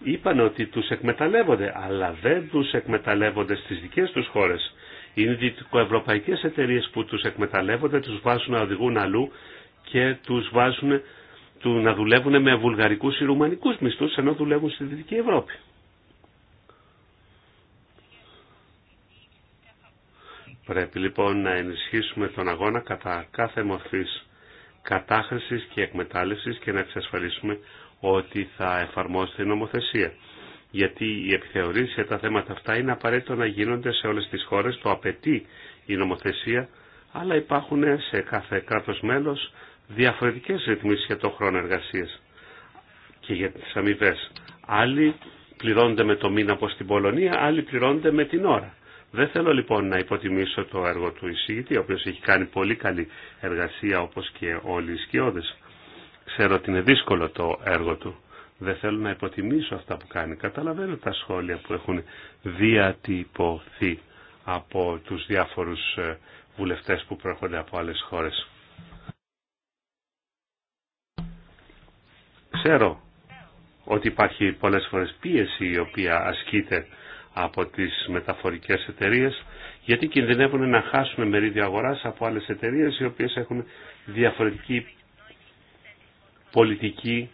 είπαν ότι τους εκμεταλλεύονται, αλλά δεν τους εκμεταλλεύονται στις δικές τους χώρες. Είναι δυτικοευρωπαϊκές εταιρείες που τους εκμεταλλεύονται, τους βάζουν να οδηγούν αλλού και τους βάζουν του να δουλεύουν με βουλγαρικούς ή ρουμανικούς μισθούς ενώ δουλεύουν στη Δυτική Ευρώπη. Πρέπει λοιπόν να ενισχύσουμε τον αγώνα κατά κάθε μορφής κατάχρησης και εκμετάλλευσης και να εξασφαλίσουμε ότι θα εφαρμόσει η νομοθεσία. Γιατί η επιθεωρήση για τα θέματα αυτά είναι απαραίτητο να γίνονται σε όλες τις χώρες, το απαιτεί η νομοθεσία, αλλά υπάρχουν σε κάθε κράτος μέλος διαφορετικές ρυθμίσεις για το χρόνο εργασίας και για τις αμοιβέ. Άλλοι πληρώνονται με το μήνα όπως στην Πολωνία, άλλοι πληρώνονται με την ώρα. Δεν θέλω λοιπόν να υποτιμήσω το έργο του εισηγητή, ο οποίος έχει κάνει πολύ καλή εργασία όπως και όλοι οι σκιώδες. Ξέρω ότι είναι δύσκολο το έργο του. Δεν θέλω να υποτιμήσω αυτά που κάνει. Καταλαβαίνω τα σχόλια που έχουν διατυπωθεί από τους διάφορους ε, βουλευτές που προέρχονται από άλλες χώρες. Ξέρω ότι υπάρχει πολλές φορές πίεση η οποία ασκείται από τις μεταφορικές εταιρείες γιατί κινδυνεύουν να χάσουν μερίδια αγοράς από άλλες εταιρείες οι οποίες έχουν διαφορετική πολιτική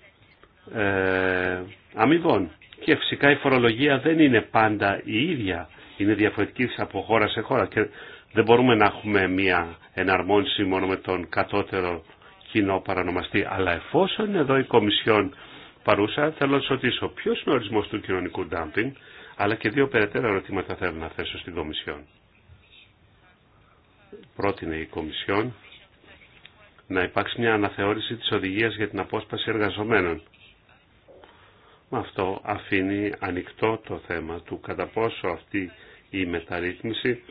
ε, αμοιβών. Και φυσικά η φορολογία δεν είναι πάντα η ίδια. Είναι διαφορετική από χώρα σε χώρα και δεν μπορούμε να έχουμε μια εναρμόνιση μόνο με τον κατώτερο κοινό παρανομαστή. Αλλά εφόσον εδώ η Κομισιόν παρούσα, θέλω να σα ρωτήσω ποιο είναι ο ορισμό του κοινωνικού ντάμπινγκ, αλλά και δύο περαιτέρω ερωτήματα θέλω να θέσω στην Κομισιόν. Πρώτη η Κομισιόν να υπάρξει μια αναθεώρηση της οδηγίας για την απόσπαση εργαζομένων. Αυτό αφήνει ανοιχτό το θέμα του κατά πόσο αυτή η μεταρρύθμιση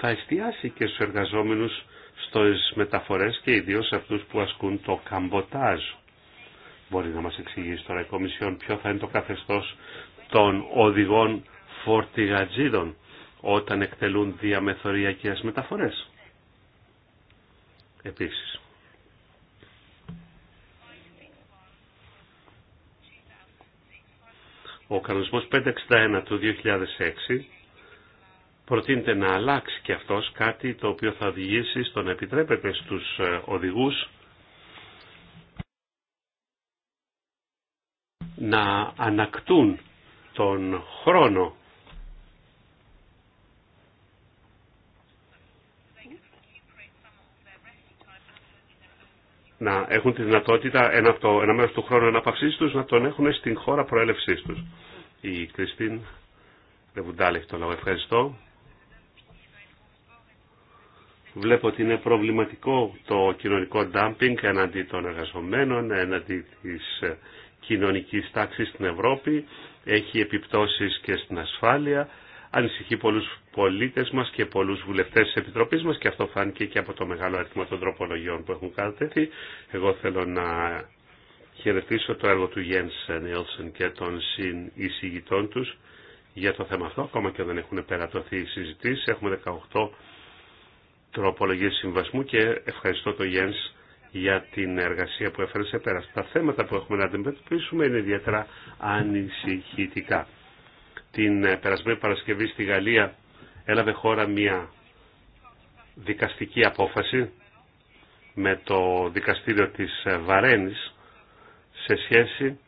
θα εστιάσει και στους εργαζόμενους στις μεταφορές και ιδίως αυτούς που ασκούν το καμποτάζ. Μπορεί να μας εξηγήσει τώρα η Κομισιόν ποιο θα είναι το καθεστώς των οδηγών φορτηγατζίδων όταν εκτελούν διαμεθοριακές μεταφορές. Επίσης, Ο κανονισμός 561 του 2006 προτείνεται να αλλάξει και αυτός κάτι το οποίο θα οδηγήσει στο να επιτρέπεται στους ε, οδηγούς να ανακτούν τον χρόνο να έχουν τη δυνατότητα ένα, αυτό, ένα μέρος του χρόνου αναπαυσής τους να τον έχουν στην χώρα προέλευσής τους. Η Κριστίν Ρεβουντάλη έχει το λόγο. Ευχαριστώ. Βλέπω ότι είναι προβληματικό το κοινωνικό ντάμπινγκ εναντί των εργαζομένων, εναντί της ε, κοινωνικής τάξης στην Ευρώπη. Έχει επιπτώσεις και στην ασφάλεια, ανησυχεί πολλούς πολίτες μας και πολλούς βουλευτές της Επιτροπής μας και αυτό φάνηκε και από το μεγάλο αριθμό των τροπολογιών που έχουν κατατέθει. Εγώ θέλω να χαιρετήσω το έργο του Γιένς Νίλσεν και των συνεισηγητών τους για το θέμα αυτό, ακόμα και δεν έχουν περατωθεί οι συζητήσεις. Έχουμε 18 τροπολογίες συμβασμού και ευχαριστώ τον Γιένς για την εργασία που έφερε σε πέρα. Τα θέματα που έχουμε να αντιμετωπίσουμε είναι ιδιαίτερα ανησυχητικά την ε, περασμένη Παρασκευή στη Γαλλία έλαβε χώρα μια δικαστική απόφαση με το δικαστήριο της ε, Βαρένης σε σχέση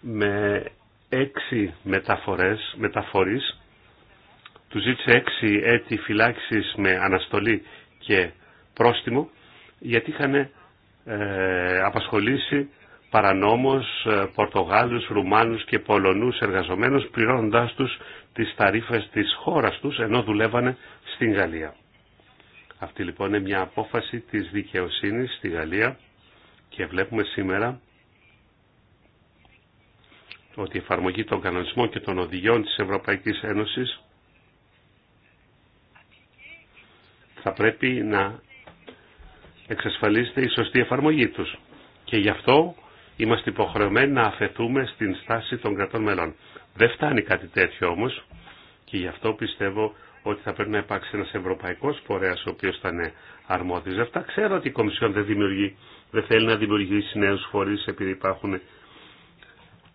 με έξι μεταφορές, μεταφορείς. Του ζήτησε έξι έτη φυλάξης με αναστολή και πρόστιμο γιατί είχαν ε, απασχολήσει παρανόμως ε, Πορτογάλους, Ρουμάνους και Πολωνούς εργαζομένους πληρώνοντάς τους τις ταρίφες της χώρας τους ενώ δουλεύανε στην Γαλλία. Αυτή λοιπόν είναι μια απόφαση της δικαιοσύνης στη Γαλλία και βλέπουμε σήμερα ότι η εφαρμογή των κανονισμών και των οδηγιών της Ευρωπαϊκής Ένωσης θα πρέπει να εξασφαλίσετε η σωστή εφαρμογή τους. Και γι' αυτό είμαστε υποχρεωμένοι να αφαιθούμε στην στάση των κρατών μελών. Δεν φτάνει κάτι τέτοιο όμως και γι' αυτό πιστεύω ότι θα πρέπει να υπάρξει ένας ευρωπαϊκός φορέας ο οποίος θα είναι αρμόδιος. αυτά ξέρω ότι η Κομισιόν δεν, δημιουργεί, δεν θέλει να δημιουργήσει νέους φορείς επειδή υπάρχουν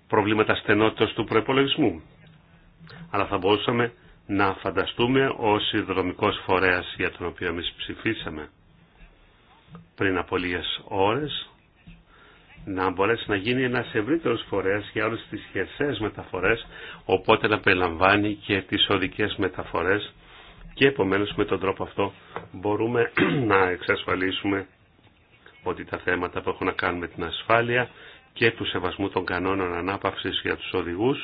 προβλήματα στενότητας του προπολογισμού. Αλλά θα μπορούσαμε να φανταστούμε ω ιδρομικός φορέας για τον οποίο εμείς ψηφίσαμε πριν από λίγες ώρες να μπορέσει να γίνει ένα ευρύτερο φορέα για όλε τι χερσαίε μεταφορέ, οπότε να περιλαμβάνει και τι οδικέ μεταφορές και επομένω με τον τρόπο αυτό μπορούμε *clears throat* να εξασφαλίσουμε ότι τα θέματα που έχουν να κάνουν με την ασφάλεια και του σεβασμού των κανόνων ανάπαυση για του οδηγού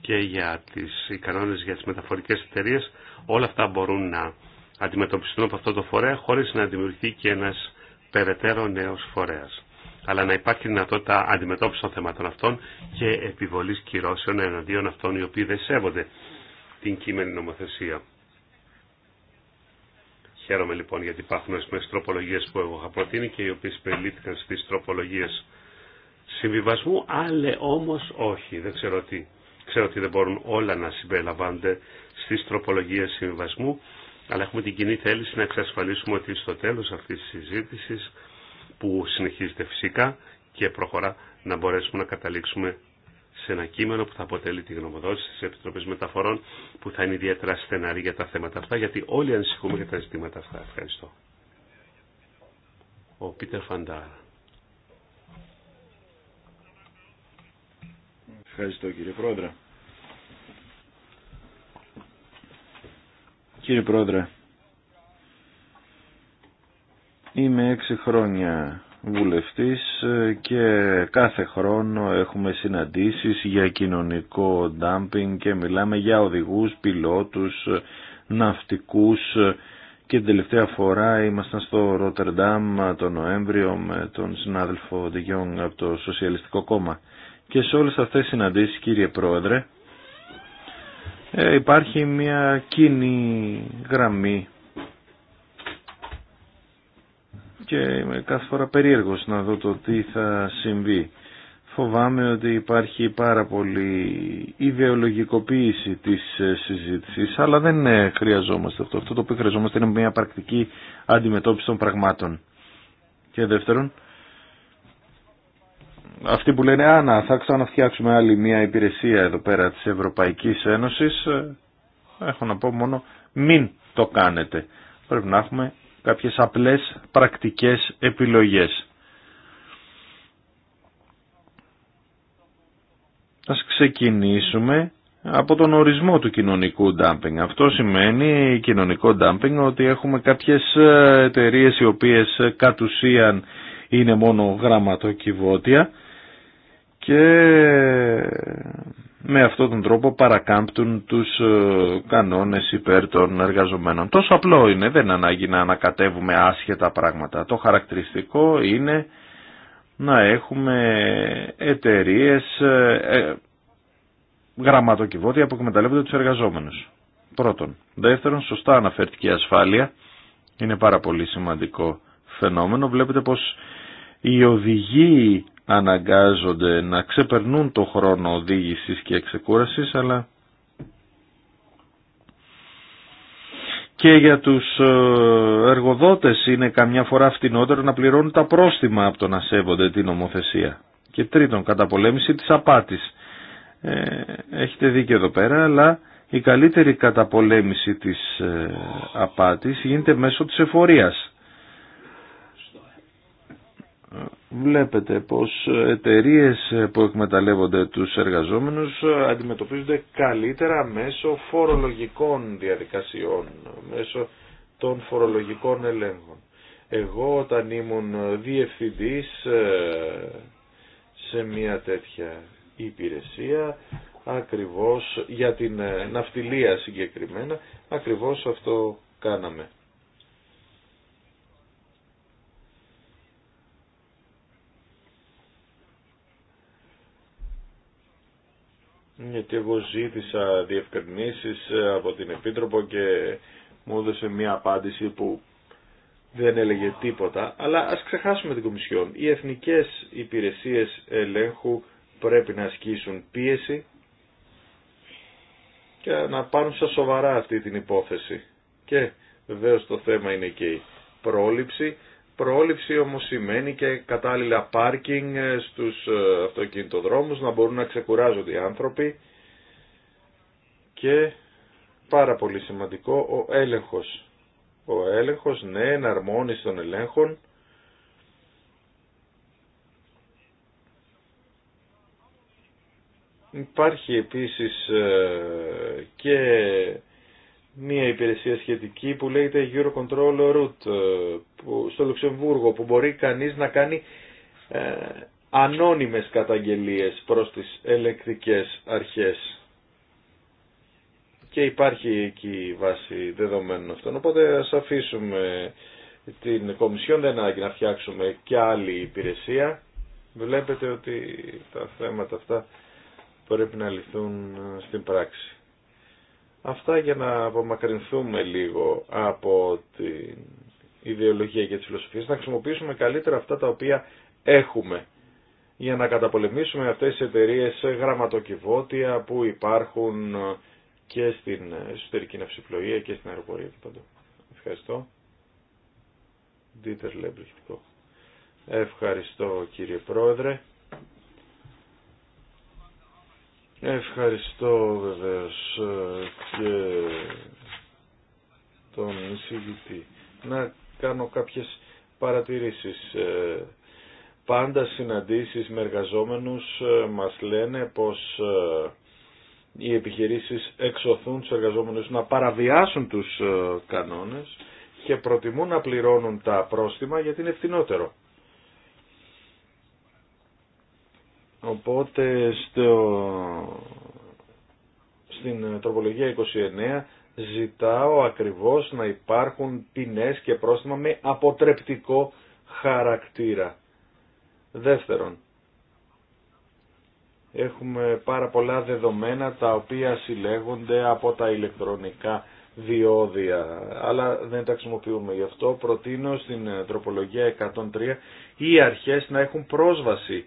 και για τις, οι κανόνες για τις μεταφορικές εταιρείε, όλα αυτά μπορούν να αντιμετωπιστούν από αυτό το φορέα χωρίς να δημιουργηθεί και ένας περαιτέρω νέος φορέας αλλά να υπάρχει δυνατότητα αντιμετώπιση των θεμάτων αυτών και επιβολή κυρώσεων εναντίον αυτών οι οποίοι δεν σέβονται την κείμενη νομοθεσία. Χαίρομαι λοιπόν γιατί υπάρχουν ορισμένε τροπολογίε που εγώ είχα προτείνει και οι οποίε περιλήφθηκαν στι τροπολογίε συμβιβασμού, άλλε όμω όχι. Δεν ξέρω τι. Ξέρω ότι δεν μπορούν όλα να συμπεριλαμβάνονται στι τροπολογίε συμβιβασμού, αλλά έχουμε την κοινή θέληση να εξασφαλίσουμε ότι στο τέλο αυτή τη συζήτηση που συνεχίζεται φυσικά και προχωρά να μπορέσουμε να καταλήξουμε σε ένα κείμενο που θα αποτελεί τη γνωμοδότηση τη Επιτροπή Μεταφορών που θα είναι ιδιαίτερα στεναρή για τα θέματα αυτά, γιατί όλοι ανησυχούμε για τα ζητήματα αυτά. Ευχαριστώ. Ο Πίτερ Φαντάρα. Ευχαριστώ κύριε Πρόεδρε. Κύριε Πρόεδρε, Είμαι έξι χρόνια βουλευτής ε, και κάθε χρόνο έχουμε συναντήσεις για κοινωνικό ντάμπινγκ και μιλάμε για οδηγούς, πιλότους, ε, ναυτικούς ε, και την τελευταία φορά ήμασταν στο Ρότερνταμ τον Νοέμβριο με τον συνάδελφο Διγιών από το Σοσιαλιστικό Κόμμα. Και σε όλες αυτές τις συναντήσεις κύριε Πρόεδρε υπάρχει μια κοινή γραμμή και είμαι κάθε φορά περίεργος να δω το τι θα συμβεί. Φοβάμαι ότι υπάρχει πάρα πολύ ιδεολογικοποίηση της ε, συζήτησης, αλλά δεν ε, χρειαζόμαστε αυτό. Αυτό το οποίο χρειαζόμαστε είναι μια πρακτική αντιμετώπιση των πραγμάτων. Και δεύτερον, αυτοί που λένε «Α, να, θα ξαναφτιάξουμε άλλη μια υπηρεσία εδώ πέρα της Ευρωπαϊκής Ένωσης», ε, έχω να πω μόνο «Μην το κάνετε». Πρέπει να έχουμε κάποιες απλές πρακτικές επιλογές. Ας ξεκινήσουμε από τον ορισμό του κοινωνικού ντάμπινγκ. Αυτό σημαίνει κοινωνικό ντάμπινγκ ότι έχουμε κάποιες ε, εταιρείε οι οποίες ε, κατ' ουσίαν είναι μόνο γραμματοκιβώτια και με αυτόν τον τρόπο παρακάμπτουν τους ε, κανόνες υπέρ των εργαζομένων. Τόσο απλό είναι, δεν ανάγκη να ανακατεύουμε άσχετα πράγματα. Το χαρακτηριστικό είναι να έχουμε εταιρείες, ε, ε, γραμματοκιβώτια που εκμεταλλεύονται τους εργαζόμενους. Πρώτον. Δεύτερον, σωστά αναφέρθηκε η ασφάλεια. Είναι πάρα πολύ σημαντικό φαινόμενο. Βλέπετε πως η οδηγοί αναγκάζονται να ξεπερνούν το χρόνο οδήγησης και εξεκούρασης, αλλά και για τους ε, εργοδότες είναι καμιά φορά φτηνότερο να πληρώνουν τα πρόστιμα από το να σέβονται την νομοθεσία. Και τρίτον, καταπολέμηση της απάτης. Ε, έχετε και εδώ πέρα, αλλά η καλύτερη καταπολέμηση της ε, απάτης γίνεται μέσω της εφορίας. βλέπετε πως εταιρείε που εκμεταλλεύονται τους εργαζόμενους αντιμετωπίζονται καλύτερα μέσω φορολογικών διαδικασιών, μέσω των φορολογικών ελέγχων. Εγώ όταν ήμουν διευθυντής ε, σε μια τέτοια υπηρεσία, ακριβώς για την ε, ναυτιλία συγκεκριμένα, ακριβώς αυτό κάναμε. γιατί εγώ ζήτησα διευκρινήσεις ε, από την Επίτροπο και μου έδωσε μια απάντηση που δεν έλεγε τίποτα, αλλά ας ξεχάσουμε την Κομισιόν. Οι εθνικές υπηρεσίες ελέγχου πρέπει να ασκήσουν πίεση και να πάρουν στα σοβαρά αυτή την υπόθεση. Και βεβαίως το θέμα είναι και η πρόληψη Πρόληψη όμως σημαίνει και κατάλληλα πάρκινγκ στους ε, αυτοκινητοδρόμους να μπορούν να ξεκουράζονται οι άνθρωποι και πάρα πολύ σημαντικό ο έλεγχος. Ο έλεγχος, ναι, εναρμόνιση των ελέγχων Υπάρχει επίσης ε, και μία υπηρεσία σχετική που λέγεται Eurocontrol Route ε, που, στο Λουξεμβούργο που μπορεί κανείς να κάνει ε, ανώνυμες καταγγελίες προς τις ελεκτικές αρχές. Και υπάρχει εκεί βάση δεδομένων αυτών. Οπότε ας αφήσουμε την Κομισιόν δεν ανάγκη να φτιάξουμε και άλλη υπηρεσία. Βλέπετε ότι τα θέματα αυτά πρέπει να λυθούν στην πράξη. Αυτά για να απομακρυνθούμε λίγο από την ιδεολογία και τις φιλοσοφία να χρησιμοποιήσουμε καλύτερα αυτά τα οποία έχουμε για να καταπολεμήσουμε αυτές τις εταιρείε γραμματοκιβώτια που υπάρχουν και στην εσωτερική ναυσιπλοεία και στην αεροπορία και Ευχαριστώ. Δίτερ Ευχαριστώ κύριε Πρόεδρε. Ευχαριστώ βεβαίως ε, και τον εισηγητή. Να κάνω κάποιες παρατηρήσεις. Ε, πάντα συναντήσεις με εργαζόμενους ε, μας λένε πως οι επιχειρήσεις εξωθούν τους εργαζόμενους να παραβιάσουν τους κανόνες και προτιμούν να πληρώνουν τα πρόστιμα γιατί είναι φθηνότερο. Οπότε στο... στην τροπολογία 29 ζητάω ακριβώς να υπάρχουν ποινές και πρόστιμα με αποτρεπτικό χαρακτήρα. Δεύτερον, έχουμε πάρα πολλά δεδομένα τα οποία συλλέγονται από τα ηλεκτρονικά διόδια, αλλά δεν τα χρησιμοποιούμε. Γι' αυτό προτείνω στην τροπολογία 103 οι αρχές να έχουν πρόσβαση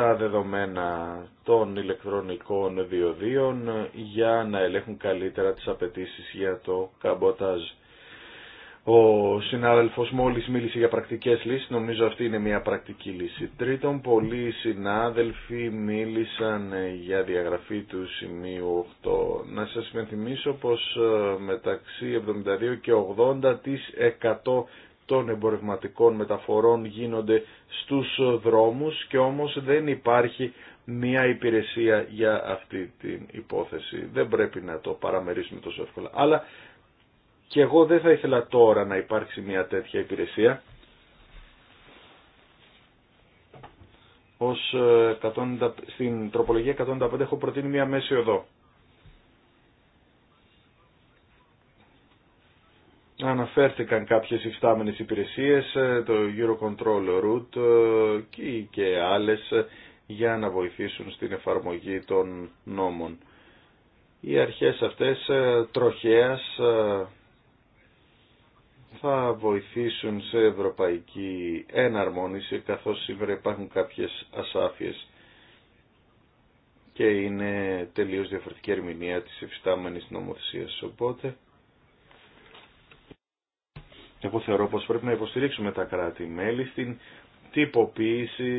τα δεδομένα των ηλεκτρονικών διοδίων για να ελέγχουν καλύτερα τις απαιτήσει για το καμποτάζ. Ο συνάδελφος μόλις μίλησε για πρακτικές λύσεις, νομίζω αυτή είναι μια πρακτική λύση. Τρίτον, πολλοί συνάδελφοι μίλησαν για διαγραφή του σημείου 8. Να σας υπενθυμίσω πως ε, μεταξύ 72 και 80% των εμπορευματικών μεταφορών γίνονται στους δρόμους και όμως δεν υπάρχει μια υπηρεσία για αυτή την υπόθεση. Δεν πρέπει να το παραμερίσουμε τόσο εύκολα. Αλλά και εγώ δεν θα ήθελα τώρα να υπάρξει μια τέτοια υπηρεσία. Ως 100, ε, στην τροπολογία 105 έχω προτείνει μια μέση οδό. αναφέρθηκαν κάποιες υφτάμενες υπηρεσίες, ε, το Eurocontrol Route ε, και άλλες ε, για να βοηθήσουν στην εφαρμογή των νόμων. Οι αρχές αυτές τροχέας θα βοηθήσουν σε ευρωπαϊκή έναρμόνιση καθώς σήμερα υπάρχουν κάποιες ασάφειες και είναι τελείως διαφορετική ερμηνεία της υφιστάμενης νομοθεσίας. Οπότε εγώ θεωρώ πως πρέπει να υποστηρίξουμε τα κράτη-μέλη στην τυποποίηση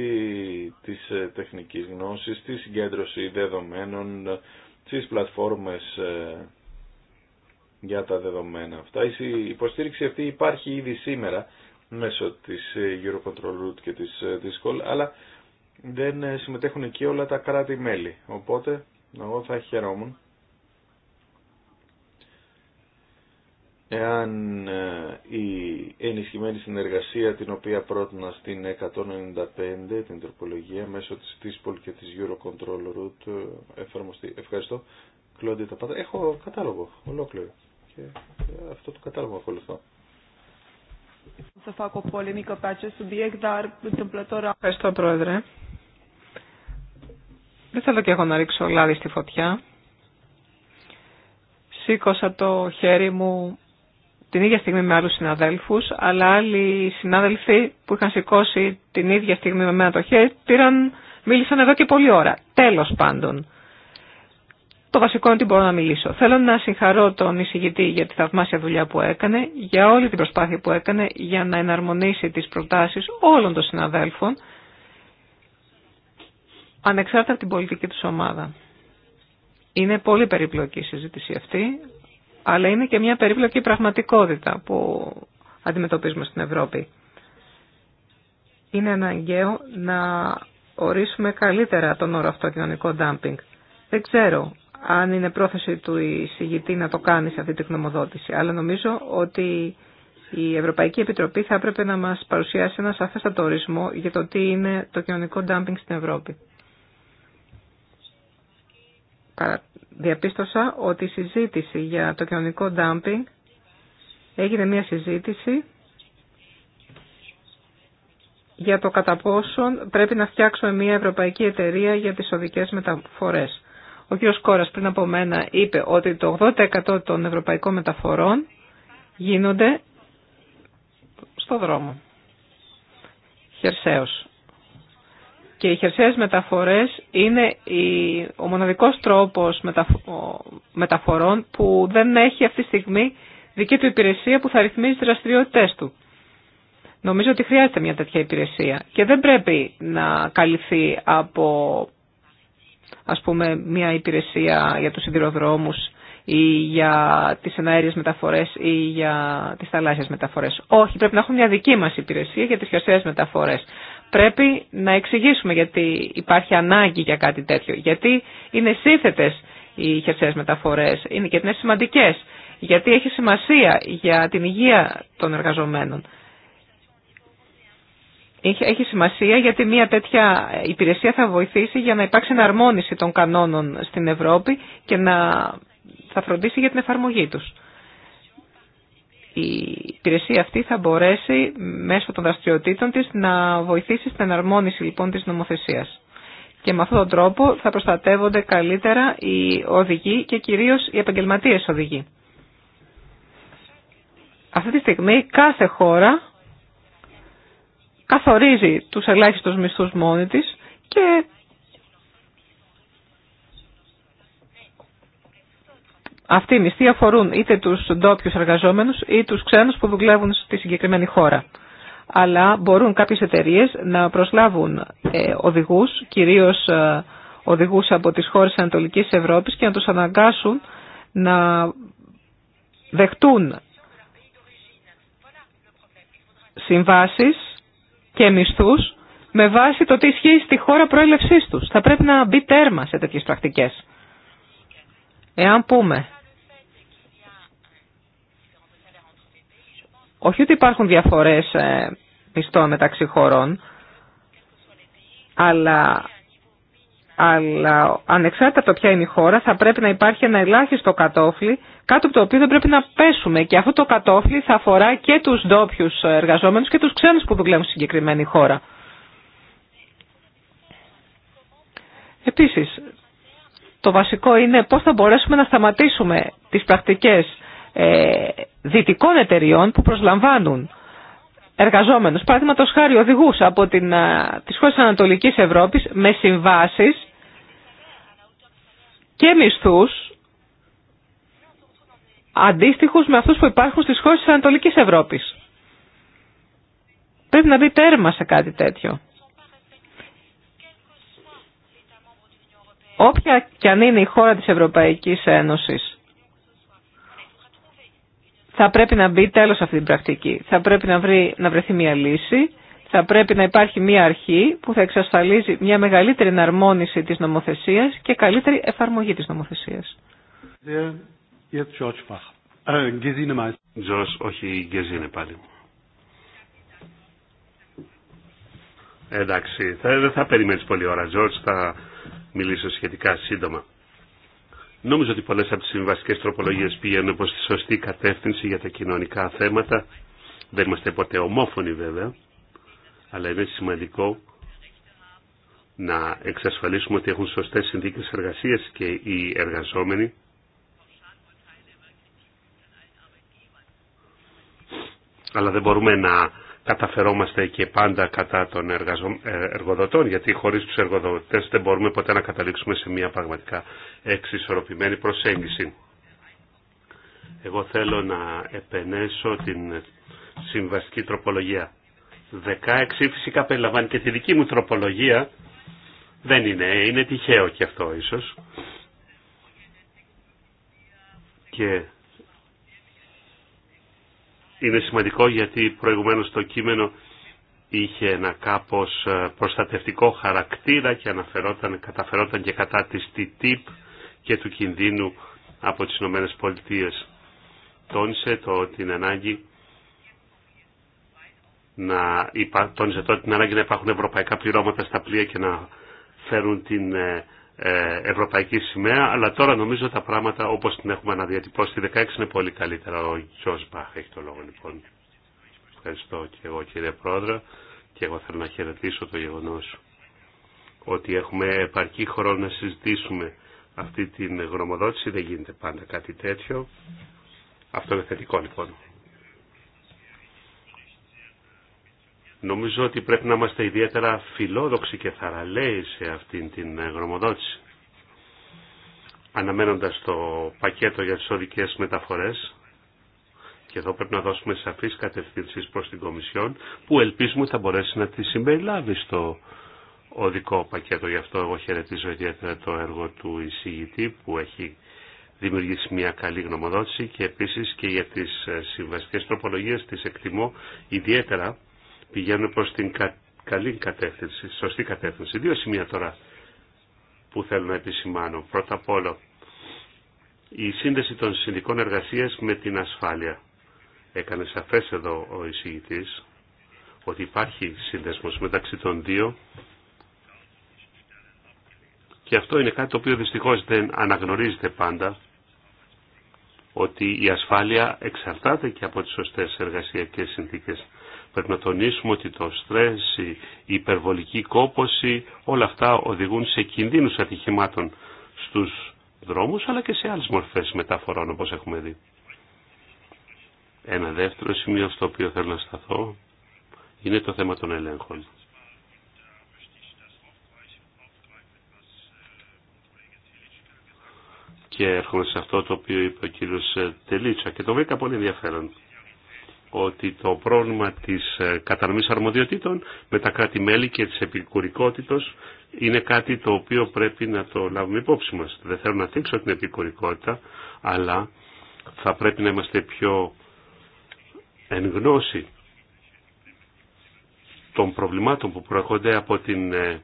της ε, τεχνικής γνώσης, τη συγκέντρωση δεδομένων, τις πλατφόρμες ε, για τα δεδομένα αυτά. Η υποστήριξη αυτή υπάρχει ήδη σήμερα μέσω της ε, Eurocontrol Route και της Discol, αλλά δεν συμμετέχουν εκεί όλα τα κράτη-μέλη. Οπότε, εγώ θα χαιρόμουν εάν ε, η ενισχυμένη συνεργασία την οποία πρότεινα στην 195 την τροπολογία μέσω της TISPOL και της Eurocontrol Route ε, εφαρμοστεί. Ευχαριστώ. τα πάντα. Έχω κατάλογο ολόκληρο και ε, αυτό το κατάλογο ακολουθώ. Ευχαριστώ πρόεδρε. Δεν θέλω και εγώ να ρίξω λάδι στη φωτιά. Σήκωσα το χέρι μου την ίδια στιγμή με άλλους συναδέλφους, αλλά άλλοι συνάδελφοι που είχαν σηκώσει την ίδια στιγμή με μένα το χέρι, μίλησαν εδώ και πολλή ώρα. Τέλος πάντων. Το βασικό είναι ότι μπορώ να μιλήσω. Θέλω να συγχαρώ τον εισηγητή για τη θαυμάσια δουλειά που έκανε, για όλη την προσπάθεια που έκανε για να εναρμονίσει τις προτάσεις όλων των συναδέλφων, ανεξάρτητα από την πολιτική του ομάδα. Είναι πολύ περιπλοκή η συζήτηση αυτή αλλά είναι και μια περίπλοκη πραγματικότητα που αντιμετωπίζουμε στην Ευρώπη. Είναι αναγκαίο να ορίσουμε καλύτερα τον όρο αυτό κοινωνικό ντάμπινγκ. Δεν ξέρω αν είναι πρόθεση του εισηγητή να το κάνει σε αυτή την γνωμοδότηση, αλλά νομίζω ότι η Ευρωπαϊκή Επιτροπή θα έπρεπε να μας παρουσιάσει ένα σαφέστατο ορισμό για το τι είναι το κοινωνικό ντάμπινγκ στην Ευρώπη διαπίστωσα ότι η συζήτηση για το κοινωνικό dumping έγινε μια συζήτηση για το κατά πόσον πρέπει να φτιάξουμε μια ευρωπαϊκή εταιρεία για τις οδικές μεταφορές. Ο κ. Κόρας πριν από μένα είπε ότι το 80% των ευρωπαϊκών μεταφορών γίνονται στο δρόμο. Χερσαίος και οι χερσαίες μεταφορές είναι ο μοναδικός τρόπος μεταφορών που δεν έχει αυτή τη στιγμή δική του υπηρεσία που θα ρυθμίζει τις δραστηριότητες του. Νομίζω ότι χρειάζεται μια τέτοια υπηρεσία και δεν πρέπει να καλυφθεί από ας πούμε μια υπηρεσία για τους σιδηροδρόμους ή για τις εναέριες μεταφορές ή για τις θαλάσσιες μεταφορές. Όχι, πρέπει να έχουμε μια δική μας υπηρεσία για τις χερσαίες μεταφορές πρέπει να εξηγήσουμε γιατί υπάρχει ανάγκη για κάτι τέτοιο. Γιατί είναι σύνθετες οι χερσαίες μεταφορές είναι και είναι σημαντικές. Γιατί έχει σημασία για την υγεία των εργαζομένων. Έχει σημασία γιατί μια τέτοια υπηρεσία θα βοηθήσει για να υπάρξει εναρμόνιση των κανόνων στην Ευρώπη και να θα φροντίσει για την εφαρμογή τους η υπηρεσία αυτή θα μπορέσει μέσω των δραστηριοτήτων της να βοηθήσει στην εναρμόνιση λοιπόν της νομοθεσίας. Και με αυτόν τον τρόπο θα προστατεύονται καλύτερα οι οδηγοί και κυρίως οι επαγγελματίες οδηγοί. Αυτή τη στιγμή κάθε χώρα καθορίζει τους ελάχιστους μισθούς μόνη της και Αυτοί οι μισθοί αφορούν είτε τους ντόπιου εργαζόμενους ή τους ξένους που δουλεύουν στη συγκεκριμένη χώρα. Αλλά μπορούν κάποιες εταιρείε να προσλάβουν ε, οδηγούς, κυρίως ε, οδηγού από τις χώρες Ανατολική Ευρώπη και να τους αναγκάσουν να δεχτούν συμβάσεις και μισθούς με βάση το τι ισχύει στη χώρα πρόέλευσή τους. Θα πρέπει να μπει τέρμα σε τέτοιε πρακτικέ. Εάν πούμε όχι ότι υπάρχουν διαφορές ε, μισθών μεταξύ χωρών, αλλά, ανεξάρτητα από το ποια είναι η χώρα θα πρέπει να υπάρχει ένα ελάχιστο κατόφλι κάτω από το οποίο δεν πρέπει να πέσουμε και αυτό το κατόφλι θα αφορά και τους ντόπιου εργαζόμενους και τους ξένους που δουλεύουν στη συγκεκριμένη χώρα. Επίσης, το βασικό είναι πώς θα μπορέσουμε να σταματήσουμε τις πρακτικές ε, δυτικών εταιριών που προσλαμβάνουν εργαζόμενους, παραδείγματο χάρη οδηγού από την, ε, τις χώρες της Ανατολικής Ευρώπης με συμβάσεις και μισθούς αντίστοιχους με αυτούς που υπάρχουν στις χώρες της Ανατολικής Ευρώπης. Πρέπει να δει τέρμα σε κάτι τέτοιο. Όποια και αν είναι η χώρα της Ευρωπαϊκής Ένωσης θα πρέπει να μπει τέλος αυτή την πρακτική. Θα πρέπει να, βρει, να βρεθεί μια λύση, θα πρέπει να υπάρχει μια αρχή που θα εξασφαλίζει μια μεγαλύτερη εναρμόνιση της νομοθεσία και καλύτερη εφαρμογή της νομοθεσίας. Τζος, όχι Γκεζίνε πάλι. Εντάξει, θα, δεν θα περιμένεις πολύ ώρα, Τζορτς, θα μιλήσω σχετικά σύντομα. Νομίζω ότι πολλές από τις συμβασικές τροπολογίες πήγαιναν προ τη σωστή κατεύθυνση για τα κοινωνικά θέματα. Δεν είμαστε ποτέ ομόφωνοι βέβαια, αλλά είναι σημαντικό να εξασφαλίσουμε ότι έχουν σωστές συνθήκες εργασίας και οι εργαζόμενοι. Αλλά δεν μπορούμε να καταφερόμαστε και πάντα κατά των εργαζο... Ε, εργοδοτών, γιατί χωρίς τους εργοδοτές δεν μπορούμε ποτέ να καταλήξουμε σε μια πραγματικά εξισορροπημένη προσέγγιση. Εγώ θέλω να επενέσω την συμβαστική τροπολογία. 16 φυσικά περιλαμβάνει και τη δική μου τροπολογία. Δεν είναι, είναι τυχαίο και αυτό ίσως. Και είναι σημαντικό γιατί προηγουμένως το κείμενο είχε ένα κάπως ε, προστατευτικό χαρακτήρα και αναφερόταν, καταφερόταν και κατά της TTIP και του κινδύνου από τις Ηνωμένες Πολιτείες. Τόνισε το, την ανάγκη να, τόνισε το, την ανάγκη να υπάρχουν ευρωπαϊκά πληρώματα στα πλοία και να φέρουν την ε, ε, ευρωπαϊκή σημαία, αλλά τώρα νομίζω τα πράγματα όπως την έχουμε αναδιατυπώσει τη 16 είναι πολύ καλύτερα. Ο Τζος Μπαχ έχει το λόγο λοιπόν. Ευχαριστώ και εγώ κύριε Πρόεδρε και εγώ θέλω να χαιρετήσω το γεγονός ότι έχουμε επαρκή χρόνο να συζητήσουμε αυτή την γνωμοδότηση, δεν γίνεται πάντα κάτι τέτοιο. Αυτό είναι θετικό λοιπόν. Νομίζω ότι πρέπει να είμαστε ιδιαίτερα φιλόδοξοι και θαραλέοι σε αυτήν την ε, γνωμοδότηση. Αναμένοντας το πακέτο για τις οδικές μεταφορές, και εδώ πρέπει να δώσουμε σαφείς κατευθύνσεις προς την Κομισιόν, που ελπίζουμε θα μπορέσει να τη συμπεριλάβει στο οδικό πακέτο. Γι' αυτό εγώ χαιρετίζω ιδιαίτερα το έργο του εισηγητή που έχει δημιουργήσει μια καλή γνωμοδότηση και επίσης και για τις ε, συμβαστικές τροπολογίες τις εκτιμώ ιδιαίτερα πηγαίνουν προς την καλή κατεύθυνση, σωστή κατεύθυνση. Δύο σημεία τώρα που θέλω να επισημάνω. Πρώτα απ' όλο, η σύνδεση των συνδικών εργασίας με την ασφάλεια. Έκανε σαφές εδώ ο εισηγητής ότι υπάρχει σύνδεσμος μεταξύ των δύο και αυτό είναι κάτι το οποίο δυστυχώς δεν αναγνωρίζεται πάντα ότι η ασφάλεια εξαρτάται και από τις σωστές εργασιακές συνθήκες. Πρέπει να τονίσουμε ότι το στρες, η υπερβολική κόπωση, όλα αυτά οδηγούν σε κινδύνους ατυχημάτων στους δρόμους, αλλά και σε άλλες μορφές μεταφορών, όπως έχουμε δει. Ένα δεύτερο σημείο στο οποίο θέλω να σταθώ είναι το θέμα των ελέγχων. Και έρχομαι σε αυτό το οποίο είπε ο κύριος Τελίτσα και το βρήκα πολύ ενδιαφέρον ότι το πρόβλημα της ε, κατανομής αρμοδιοτήτων με τα κράτη-μέλη και της επικουρικότητος είναι κάτι το οποίο πρέπει να το λάβουμε υπόψη μας. Δεν θέλω να θίξω την επικουρικότητα, αλλά θα πρέπει να είμαστε πιο εν γνώση των προβλημάτων που προέρχονται από την ε,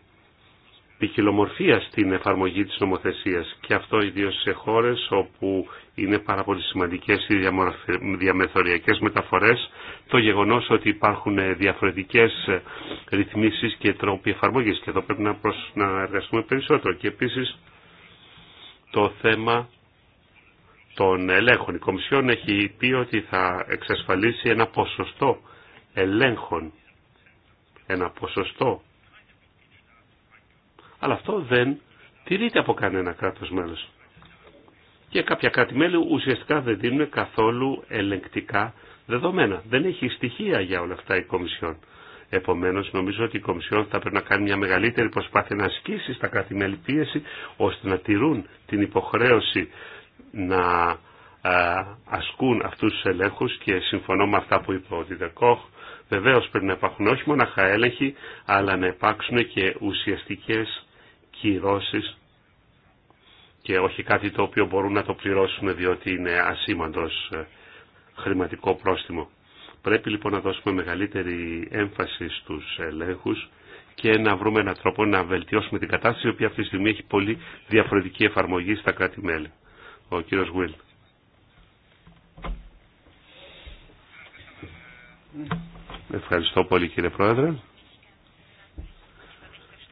ποικιλομορφία στην εφαρμογή της νομοθεσίας και αυτό ιδίως σε χώρες όπου είναι πάρα πολύ σημαντικές οι διαμεθοριακές μεταφορές το γεγονός ότι υπάρχουν διαφορετικές ρυθμίσεις και τρόποι εφαρμογής και εδώ πρέπει να, προσ... να εργαστούμε περισσότερο και επίσης το θέμα των ελέγχων. Η Κομισιόν έχει πει ότι θα εξασφαλίσει ένα ποσοστό ελέγχων, ένα ποσοστό αλλά αυτό δεν τηρείται από κανένα κράτος μέλος. Και κάποια κράτη-μέλη ουσιαστικά δεν δίνουν καθόλου ελεγκτικά δεδομένα. Δεν έχει στοιχεία για όλα αυτά η Κομισιόν. Επομένω, νομίζω ότι η Κομισιόν θα πρέπει να κάνει μια μεγαλύτερη προσπάθεια να ασκήσει στα κράτη-μέλη πίεση ώστε να τηρούν την υποχρέωση να ασκούν αυτού του ελέγχου και συμφωνώ με αυτά που είπε ο Διδεκόχ. Βεβαίω πρέπει να υπάρχουν όχι μόνο έλεγχοι, αλλά να υπάρξουν και ουσιαστικέ κυρώσεις και όχι κάτι το οποίο μπορούν να το πληρώσουμε διότι είναι ασήμαντος ε, χρηματικό πρόστιμο. Πρέπει λοιπόν να δώσουμε μεγαλύτερη έμφαση στους ελέγχους και να βρούμε έναν τρόπο να βελτιώσουμε την κατάσταση, η οποία αυτή τη στιγμή έχει πολύ διαφορετική εφαρμογή στα κράτη-μέλη. Ο κύριος Γουίλ. Ευχαριστώ πολύ κύριε Πρόεδρε.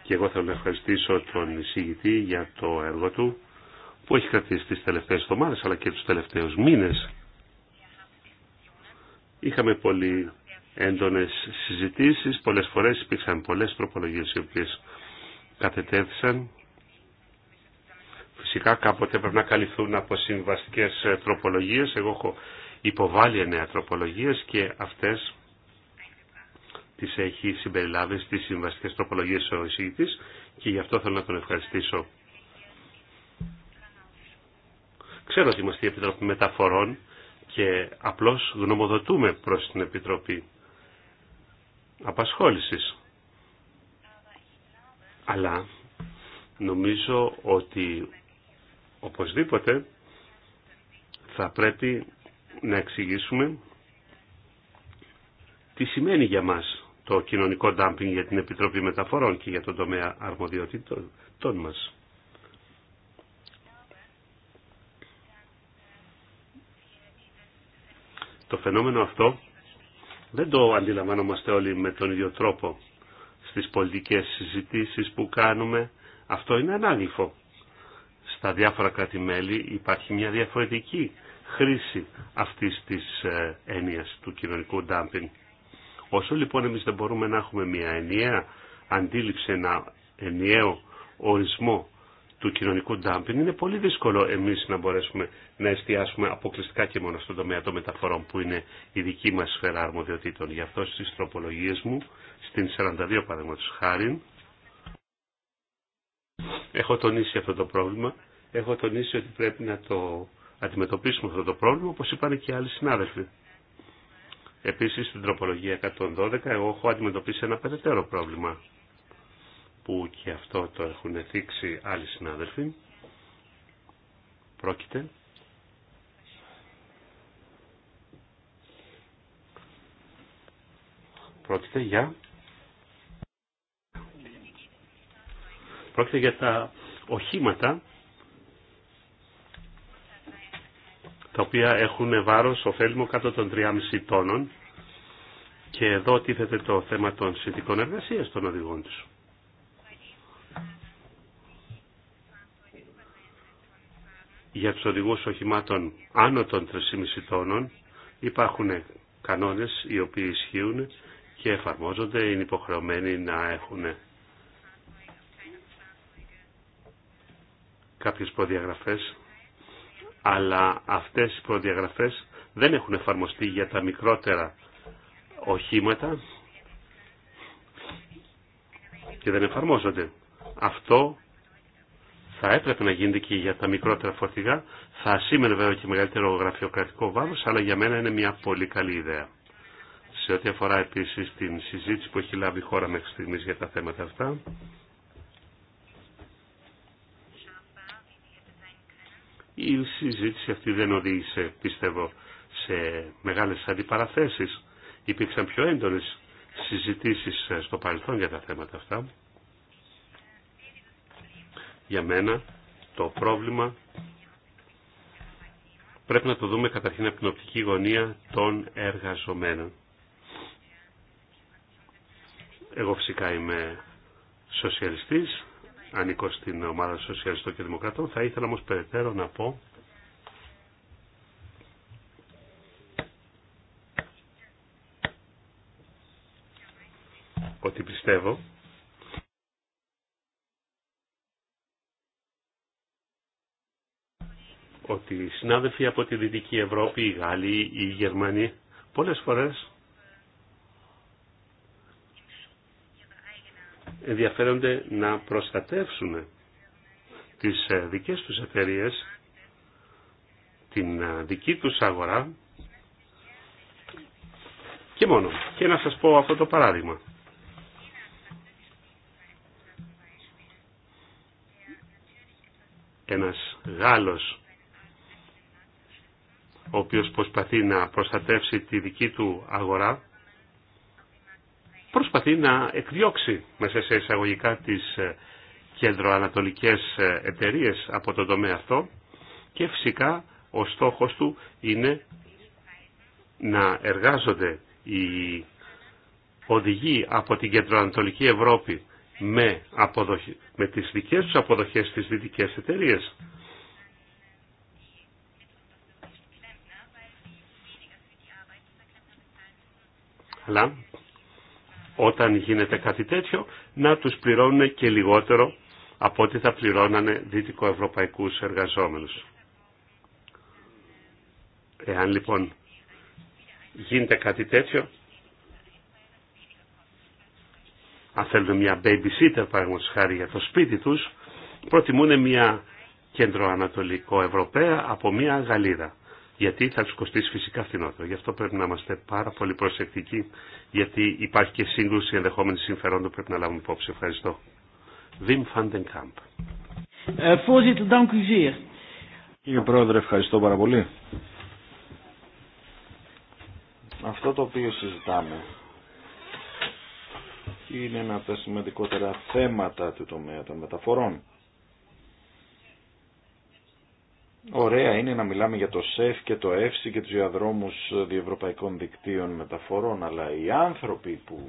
Και εγώ θέλω να ευχαριστήσω τον εισηγητή για το έργο του που έχει κρατήσει τις τελευταίες εβδομάδες αλλά και τους τελευταίους μήνες. Είχαμε πολύ έντονες συζητήσεις, πολλές φορές υπήρξαν πολλές τροπολογίες οι οποίες κατετέθησαν. Φυσικά κάποτε πρέπει να καλυφθούν από συμβαστικές τροπολογίες. Εγώ έχω υποβάλει νέα τροπολογίες και αυτές τις έχει συμπεριλάβει στις συμβαστικές τροπολογίες ο εισηγητής και γι' αυτό θέλω να τον ευχαριστήσω. Ξέρω ότι είμαστε η Επιτροπή Μεταφορών και απλώς γνωμοδοτούμε προς την Επιτροπή Απασχόλησης. Αλλά νομίζω ότι οπωσδήποτε θα πρέπει να εξηγήσουμε τι σημαίνει για μας το κοινωνικό ντάμπινγκ για την Επιτροπή Μεταφορών και για τον τομέα αρμοδιοτήτων μας. Το φαινόμενο αυτό δεν το αντιλαμβάνομαστε όλοι με τον ίδιο τρόπο στις πολιτικές συζητήσεις που κάνουμε. Αυτό είναι ανάγλυφο. Στα διάφορα κράτη-μέλη υπάρχει μια διαφορετική χρήση αυτής της ε, έννοιας του κοινωνικού ντάμπινγκ. Όσο λοιπόν εμείς δεν μπορούμε να έχουμε μια ενιαία αντίληψη, ένα ενιαίο ορισμό του κοινωνικού ντάμπιν, είναι πολύ δύσκολο εμείς να μπορέσουμε να εστιάσουμε αποκλειστικά και μόνο στον τομέα των μεταφορών που είναι η δική μας σφαίρα αρμοδιοτήτων. Γι' αυτό στις τροπολογίες μου, στην 42 παραδείγματος χάρη, έχω τονίσει αυτό το πρόβλημα, έχω τονίσει ότι πρέπει να το αντιμετωπίσουμε αυτό το πρόβλημα, όπως είπαν και άλλοι συνάδελφοι. Επίσης στην τροπολογία 112 εγώ έχω αντιμετωπίσει ένα περαιτέρω πρόβλημα που και αυτό το έχουν θίξει άλλοι συνάδελφοι. Πρόκειται Πρόκειται για Πρόκειται για τα οχήματα τα οποία έχουν βάρος ωφέλιμο κάτω των 3,5 τόνων και εδώ τίθεται το θέμα των συνθηκών εργασίας των οδηγών τους. Για τους οδηγούς οχημάτων άνω των 3,5 τόνων υπάρχουν κανόνες οι οποίοι ισχύουν και εφαρμόζονται, είναι υποχρεωμένοι να έχουν κάποιες προδιαγραφές αλλά αυτές οι προδιαγραφές δεν έχουν εφαρμοστεί για τα μικρότερα οχήματα και δεν εφαρμόζονται. Αυτό θα έπρεπε να γίνεται και για τα μικρότερα φορτηγά. Θα σήμαινε βέβαια και μεγαλύτερο γραφειοκρατικό βάρος, αλλά για μένα είναι μια πολύ καλή ιδέα. Σε ό,τι αφορά επίσης την συζήτηση που έχει λάβει η χώρα μέχρι στιγμής για τα θέματα αυτά, Η συζήτηση αυτή δεν οδήγησε, πιστεύω, σε μεγάλες αντιπαραθέσεις. Υπήρξαν πιο έντονες συζητήσεις ε, στο παρελθόν για τα θέματα αυτά. Για μένα το πρόβλημα πρέπει να το δούμε καταρχήν από την οπτική γωνία των εργαζομένων. Εγώ φυσικά είμαι σοσιαλιστής, ανήκω στην ομάδα Σοσιαλιστών και Δημοκρατών. Θα ήθελα όμως περαιτέρω να πω ότι πιστεύω ότι οι συνάδελφοι από τη Δυτική Ευρώπη, οι Γάλλοι, οι Γερμανοί, πολλές φορές ενδιαφέρονται να προστατεύσουν τις ε, δικές τους εταιρείε την ε, δική τους αγορά και μόνο. Και να σας πω αυτό το παράδειγμα. Ένας Γάλλος ο οποίος προσπαθεί να προστατεύσει τη δική του αγορά προσπαθεί να εκδιώξει μέσα σε εισαγωγικά τις ε, κεντροανατολικές ε, εταιρείε από τον τομέα αυτό και φυσικά ο στόχος του είναι να εργάζονται οι οδηγοί από την κεντροανατολική Ευρώπη με, αποδοχή, με τις δικές τους αποδοχές στις δυτικές εταιρείε. Αλλά όταν γίνεται κάτι τέτοιο να τους πληρώνουν και λιγότερο από ό,τι θα πληρώνανε δυτικοευρωπαϊκούς εργαζόμενους. Εάν λοιπόν γίνεται κάτι τέτοιο, αν θέλουν μια babysitter παραγωγή χάρη για το σπίτι τους, προτιμούν μια κεντροανατολικό Ευρωπαία από μια Γαλλίδα γιατί θα τους κοστίσει φυσικά φθηνότερο. Γι' αυτό πρέπει να είμαστε πάρα πολύ προσεκτικοί, γιατί υπάρχει και σύγκρουση ενδεχόμενη συμφερόντων που πρέπει να λάβουμε υπόψη. Ευχαριστώ. Βιμ Φαντενκάμπ. Κύριε Πρόεδρε, ευχαριστώ πάρα πολύ. Αυτό το οποίο συζητάμε είναι ένα από τα σημαντικότερα θέματα του τομέα των μεταφορών. Ωραία είναι να μιλάμε για το ΣΕΦ και το ΕΦΣΙ και τους διαδρόμους διευρωπαϊκών δικτύων μεταφορών, αλλά οι άνθρωποι που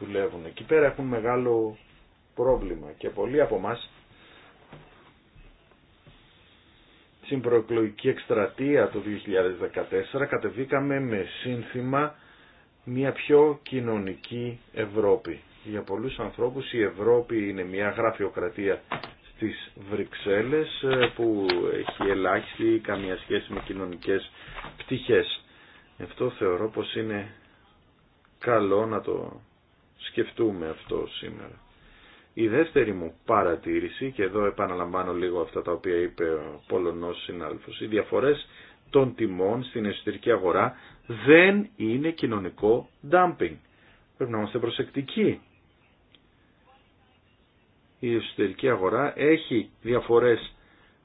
δουλεύουν εκεί πέρα έχουν μεγάλο πρόβλημα και πολλοί από εμά στην προεκλογική εκστρατεία του 2014 κατεβήκαμε με σύνθημα μια πιο κοινωνική Ευρώπη. Για πολλούς ανθρώπους η Ευρώπη είναι μια γραφειοκρατία τις Βρυξέλλες ε, που έχει ελάχιστη καμία σχέση με κοινωνικές πτυχές. Αυτό θεωρώ πως είναι καλό να το σκεφτούμε αυτό σήμερα. Η δεύτερη μου παρατήρηση, και εδώ επαναλαμβάνω λίγο αυτά τα οποία είπε ο Πολωνός συνάλφος, οι διαφορές των τιμών στην εσωτερική αγορά δεν είναι κοινωνικό dumping. Πρέπει να είμαστε προσεκτικοί η εσωτερική αγορά έχει διαφορές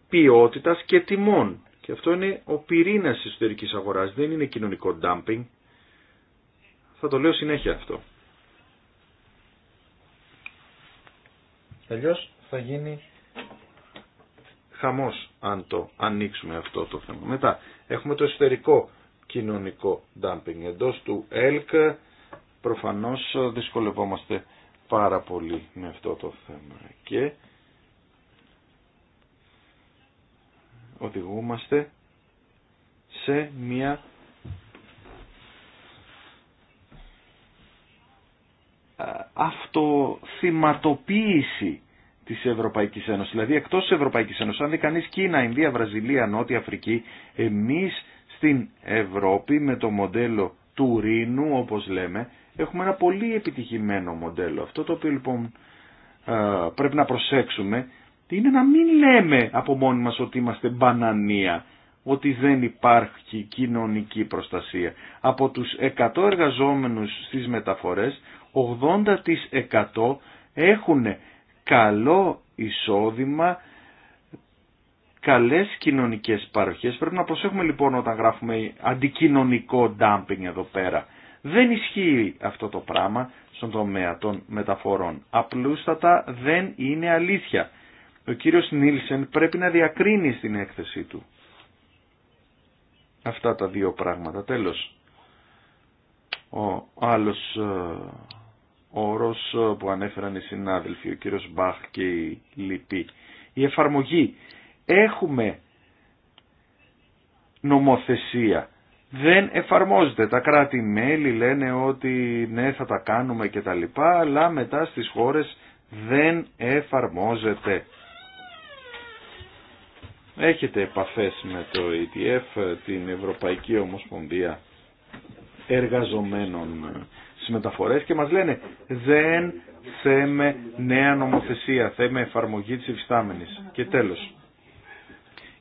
ποιότητας και τιμών. Και αυτό είναι ο πυρήνας της εσωτερικής αγοράς, δεν είναι κοινωνικό ντάμπινγκ. Θα το λέω συνέχεια αυτό. Αλλιώ θα γίνει χαμός αν το ανοίξουμε αυτό το θέμα. Μετά έχουμε το εσωτερικό κοινωνικό ντάμπινγκ. Εντός του ΕΛΚ προφανώς ε, δυσκολευόμαστε πάρα πολύ με αυτό το θέμα και οδηγούμαστε σε μια αυτοθυματοποίηση της Ευρωπαϊκής Ένωσης. Δηλαδή εκτός της Ευρωπαϊκής Ένωσης, αν δει κανείς Κίνα, Ινδία, Βραζιλία, Νότια Αφρική, εμείς στην Ευρώπη με το μοντέλο του Ρήνου, όπως λέμε, Έχουμε ένα πολύ επιτυχημένο μοντέλο. Αυτό το οποίο λοιπόν πρέπει να προσέξουμε είναι να μην λέμε από μόνοι μας ότι είμαστε μπανανία, ότι δεν υπάρχει κοινωνική προστασία. Από τους 100 εργαζόμενους στις μεταφορές, 80% έχουν καλό εισόδημα, καλές κοινωνικές παροχές. Πρέπει να προσέχουμε λοιπόν όταν γράφουμε αντικοινωνικό dumping εδώ πέρα. Δεν ισχύει αυτό το πράγμα στον τομέα των μεταφορών. Απλούστατα δεν είναι αλήθεια. Ο κύριος Νίλσεν πρέπει να διακρίνει στην έκθεσή του αυτά τα δύο πράγματα. Τέλος, ο άλλος ε, όρος που ανέφεραν οι συνάδελφοι, ο κύριος Μπαχ και οι Λυπή. Η εφαρμογή. Έχουμε νομοθεσία δεν εφαρμόζεται. Τα κράτη-μέλη λένε ότι ναι θα τα κάνουμε και τα λοιπά, αλλά μετά στις χώρες δεν εφαρμόζεται. Έχετε επαφές με το ETF, ε την Ευρωπαϊκή Ομοσπονδία Εργαζομένων στις και μας λένε δεν θέμε νέα νομοθεσία, θέμε εφαρμογή της υφιστάμενης. Και τέλος,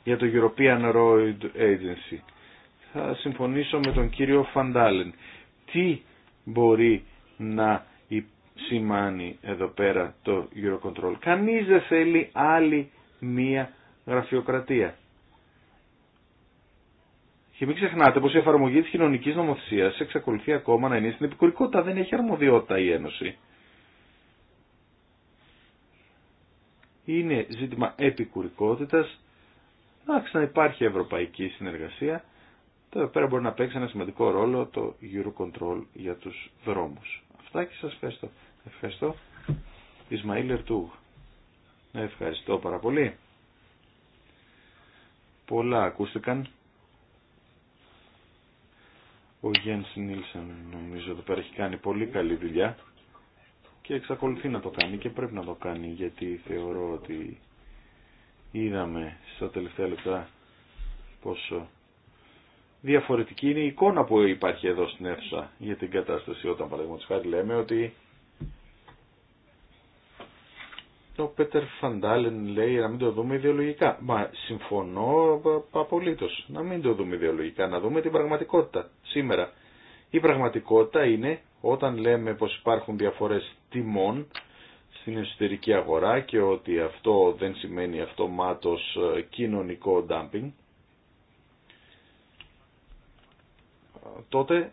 για το European Road Agency θα συμφωνήσω με τον κύριο Φαντάλεν. Τι μπορεί να σημάνει εδώ πέρα το Eurocontrol. Κανείς δεν θέλει άλλη μία γραφειοκρατία. Και μην ξεχνάτε πως η εφαρμογή της κοινωνικής νομοθεσίας εξακολουθεί ακόμα να είναι στην επικουρικότητα, δεν έχει αρμοδιότητα η Ένωση. Είναι ζήτημα επικουρικότητας, να υπάρχει ευρωπαϊκή συνεργασία, εδώ πέρα μπορεί να παίξει ένα σημαντικό ρόλο το Eurocontrol για τους δρόμους. Αυτά και σας ευχαριστώ. Ευχαριστώ. Ισμαήλ Ερτούγ. Ευχαριστώ πάρα πολύ. Πολλά ακούστηκαν. Ο Γιάννης Νίλσεν νομίζω εδώ πέρα έχει κάνει πολύ καλή δουλειά και εξακολουθεί να το κάνει και πρέπει να το κάνει γιατί θεωρώ ότι είδαμε στα τελευταία λεπτά πόσο διαφορετική είναι η εικόνα που υπάρχει εδώ στην αίθουσα για την κατάσταση όταν παραδείγματο χάρη λέμε ότι το Πέτερ Φαντάλεν λέει να μην το δούμε ιδεολογικά. Μα συμφωνώ απολύτω. Να μην το δούμε ιδεολογικά, να δούμε την πραγματικότητα σήμερα. Η πραγματικότητα είναι όταν λέμε πως υπάρχουν διαφορές τιμών στην εσωτερική αγορά και ότι αυτό δεν σημαίνει αυτομάτως ε, κοινωνικό ντάμπινγκ. τότε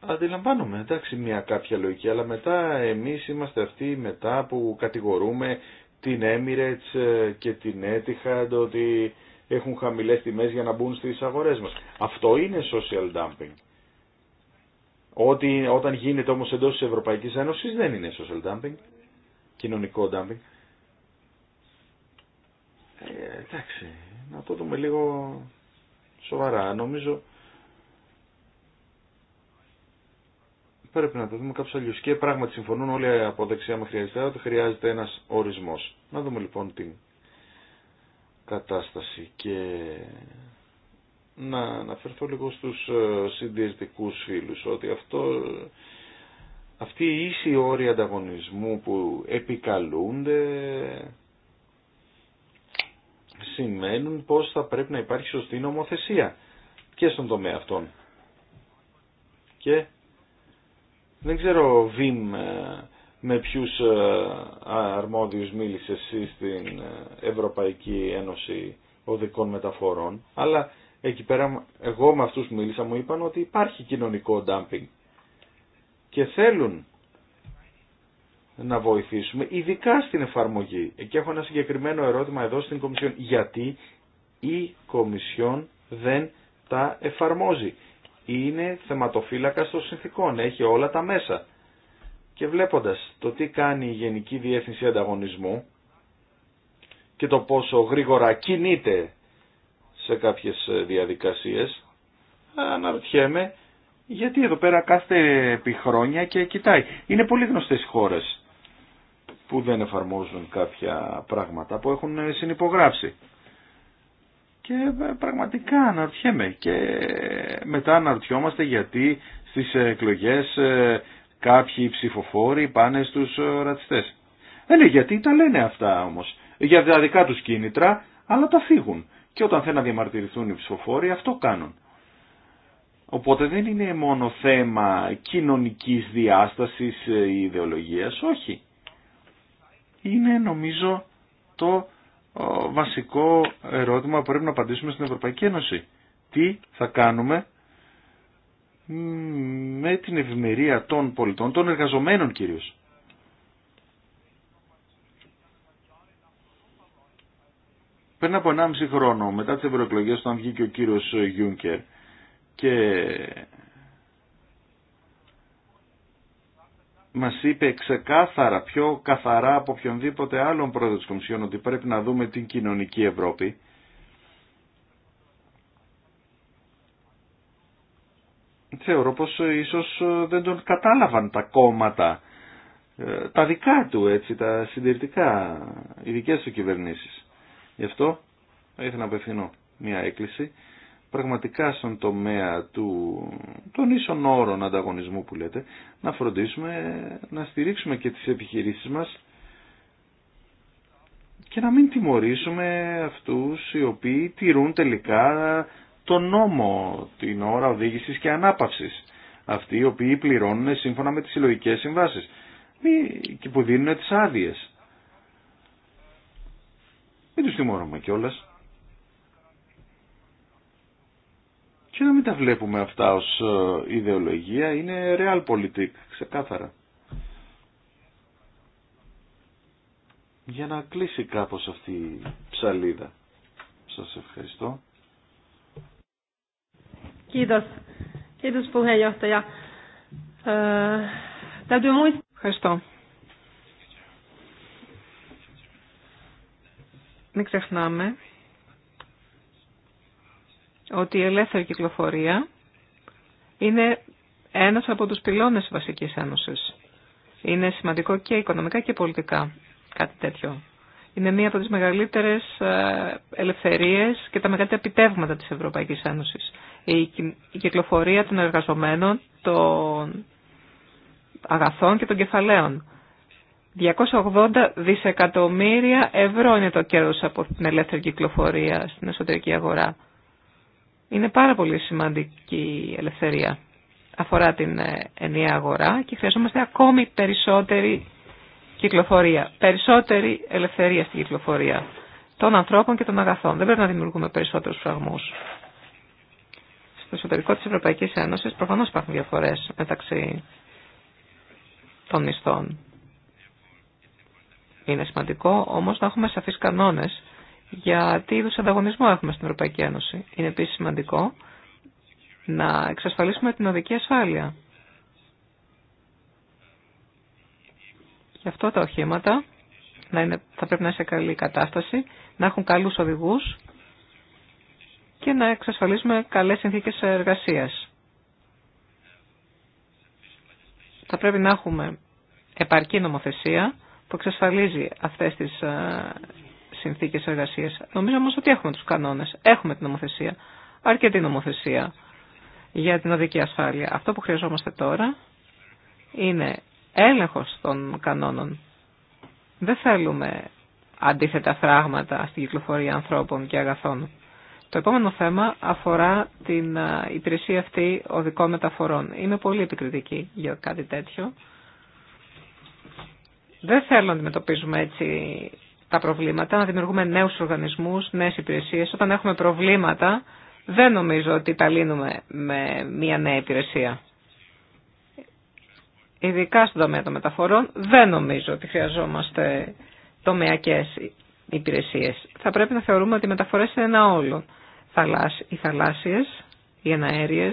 αντιλαμβάνομαι, εντάξει, μια κάποια λογική, αλλά μετά εμείς είμαστε αυτοί μετά που κατηγορούμε την Emirates ε, και την Etihad ότι έχουν χαμηλές τιμές για να μπουν στις αγορές μας. Αυτό είναι social dumping. Ότι όταν γίνεται όμως εντός της Ευρωπαϊκής Ένωσης δεν είναι social dumping, κοινωνικό dumping εντάξει, να το δούμε λίγο σοβαρά. Νομίζω πρέπει να το δούμε κάπως αλλιώς. Και πράγματι συμφωνούν όλοι από δεξιά με χρειάζεται, ότι χρειάζεται ένας ορισμός. Να δούμε λοιπόν την κατάσταση και να αναφερθώ λίγο στους ε, συντηρητικούς φίλους, ότι αυτό, αυτοί οι ίσοι όροι ανταγωνισμού που επικαλούνται σημαίνουν πως θα πρέπει να υπάρχει σωστή νομοθεσία και στον τομέα αυτών. Και δεν ξέρω Βιμ ε, με ποιους ε, αρμόδιους μίλησε εσύ στην ε, Ευρωπαϊκή Ένωση Οδικών Μεταφορών, αλλά εκεί πέρα εγώ με αυτούς μίλησα μου είπαν ότι υπάρχει κοινωνικό ντάμπινγκ και θέλουν να βοηθήσουμε, ειδικά στην εφαρμογή. Και έχω ένα συγκεκριμένο ερώτημα εδώ στην Κομισιόν. Γιατί η Κομισιόν δεν τα εφαρμόζει. Είναι θεματοφύλακα των συνθήκων, έχει όλα τα μέσα. Και βλέποντας το τι κάνει η Γενική Διεύθυνση Ανταγωνισμού και το πόσο γρήγορα κινείται σε κάποιες ε, διαδικασίες, αναρωτιέμαι γιατί εδώ πέρα κάθεται επί χρόνια και κοιτάει. Είναι πολύ γνωστές οι χώρες που δεν εφαρμόζουν κάποια πράγματα που έχουν συνυπογράψει. Και ε, πραγματικά αναρωτιέμαι και μετά αναρωτιόμαστε γιατί στις εκλογές ε, κάποιοι ψηφοφόροι πάνε στους ε, ρατσιστές. Δεν ναι, γιατί τα λένε αυτά όμως. Για τα δικά τους κίνητρα, αλλά τα φύγουν. Και όταν θέλουν να διαμαρτυρηθούν οι ψηφοφόροι, αυτό κάνουν. Οπότε δεν είναι μόνο θέμα κοινωνικής διάστασης ή ιδεολογίας, όχι είναι νομίζω το βασικό ερώτημα που πρέπει να απαντήσουμε στην Ευρωπαϊκή Ένωση. Τι θα κάνουμε με την ευημερία των πολιτών, των εργαζομένων κυρίως. Πριν από 1,5 χρόνο, μετά τις ευρωεκλογές, όταν βγήκε ο κύριος Γιούνκερ και μας είπε ξεκάθαρα, πιο καθαρά από οποιονδήποτε άλλον πρόεδρο της Κομισιόν, ότι πρέπει να δούμε την κοινωνική Ευρώπη. Θεωρώ πως ε, ίσως ε, δεν τον κατάλαβαν τα κόμματα, ε, τα δικά του έτσι, τα συντηρητικά, οι δικές του κυβερνήσεις. Γι' αυτό θα ήθελα να απευθυνώ μια έκκληση πραγματικά στον τομέα του, των ίσων όρων ανταγωνισμού που λέτε, να φροντίσουμε να στηρίξουμε και τις επιχειρήσεις μας και να μην τιμωρήσουμε αυτούς οι οποίοι τηρούν τελικά τον νόμο, την ώρα οδήγησης και ανάπαυσης. Αυτοί οι οποίοι πληρώνουν σύμφωνα με τις συλλογικέ συμβάσεις και που δίνουν τις άδειε. Μην τους τιμωρούμε κιόλας. και να μην τα βλέπουμε αυτά ως ε, ιδεολογία, είναι realpolitik, ξεκάθαρα. Για να κλείσει κάπως αυτή η ψαλίδα. Σας ευχαριστώ. Ε, ευχαριστώ. Μην ξεχνάμε ότι η ελεύθερη κυκλοφορία είναι ένας από τους πυλώνες βασικής ένωσης. Είναι σημαντικό και οικονομικά και πολιτικά κάτι τέτοιο. Είναι μία από τις μεγαλύτερες ε, ελευθερίες και τα μεγαλύτερα επιτεύγματα της Ευρωπαϊκής Ένωσης. Η κυκλοφορία των εργαζομένων, των αγαθών και των κεφαλαίων. 280 δισεκατομμύρια ευρώ είναι το κέρδος από την ελεύθερη κυκλοφορία στην εσωτερική αγορά. Είναι πάρα πολύ σημαντική η ελευθερία. Αφορά την ε, ενιαία αγορά και χρειαζόμαστε ακόμη περισσότερη κυκλοφορία. Περισσότερη ελευθερία στην κυκλοφορία των ανθρώπων και των αγαθών. Δεν πρέπει να δημιουργούμε περισσότερους φραγμούς. Στο εσωτερικό τη Ευρωπαϊκής Ένωση προφανώς υπάρχουν διαφορές μεταξύ των μισθών. Είναι σημαντικό όμω να έχουμε σαφεί κανόνε για τι είδους ανταγωνισμό έχουμε στην Ευρωπαϊκή Ένωση. Είναι επίσης σημαντικό να εξασφαλίσουμε την οδική ασφάλεια. Γι' αυτό τα οχήματα να είναι, θα πρέπει να είναι σε καλή κατάσταση, να έχουν καλούς οδηγούς και να εξασφαλίσουμε καλές συνθήκες εργασίας. Θα πρέπει να έχουμε επαρκή νομοθεσία που εξασφαλίζει αυτές τις ε, συνθήκε εργασία. Νομίζω όμω ότι έχουμε του κανόνε. Έχουμε την νομοθεσία. Αρκετή νομοθεσία για την οδική ασφάλεια. Αυτό που χρειαζόμαστε τώρα είναι έλεγχο των κανόνων. Δεν θέλουμε αντίθετα φράγματα στην κυκλοφορία ανθρώπων και αγαθών. Το επόμενο θέμα αφορά την υπηρεσία αυτή οδικών μεταφορών. Είμαι πολύ επικριτική για κάτι τέτοιο. Δεν θέλω να αντιμετωπίζουμε έτσι τα προβλήματα, να δημιουργούμε νέου οργανισμού, νέε υπηρεσίε. Όταν έχουμε προβλήματα, δεν νομίζω ότι τα λύνουμε με μια νέα υπηρεσία. Ειδικά στον τομέα των μεταφορών, δεν νομίζω ότι χρειαζόμαστε τομεακέ υπηρεσίε. Θα πρέπει να θεωρούμε ότι οι μεταφορέ είναι ένα όλο. Οι θαλάσσιες, οι εναέριε,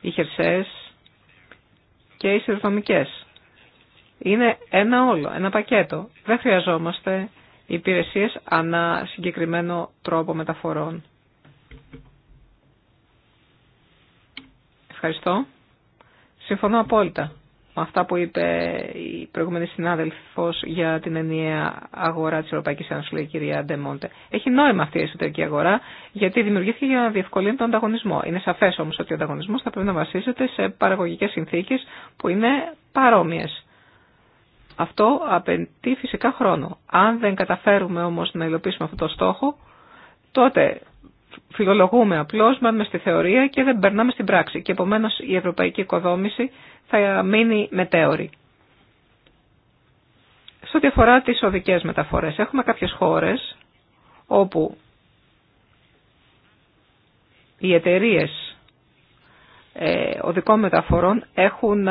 οι χερσαίε και οι συρδομικέ. Είναι ένα όλο, ένα πακέτο. Δεν χρειαζόμαστε υπηρεσίες ανά συγκεκριμένο τρόπο μεταφορών. Ευχαριστώ. Συμφωνώ απόλυτα με αυτά που είπε η προηγούμενη συνάδελφος για την ενιαία αγορά της Ευρωπαϊκής Ένωσης, η κυρία Ντεμόντε. Έχει νόημα αυτή η εσωτερική αγορά, γιατί δημιουργήθηκε για να διευκολύνει τον ανταγωνισμό. Είναι σαφές όμως ότι ο ανταγωνισμός θα πρέπει να βασίζεται σε παραγωγικές συνθήκες που είναι παρόμοιες. Αυτό απαιτεί φυσικά χρόνο. Αν δεν καταφέρουμε όμως να υλοποιήσουμε αυτό το στόχο, τότε φιλολογούμε απλώς, μένουμε στη θεωρία και δεν περνάμε στην πράξη. Και επομένως η ευρωπαϊκή οικοδόμηση θα μείνει μετέωρη. Σε ό,τι αφορά τις οδικές μεταφορές, έχουμε κάποιες χώρες όπου οι εταιρείε ε, οδικών μεταφορών έχουν,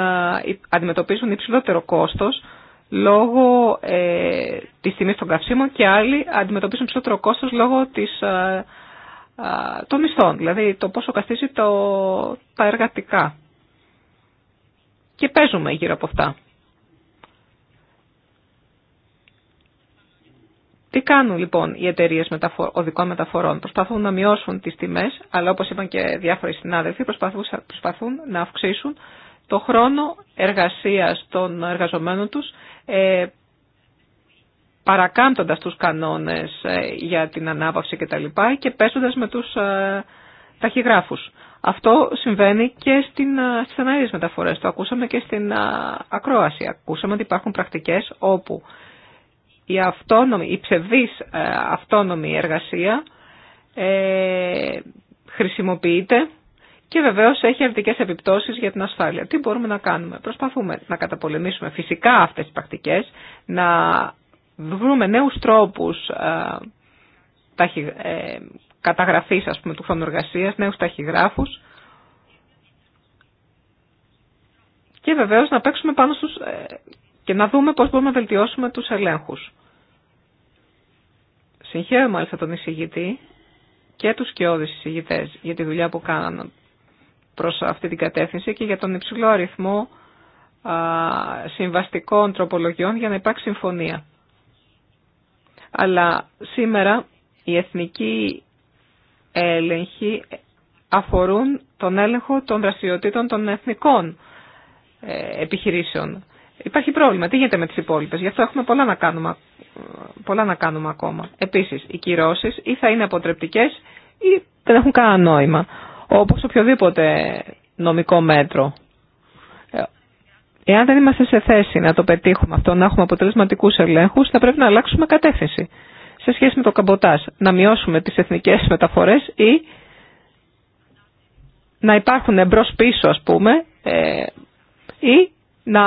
αντιμετωπίζουν υψηλότερο κόστος λόγω ε, της τιμής των καυσίμων και άλλοι αντιμετωπίζουν ψηλότερο κόστο λόγω της, ε, ε, των μισθών, δηλαδή το πόσο καθίσει το, τα εργατικά. Και παίζουμε γύρω από αυτά. Τι κάνουν λοιπόν οι εταιρείε οδικών μεταφορών. Προσπαθούν να μειώσουν τις τιμές, αλλά όπως είπαν και διάφοροι συνάδελφοι, προσπαθούν να αυξήσουν το χρόνο εργασίας των εργαζομένων τους, ε, παρακάμπτοντας τους κανόνες ε, για την ανάπαυση τα λοιπά και πέσοντας με τους ε, ταχυγράφους. Αυτό συμβαίνει και στην, ε, στις μεταφορέ, μεταφορές. Το ακούσαμε και στην ακρόαση. Ακούσαμε ότι υπάρχουν πρακτικές όπου η, αυτόνομη, η ψευδής αυτόνομη εργασία ε, χρησιμοποιείται και βεβαίω έχει αρνητικέ επιπτώσει για την ασφάλεια. Τι μπορούμε να κάνουμε. Προσπαθούμε να καταπολεμήσουμε φυσικά αυτέ τι πρακτικέ, να βρούμε νέου τρόπου ε, ε καταγραφή του χρόνου εργασία, νέου ταχυγράφου. Και βεβαίω να παίξουμε πάνω στους, ε, και να δούμε πώ μπορούμε να βελτιώσουμε του ελέγχου. Συγχαίρω μάλιστα τον εισηγητή και τους σκιώδεις εισηγητέ για τη δουλειά που κάναν προς αυτή την κατεύθυνση και για τον υψηλό αριθμό συμβαστικών τροπολογιών για να υπάρξει συμφωνία. Αλλά σήμερα οι εθνικοί έλεγχοι αφορούν τον έλεγχο των δραστηριοτήτων των εθνικών ε, επιχειρήσεων. Υπάρχει πρόβλημα. Τι γίνεται με τις υπόλοιπες. Γι' αυτό έχουμε πολλά να κάνουμε, πολλά να κάνουμε ακόμα. Επίσης, οι κυρώσεις ή θα είναι αποτρεπτικές ή δεν έχουν κανένα νόημα όπως οποιοδήποτε νομικό μέτρο. Ε, εάν δεν είμαστε σε θέση να το πετύχουμε αυτό, να έχουμε αποτελεσματικούς ελέγχους, θα πρέπει να αλλάξουμε κατεύθυνση σε σχέση με το καμποτάζ, να μειώσουμε τις εθνικές μεταφορές ή να υπάρχουν εμπρό πίσω ας πούμε ε, ή να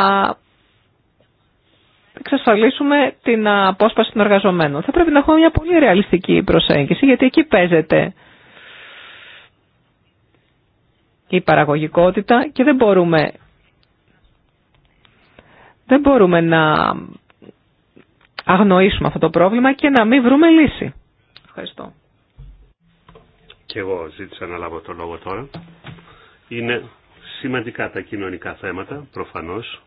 εξασφαλίσουμε την απόσπαση των εργαζομένων. Θα πρέπει να έχουμε μια πολύ ρεαλιστική προσέγγιση γιατί εκεί παίζεται η παραγωγικότητα και δεν μπορούμε, δεν μπορούμε να αγνοήσουμε αυτό το πρόβλημα και να μην βρούμε λύση. Ευχαριστώ. Και εγώ ζήτησα να λάβω το λόγο τώρα. Είναι σημαντικά τα κοινωνικά θέματα, προφανώς.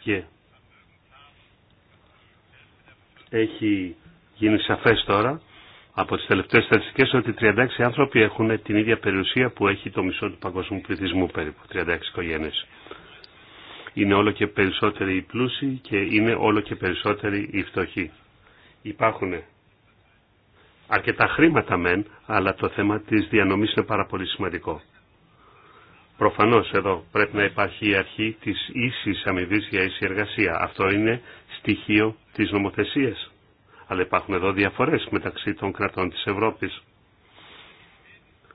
Και έχει γίνει σαφές τώρα από τις τελευταίες στατιστικές ότι 36 άνθρωποι έχουν την ίδια περιουσία που έχει το μισό του παγκόσμιου πληθυσμού περίπου, 36 οικογένειες. Είναι όλο και περισσότεροι οι πλούσιοι και είναι όλο και περισσότεροι οι φτωχοί. Υπάρχουν αρκετά χρήματα μεν, αλλά το θέμα της διανομής είναι πάρα πολύ σημαντικό. Προφανώς εδώ πρέπει να υπάρχει η αρχή της ίσης αμοιβή για ίση εργασία. Αυτό είναι στοιχείο της νομοθεσίας. Αλλά υπάρχουν εδώ διαφορές μεταξύ των κρατών της Ευρώπης.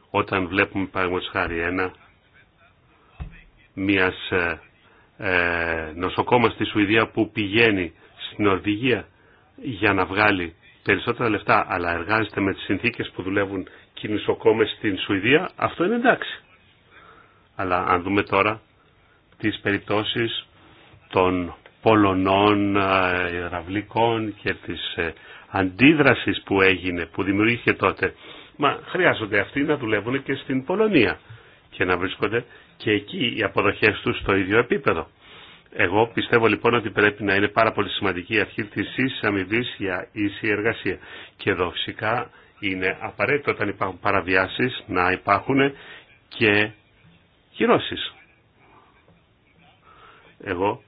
Όταν βλέπουμε παραγωγής χάρη ένα μιας ε, ε νοσοκόμα στη Σουηδία που πηγαίνει στην Νορβηγία για να βγάλει περισσότερα λεφτά αλλά εργάζεται με τις συνθήκες που δουλεύουν και οι νοσοκόμες στην Σουηδία, αυτό είναι εντάξει. Αλλά αν δούμε τώρα τις περιπτώσεις των Πολωνών, ε, Ραβλικών και της ε, αντίδρασης που έγινε, που δημιουργήθηκε τότε. Μα χρειάζονται αυτοί να δουλεύουν και στην Πολωνία και να βρίσκονται και εκεί οι αποδοχές τους στο ίδιο επίπεδο. Εγώ πιστεύω λοιπόν ότι πρέπει να είναι πάρα πολύ σημαντική η αρχή της ίσης αμοιβή για ίση εργασία. Και εδώ φυσικά είναι απαραίτητο όταν υπάρχουν παραβιάσεις να υπάρχουν και κυρώσεις. Εγώ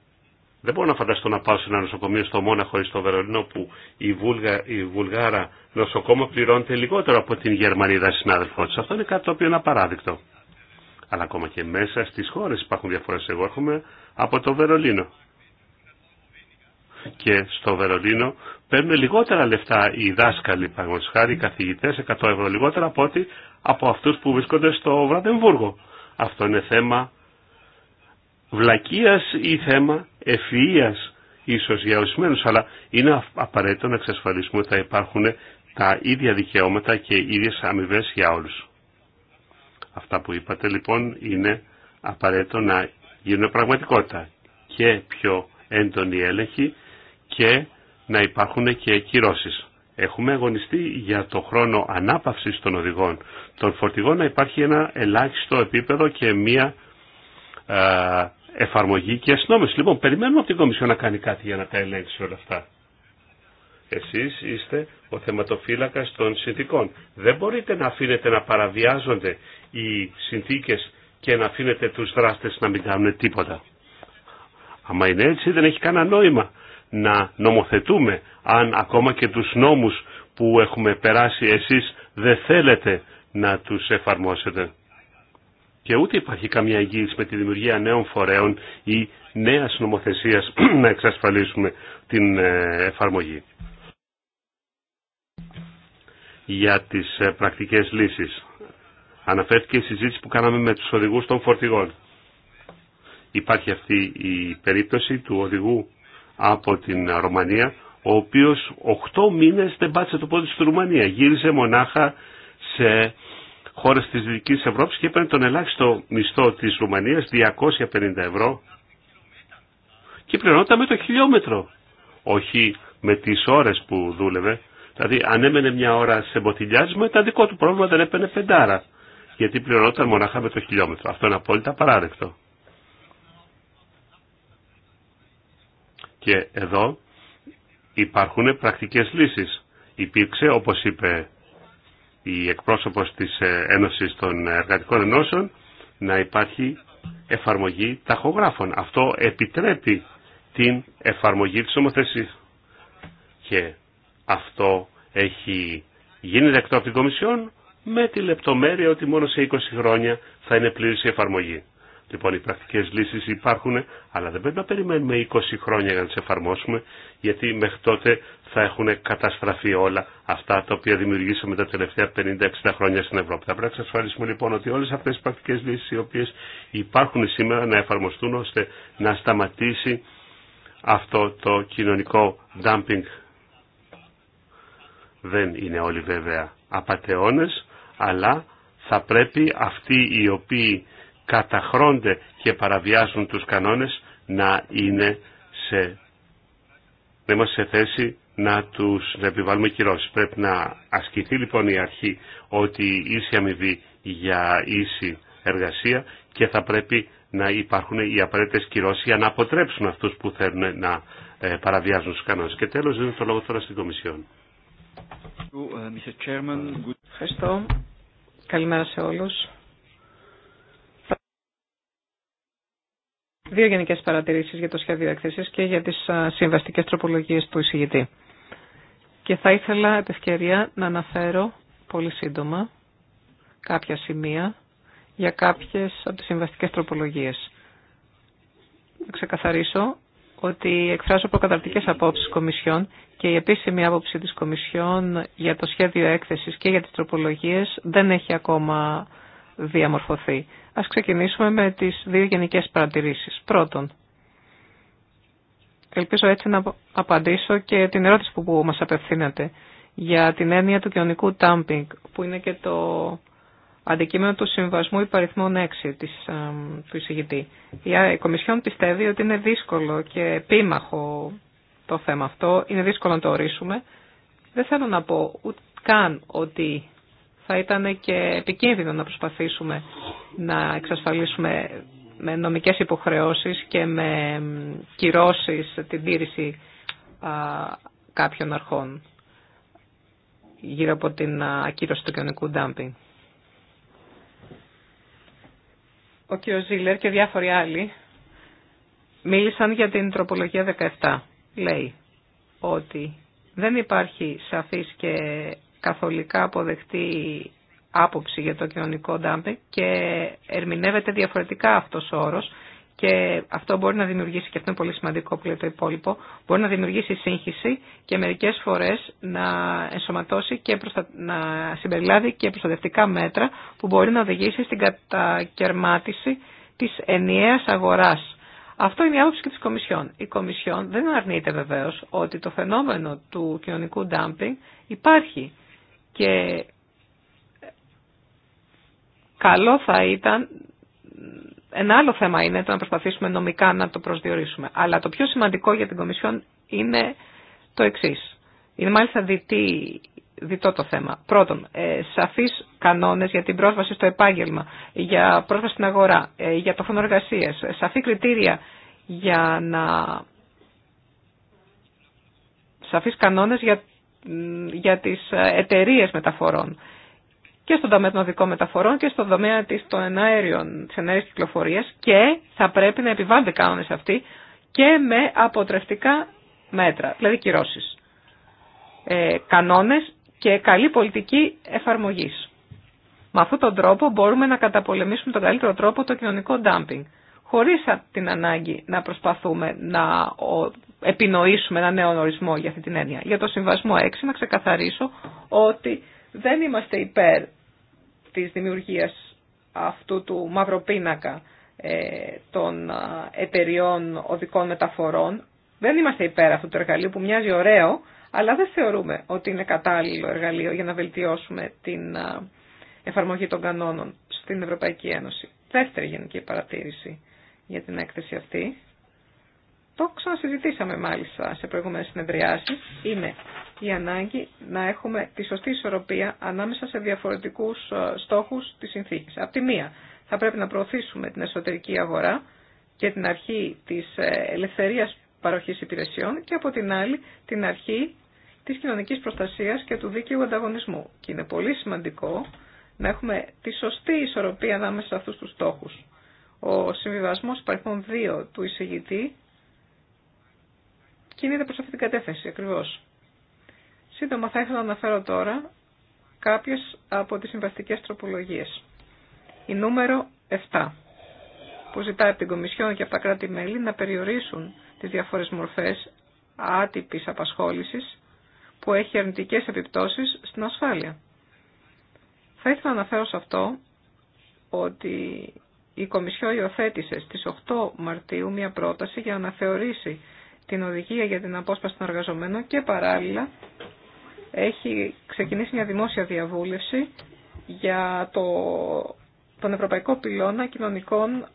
δεν μπορώ να φανταστώ να πάω σε ένα νοσοκομείο στο Μόναχο ή στο Βερολίνο που η, Βουλγα, η Βουλγάρα νοσοκόμα πληρώνεται λιγότερο από την Γερμανίδα συνάδελφό τη. Αυτό είναι κάτι το οποίο είναι απαράδεικτο. Αλλά ακόμα και μέσα στι χώρε υπάρχουν διαφορέ. Εγώ έρχομαι από το Βερολίνο. Και στο Βερολίνο παίρνουν λιγότερα λεφτά οι δάσκαλοι, παραδείγματο χάρη, οι καθηγητέ, 100 ευρώ λιγότερα από ότι από αυτού που βρίσκονται στο Βραδεμβούργο. Αυτό είναι θέμα βλακείας ή θέμα ευφυΐας ίσως για ορισμένους, αλλά είναι απαραίτητο να εξασφαλίσουμε ότι θα υπάρχουν τα ίδια δικαιώματα και οι ίδιες αμοιβέ για όλους. Αυτά που είπατε λοιπόν είναι απαραίτητο να γίνουν πραγματικότητα και πιο έντονη έλεγχη και να υπάρχουν και κυρώσεις. Έχουμε αγωνιστεί για το χρόνο ανάπαυσης των οδηγών των φορτηγών να υπάρχει ένα ελάχιστο επίπεδο και μία εφαρμογή και αστυνόμευση. Λοιπόν, περιμένουμε από την Κομισιό να κάνει κάτι για να τα ελέγξει όλα αυτά. Εσείς είστε ο θεματοφύλακας των συνθήκων. Δεν μπορείτε να αφήνετε να παραβιάζονται οι συνθήκες και να αφήνετε τους δράστες να μην κάνουν τίποτα. Αμα είναι έτσι δεν έχει κανένα νόημα να νομοθετούμε αν ακόμα και τους νόμους που έχουμε περάσει εσείς δεν θέλετε να τους εφαρμόσετε και ούτε υπάρχει καμία εγγύηση με τη δημιουργία νέων φορέων ή νέας νομοθεσίας *clears throat* να εξασφαλίσουμε την ε, εφαρμογή. Για τις ε, πρακτικές λύσεις. Αναφέρθηκε η συζήτηση που κάναμε με τους οδηγούς των φορτηγών. Υπάρχει αυτή η περίπτωση του οδηγού από την Ρωμανία, ο οποίος 8 μήνες δεν πάτησε το πόδι στη Ρουμανία. Γύρισε μονάχα σε χώρες της Δυτικής Ευρώπης και έπαιρνε τον ελάχιστο μισθό της Ρουμανίας 250 ευρώ και πληρωνόταν με το χιλιόμετρο, όχι με τις ώρες που δούλευε. Δηλαδή αν έμενε μια ώρα σε μποτιλιάσμα ήταν δικό του πρόβλημα, δεν έπαιρνε πεντάρα γιατί πληρωνόταν μονάχα με το χιλιόμετρο. Αυτό είναι απόλυτα παράδεκτο. Και εδώ υπάρχουν πρακτικές λύσεις. Υπήρξε, όπως είπε η εκπρόσωπος της ε, Ένωσης των Εργατικών Ενώσεων να υπάρχει εφαρμογή ταχογράφων. Αυτό επιτρέπει την εφαρμογή της ομοθεσίας. Και αυτό έχει γίνει δεκτό από την Κομισιόν με τη λεπτομέρεια ότι μόνο σε 20 χρόνια θα είναι πλήρης η εφαρμογή. Λοιπόν, οι πρακτικέ λύσει υπάρχουν, αλλά δεν πρέπει να περιμένουμε 20 χρόνια για να τις εφαρμόσουμε, γιατί μέχρι τότε θα έχουν καταστραφεί όλα αυτά τα οποία δημιουργήσαμε τα τελευταία 50-60 χρόνια στην Ευρώπη. Θα πρέπει να εξασφαλίσουμε λοιπόν ότι όλε αυτέ οι πρακτικέ λύσει οι οποίε υπάρχουν σήμερα να εφαρμοστούν ώστε να σταματήσει αυτό το κοινωνικό dumping. Δεν είναι όλοι βέβαια απαταιώνε, αλλά θα πρέπει αυτοί οι οποίοι καταχρώνται και παραβιάζουν τους κανόνες να είναι σε, είμαστε σε θέση να τους να επιβάλλουμε κυρώσεις. Πρέπει να ασκηθεί λοιπόν η αρχή ότι ίση αμοιβή για ίση εργασία και θα πρέπει να υπάρχουν οι απαραίτητες κυρώσεις για να αποτρέψουν αυτούς που θέλουν να ε, παραβιάζουν τους κανόνες. Και τέλος δίνω το λόγο τώρα στην Κομισιόν. Ευχαριστώ. Καλημέρα σε όλους. Δύο γενικέ παρατηρήσει για το σχέδιο έκθεση και για τι συμβαστικέ τροπολογίε του εισηγητή. Και θα ήθελα επ' να αναφέρω πολύ σύντομα κάποια σημεία για κάποιε από τι συμβαστικέ τροπολογίες. Να ξεκαθαρίσω ότι εκφράζω προκαταρτικές απόψεις Κομισιόν και η επίσημη άποψη της Κομισιόν για το σχέδιο έκθεσης και για τις τροπολογίες δεν έχει ακόμα διαμορφωθεί. Ας ξεκινήσουμε με τις δύο γενικές παρατηρήσεις. Πρώτον, ελπίζω έτσι να απαντήσω και την ερώτηση που μας απευθύνεται για την έννοια του κοινωνικού τάμπινγκ, που είναι και το αντικείμενο του Συμβασμού Υπαριθμών 6 της, του εισηγητή. Η Κομισιόν πιστεύει ότι είναι δύσκολο και επίμαχο το θέμα αυτό, είναι δύσκολο να το ορίσουμε. Δεν θέλω να πω ούτε καν ότι θα ήταν και επικίνδυνο να προσπαθήσουμε να εξασφαλίσουμε με νομικές υποχρεώσεις και με κυρώσεις την τήρηση κάποιων αρχών γύρω από την ακύρωση του κοινωνικού ντάμπινγκ. Ο κ. Ζήλερ και διάφοροι άλλοι μίλησαν για την τροπολογία 17. Λέει ότι δεν υπάρχει σαφής και καθολικά αποδεκτή άποψη για το κοινωνικό ντάμπι και ερμηνεύεται διαφορετικά αυτός ο όρος και αυτό μπορεί να δημιουργήσει, και αυτό είναι πολύ σημαντικό που λέει το υπόλοιπο, μπορεί να δημιουργήσει σύγχυση και μερικές φορές να ενσωματώσει και να συμπεριλάβει και προστατευτικά μέτρα που μπορεί να οδηγήσει στην κατακαιρμάτιση της ενιαίας αγοράς. Αυτό είναι η άποψη και της Κομισιόν. Η Κομισιόν δεν αρνείται βεβαίως ότι το φαινόμενο του κοινωνικού ντάμπινγκ υπάρχει και καλό θα ήταν, ένα άλλο θέμα είναι το να προσπαθήσουμε νομικά να το προσδιορίσουμε. Αλλά το πιο σημαντικό για την Κομισιόν είναι το εξή. Είναι μάλιστα διτή, διτό το θέμα. Πρώτον, ε, σαφείς κανόνες για την πρόσβαση στο επάγγελμα, για πρόσβαση στην αγορά, ε, για το χρόνο εργασία, σαφή κριτήρια για να... Σαφείς κανόνες για για τις εταιρείε μεταφορών και στον τομέα των οδικών μεταφορών και στον τομέα της των εναέριων, της κυκλοφορίας και θα πρέπει να επιβάλλονται κανόνες αυτοί και με αποτρεφτικά μέτρα, δηλαδή κυρώσεις, ε, κανόνες και καλή πολιτική εφαρμογής. Με αυτόν τον τρόπο μπορούμε να καταπολεμήσουμε τον καλύτερο τρόπο το κοινωνικό ντάμπινγκ, χωρίς την ανάγκη να προσπαθούμε να επινοήσουμε ένα νέο ορισμό για αυτή την έννοια. Για το συμβασμό 6 να ξεκαθαρίσω ότι δεν είμαστε υπέρ της δημιουργίας αυτού του μαυροπίνακα ε, των ε, εταιριών οδικών μεταφορών. Δεν είμαστε υπέρ αυτού του εργαλείου που μοιάζει ωραίο, αλλά δεν θεωρούμε ότι είναι κατάλληλο εργαλείο για να βελτιώσουμε την ε, εφαρμογή των κανόνων στην Ευρωπαϊκή Ένωση. Δεύτερη γενική παρατήρηση για την έκθεση αυτή. Το ξανασυζητήσαμε μάλιστα σε προηγούμενες συνεδριάσεις. Είναι η ανάγκη να έχουμε τη σωστή ισορροπία ανάμεσα σε διαφορετικούς ε, στόχους της συνθήκης. Απ' τη μία θα πρέπει να προωθήσουμε την εσωτερική αγορά και την αρχή της ε, ελευθερίας παροχής υπηρεσιών και από την άλλη την αρχή της κοινωνικής προστασίας και του δίκαιου ανταγωνισμού. Και είναι πολύ σημαντικό να έχουμε τη σωστή ισορροπία ανάμεσα σε αυτούς τους στόχους. Ο συμβιβασμό υπαρχών 2 του εισηγητή κινείται προς αυτή την κατεύθυνση ακριβώς. Σύντομα θα ήθελα να αναφέρω τώρα κάποιες από τις συμβαστικές τροπολογίες. Η νούμερο 7 που ζητάει από την Κομισιόν και από τα κράτη-μέλη να περιορίσουν τις διαφορές μορφές άτυπης απασχόλησης που έχει αρνητικές επιπτώσεις στην ασφάλεια. Θα ήθελα να αναφέρω σε αυτό ότι η Κομισιόν υιοθέτησε στις 8 Μαρτίου μια πρόταση για να θεωρήσει την οδηγία για την απόσπαση των εργαζομένων και παράλληλα έχει ξεκινήσει μια δημόσια διαβούλευση για το, τον Ευρωπαϊκό Πυλώνα Κοινωνικών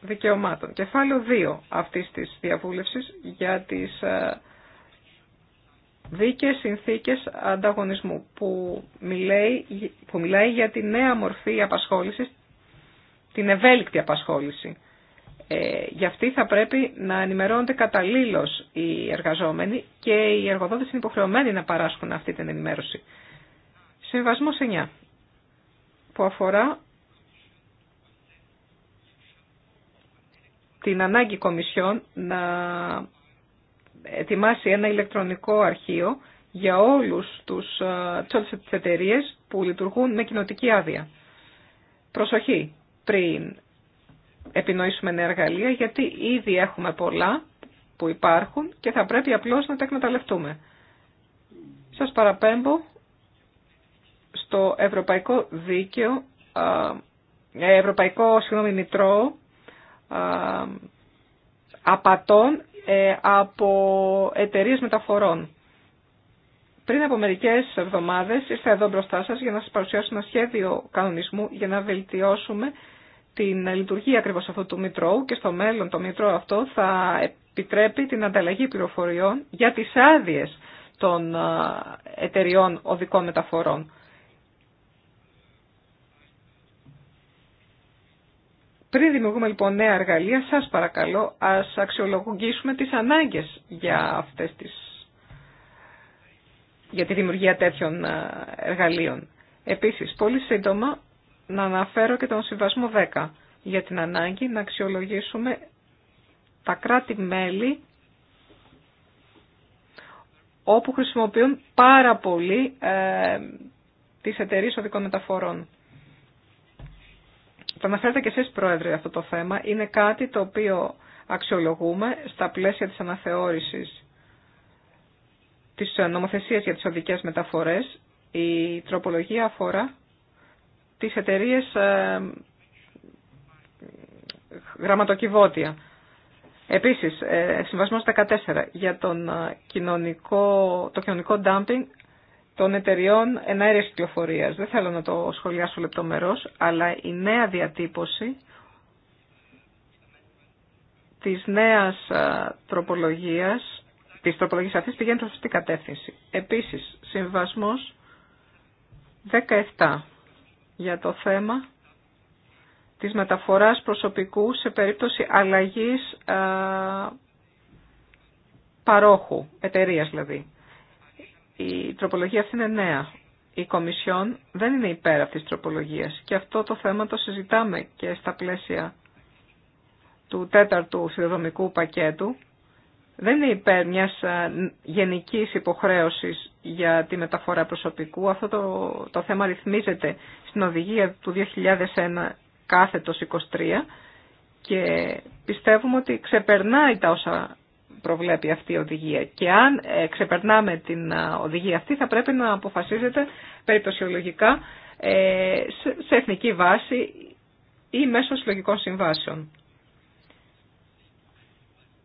Δικαιωμάτων. Κεφάλαιο 2 αυτής της διαβούλευσης για τις ε, δίκαιες συνθήκες ανταγωνισμού που, μιλάει, που μιλάει για τη νέα μορφή απασχόλησης, την ευέλικτη απασχόληση ε, γι' αυτή θα πρέπει να ενημερώνονται καταλήλως οι εργαζόμενοι και οι εργοδότε είναι υποχρεωμένοι να παράσχουν αυτή την ενημέρωση. Συμβασμό 9 που αφορά την ανάγκη Κομισιόν να ετοιμάσει ένα ηλεκτρονικό αρχείο για όλους τους, ε, τις εταιρείε που λειτουργούν με κοινοτική άδεια. Προσοχή, πριν επινοήσουμε νέα εργαλεία, γιατί ήδη έχουμε πολλά που υπάρχουν και θα πρέπει απλώς να τα εκμεταλλευτούμε. Σας παραπέμπω στο Ευρωπαϊκό Δίκαιο, ε, Ευρωπαϊκό Συγγνώμη Μητρό, απατών ε, από εταιρείε μεταφορών. Πριν από μερικέ εβδομάδε ήρθα εδώ μπροστά σα για να σα παρουσιάσω ένα σχέδιο κανονισμού για να βελτιώσουμε την λειτουργία ακριβώς αυτού του Μητρώου και στο μέλλον το Μητρό αυτό θα επιτρέπει την ανταλλαγή πληροφοριών για τις άδειε των ε, εταιριών οδικών μεταφορών. Πριν δημιουργούμε λοιπόν νέα εργαλεία, σας παρακαλώ ας αξιολογήσουμε τις ανάγκες για αυτές τις για τη δημιουργία τέτοιων ε, εργαλείων. Επίσης, πολύ σύντομα να αναφέρω και τον συμβασμό 10 για την ανάγκη να αξιολογήσουμε τα κράτη-μέλη όπου χρησιμοποιούν πάρα πολύ ε, τις εταιρείες οδικών μεταφορών. Το αναφέρετε και εσείς, Πρόεδρε, αυτό το θέμα. Είναι κάτι το οποίο αξιολογούμε στα πλαίσια της αναθεώρησης της νομοθεσίας για τις οδικές μεταφορές. Η τροπολογία αφορά τις εταιρείες ε, γραμματοκιβώτια. Επίσης, ε, συμβασμός 14 για τον ε, κοινωνικό, το κοινωνικό dumping των εταιριών εναέρειας κυκλοφορίας. Δεν θέλω να το σχολιάσω λεπτομερώς, αλλά η νέα διατύπωση της νέας τροπολογίας, της τροπολογίας αυτής πηγαίνει προς την κατεύθυνση. Επίσης, συμβασμός 17 για το θέμα της μεταφοράς προσωπικού σε περίπτωση αλλαγής ε, παρόχου, εταιρείας δηλαδή. Η τροπολογία αυτή είναι νέα. Η Κομισιόν δεν είναι υπέρ αυτής της τροπολογίας και αυτό το θέμα το συζητάμε και στα πλαίσια του τέταρτου συνδρομικού πακέτου δεν είναι υπέρ μιας ε, γενικής υποχρέωσης για τη μεταφορά προσωπικού. Αυτό το, το θέμα ρυθμίζεται στην οδηγία του 2001 κάθετο 23 και πιστεύουμε ότι ξεπερνάει τα όσα προβλέπει αυτή η οδηγία. Και αν ε, ξεπερνάμε την ε, οδηγία αυτή θα πρέπει να αποφασίζεται περιπτωσιολογικά σε εθνική βάση ή μέσω συλλογικών συμβάσεων.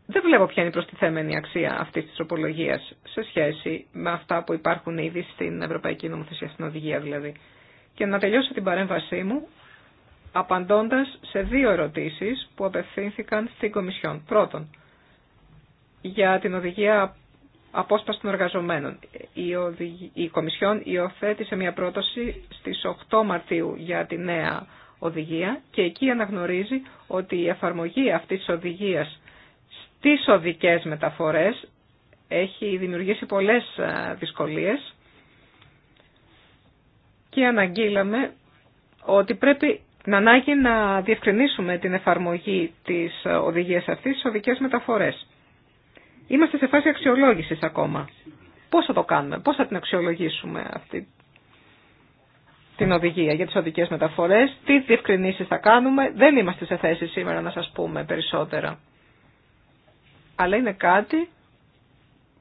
Δεν βλέπω ποια είναι η προστιθέμενη αξία αυτή τη τροπολογία σε σχέση με αυτά που υπάρχουν ήδη στην Ευρωπαϊκή Νομοθεσία, στην Οδηγία δηλαδή. Και να τελειώσω την παρέμβασή μου απαντώντα σε δύο ερωτήσει που απευθύνθηκαν στην Κομισιόν. Πρώτον, για την Οδηγία Απόσπαση των Εργαζομένων. Η, η Κομισιόν υιοθέτησε μια πρόταση στι 8 Μαρτίου για τη νέα οδηγία και εκεί αναγνωρίζει ότι η εφαρμογή αυτή τη οδηγία τι οδικές μεταφορές έχει δημιουργήσει πολλές ε, δυσκολίες και αναγγείλαμε ότι πρέπει να ανάγκη να διευκρινίσουμε την εφαρμογή της οδηγίας αυτής στις οδικές μεταφορές. Είμαστε σε φάση αξιολόγησης ακόμα. Πώς θα το κάνουμε, πώς θα την αξιολογήσουμε αυτή την οδηγία για τις οδικές μεταφορές, τι διευκρινήσεις θα κάνουμε, δεν είμαστε σε θέση σήμερα να σας πούμε περισσότερα αλλά είναι κάτι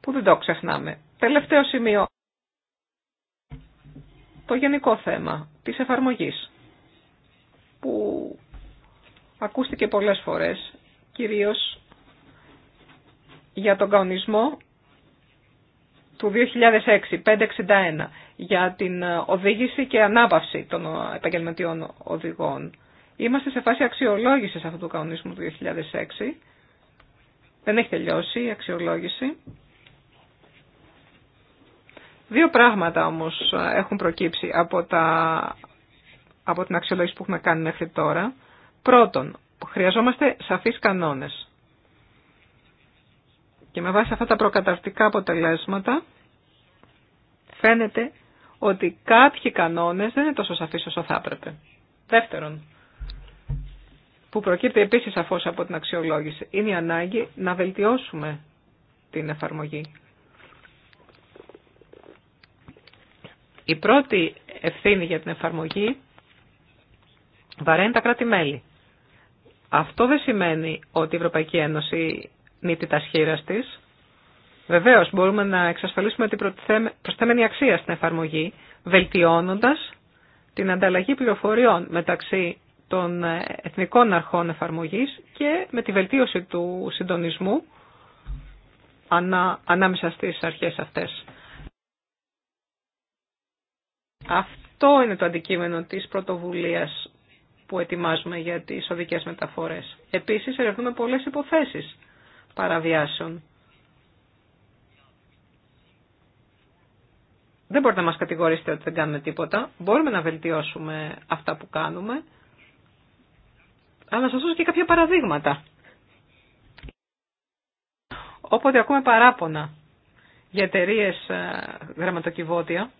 που δεν το ξεχνάμε. Τελευταίο σημείο. Το γενικό θέμα της εφαρμογής που ακούστηκε πολλές φορές, κυρίως για τον καονισμό του 2006-561 για την οδήγηση και ανάπαυση των επαγγελματιών οδηγών. Είμαστε σε φάση αξιολόγησης αυτού του καονισμού του 2006 δεν έχει τελειώσει η αξιολόγηση. Δύο πράγματα όμως έχουν προκύψει από, τα, από την αξιολόγηση που έχουμε κάνει μέχρι τώρα. Πρώτον, χρειαζόμαστε σαφείς κανόνες. Και με βάση αυτά τα προκαταρτικά αποτελέσματα φαίνεται ότι κάποιοι κανόνες δεν είναι τόσο σαφείς όσο θα έπρεπε. Δεύτερον, που προκύπτει επίσης σαφώ από την αξιολόγηση, είναι η ανάγκη να βελτιώσουμε την εφαρμογή. Η πρώτη ευθύνη για την εφαρμογή βαραίνει τα κράτη-μέλη. Αυτό δεν σημαίνει ότι η Ευρωπαϊκή Ένωση νίτη τα σχήρα τη. Βεβαίω, μπορούμε να εξασφαλίσουμε την προσθέμενη αξία στην εφαρμογή, βελτιώνοντα την ανταλλαγή πληροφοριών μεταξύ των εθνικών αρχών εφαρμογής και με τη βελτίωση του συντονισμού ανά, ανάμεσα στις αρχές αυτές. Αυτό είναι το αντικείμενο της πρωτοβουλίας που ετοιμάζουμε για τις οδικές μεταφορές. Επίσης, ερευνούμε πολλές υποθέσεις παραβιάσεων. Δεν μπορείτε να μας κατηγορήσετε ότι δεν κάνουμε τίποτα. Μπορούμε να βελτιώσουμε αυτά που κάνουμε αλλά να σας δώσω και κάποια παραδείγματα. Όποτε ακούμε παράπονα για εταιρείε ε, γραμματοκιβώτια,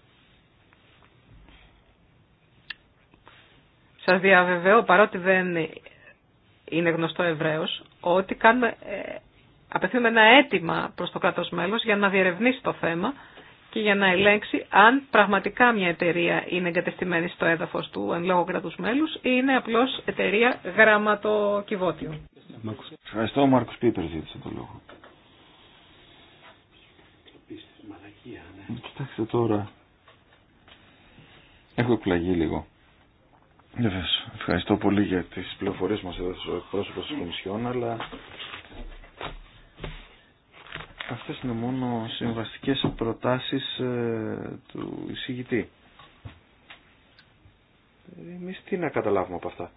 σας διαβεβαιώ παρότι δεν είναι γνωστό Εβραίος, ότι κάνουμε, ε, απευθύνουμε ένα αίτημα προς το κράτος μέλος για να διερευνήσει το θέμα και για να ελέγξει αν πραγματικά μια εταιρεία είναι εγκατεστημένη στο έδαφος του εν λόγω κράτου μέλους ή είναι απλώς εταιρεία γραμματοκιβώτιο. Ευχαριστώ, ο Μάρκος Πίπερ ζήτησε το λόγο. Κοιτάξτε τώρα. Έχω εκπλαγεί λίγο. Ευχαριστώ πολύ για τις πληροφορίες μας εδώ στο πρόσωπο της Κομισιόν, αλλά Αυτές είναι μόνο συμβαστικές προτάσεις ε, του εισηγητή. Εμείς τι να καταλάβουμε από αυτά.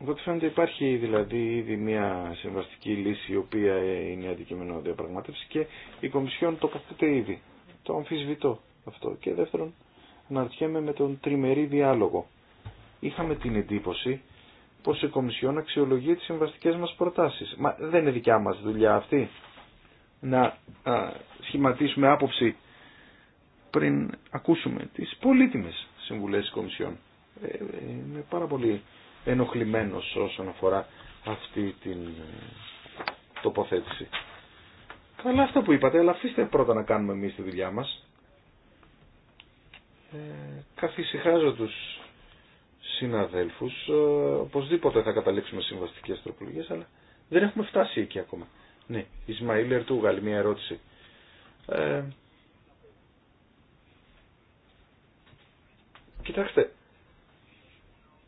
Οπότε φαίνεται υπάρχει δηλαδή ήδη μια συμβαστική λύση η οποία είναι αντικείμενο διαπραγμάτευση και η Κομισιόν τοποθετείται ήδη. Το αμφισβητώ αυτό. Και δεύτερον, να αρχιέμαι με τον τριμερή διάλογο. Είχαμε την εντύπωση πως η Κομισιόν αξιολογεί τις συμβαστικές μας προτάσεις. Μα δεν είναι δικιά μας δουλειά αυτή να σχηματίσουμε άποψη πριν ακούσουμε τις πολύτιμες συμβουλές της Κομισιόν. Ε, είμαι πάρα πολύ ενοχλημένος όσον αφορά αυτή την ε, τοποθέτηση. Καλά αυτό που είπατε, αλλά αφήστε πρώτα να κάνουμε εμείς τη δουλειά μας ε, καθησυχάζω τους συναδέλφους, ε, οπωσδήποτε θα καταλήξουμε συμβαστικές τροπολογίες, αλλά δεν έχουμε φτάσει εκεί ακόμα. Ναι, Ισμαήλ Ερτούγαλ, μια ερώτηση. Ε, κοιτάξτε,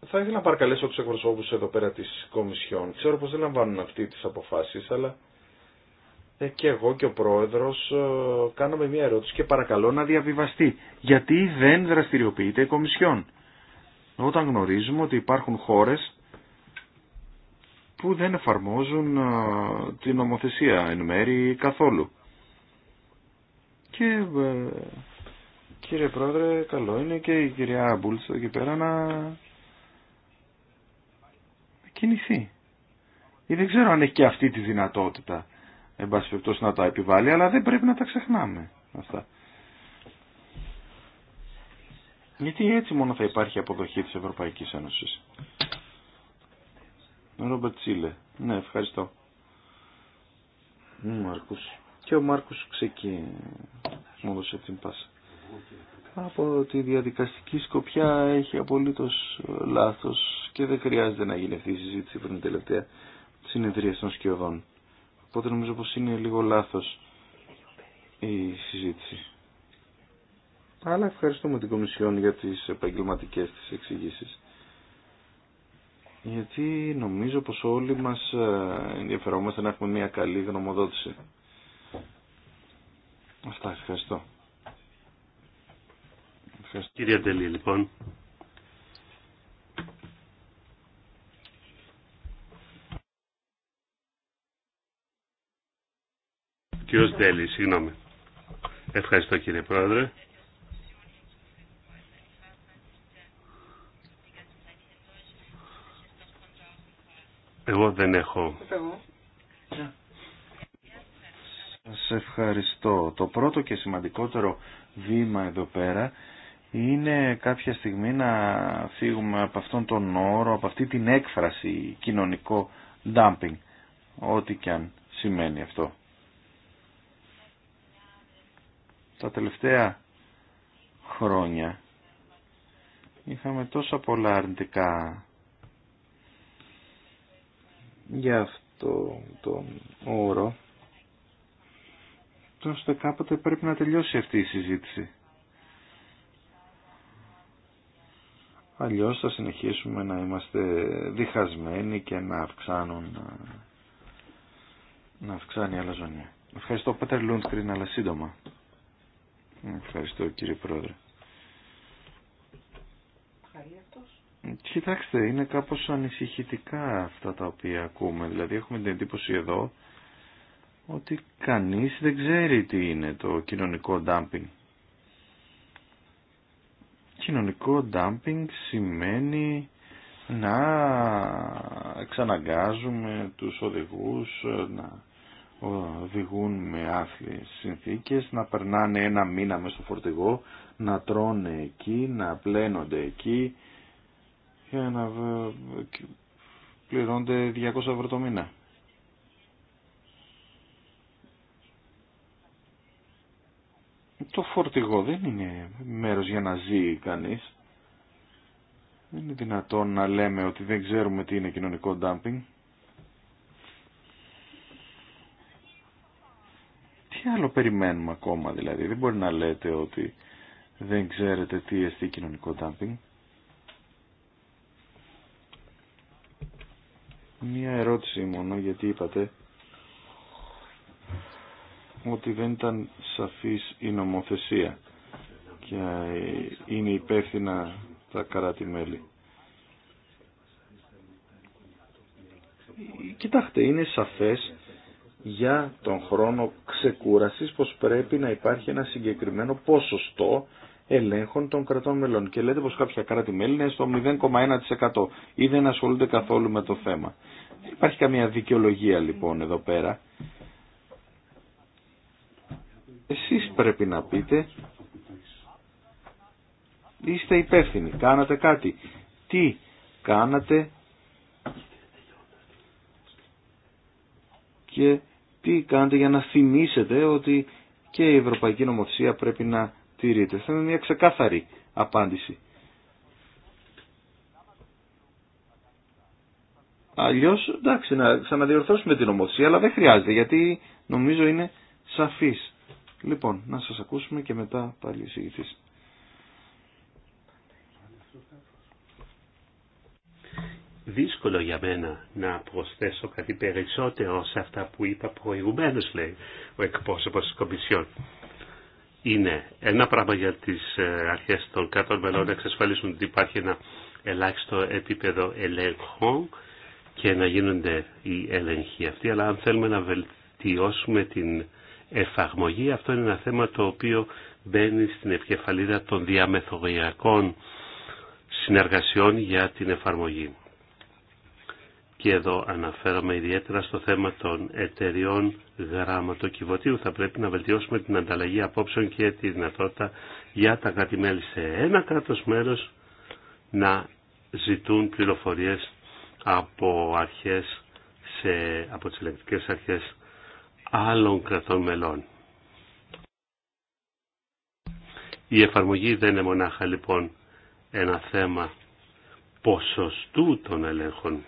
θα ήθελα να παρακαλέσω τους εκπροσώπους εδώ πέρα της Κομισιόν. Ξέρω πως δεν λαμβάνουν αυτοί τις αποφάσεις, αλλά ε, και εγώ και ο πρόεδρος ε, κάναμε μια ερώτηση και παρακαλώ να διαβιβαστεί. Γιατί δεν δραστηριοποιείται η Κομισιόν. Όταν γνωρίζουμε ότι υπάρχουν χώρες που δεν εφαρμόζουν ε, την νομοθεσία εν μέρη καθόλου. Και κύριε πρόεδρε καλό είναι και η κυρία Μπούλσο εκεί πέρα να κινηθεί. δεν ξέρω αν έχει και αυτή τη δυνατότητα εν πάση να τα επιβάλλει, αλλά δεν πρέπει να τα ξεχνάμε αυτά. Γιατί έτσι μόνο θα υπάρχει αποδοχή της Ευρωπαϊκής Ένωσης. Ρόμπερτ Τσίλε. Ναι, ευχαριστώ. Ο Μάρκους. Και ο Μάρκος ξεκίνησε. Μου έδωσε την πάσα. Από τη διαδικαστική σκοπιά έχει απολύτως λάθος και δεν χρειάζεται να γίνει αυτή η συζήτηση πριν τελευταία συνεδρία των σκιωδών. Οπότε νομίζω πως είναι λίγο λάθος η συζήτηση. Αλλά ευχαριστούμε την Κομισιόν για τις επαγγελματικέ της εξηγήσεις. Γιατί νομίζω πως όλοι μας ε, ενδιαφερόμαστε να έχουμε μια καλή γνωμοδότηση. Αυτά, ευχαριστώ. ευχαριστώ. Κύριε λοιπόν, Κύριο Ντέλη, συγγνώμη. Ευχαριστώ κύριε Πρόεδρε. Εγώ δεν έχω. Σα ευχαριστώ. Το πρώτο και σημαντικότερο βήμα εδώ πέρα είναι κάποια στιγμή να φύγουμε από αυτόν τον όρο, από αυτή την έκφραση κοινωνικό dumping, ό,τι και αν σημαίνει αυτό. τα τελευταία χρόνια είχαμε τόσα πολλά αρνητικά για αυτό το όρο τόσο κάποτε πρέπει να τελειώσει αυτή η συζήτηση. Αλλιώς θα συνεχίσουμε να είμαστε διχασμένοι και να αυξάνουν να αυξάνει η αλαζονία. Ευχαριστώ Πέτερ Λούντκριν αλλά σύντομα. Ευχαριστώ κύριε Πρόεδρε. Κοιτάξτε, είναι κάπως ανησυχητικά αυτά τα οποία ακούμε. Δηλαδή έχουμε την εντύπωση εδώ ότι κανείς δεν ξέρει τι είναι το κοινωνικό ντάμπινγκ. Κοινωνικό ντάμπινγκ σημαίνει να εξαναγκάζουμε τους οδηγούς να οδηγούν με άθλιες συνθήκες να περνάνε ένα μήνα μέσα στο φορτηγό, να τρώνε εκεί, να πλένονται εκεί για να πληρώνται 200 ευρώ το μήνα. Το φορτηγό δεν είναι μέρος για να ζει κανείς. Δεν είναι δυνατόν να λέμε ότι δεν ξέρουμε τι είναι κοινωνικό ντάμπινγκ. Τι άλλο περιμένουμε ακόμα δηλαδή. Δεν μπορεί να λέτε ότι δεν ξέρετε τι εστί κοινωνικό τάμπινγκ. Μία ερώτηση μόνο γιατί είπατε ότι δεν ήταν σαφής η νομοθεσία και είναι υπεύθυνα τα κράτη-μέλη. Κοιτάξτε, είναι σαφές για τον χρόνο ξεκούρασης πως πρέπει να υπάρχει ένα συγκεκριμένο ποσοστό ελέγχων των κρατών μελών. Και λέτε πως κάποια κράτη-μέλη είναι στο 0,1% ή δεν ασχολούνται καθόλου με το θέμα. Δεν υπάρχει καμία δικαιολογία λοιπόν εδώ πέρα. Εσείς πρέπει να πείτε, είστε υπεύθυνοι, κάνατε κάτι. Τι κάνατε και τι κάνετε για να θυμίσετε ότι και η Ευρωπαϊκή Νομοθεσία πρέπει να τηρείται. Θέλουμε μια ξεκάθαρη απάντηση. Αλλιώς, εντάξει, να ξαναδιορθώσουμε την νομοθεσία, αλλά δεν χρειάζεται, γιατί νομίζω είναι σαφής. Λοιπόν, να σας ακούσουμε και μετά πάλι εισηγηθείς. δύσκολο για μένα να προσθέσω κάτι περισσότερο σε αυτά που είπα προηγουμένως, λέει ο εκπρόσωπος της Κομισιόν. Είναι ένα πράγμα για τις ε, αρχές των κάτω μελών να εξασφαλίσουν ότι υπάρχει ένα ελάχιστο επίπεδο ελέγχων και να γίνονται οι έλεγχοι αυτοί, αλλά αν θέλουμε να βελτιώσουμε την εφαρμογή, αυτό είναι ένα θέμα το οποίο μπαίνει στην επικεφαλίδα των διαμεθοριακών συνεργασιών για την εφαρμογή και εδώ αναφέρομαι ιδιαίτερα στο θέμα των εταιριών γραμματοκιβωτίου. Θα πρέπει να βελτιώσουμε την ανταλλαγή απόψεων και τη δυνατότητα για τα κράτη-μέλη σε ένα κράτος μέρος να ζητούν πληροφορίες από αρχές, σε, από τις ελεγκτικές αρχές άλλων κρατών μελών. Η εφαρμογή δεν είναι μονάχα λοιπόν ένα θέμα ποσοστού των ελέγχων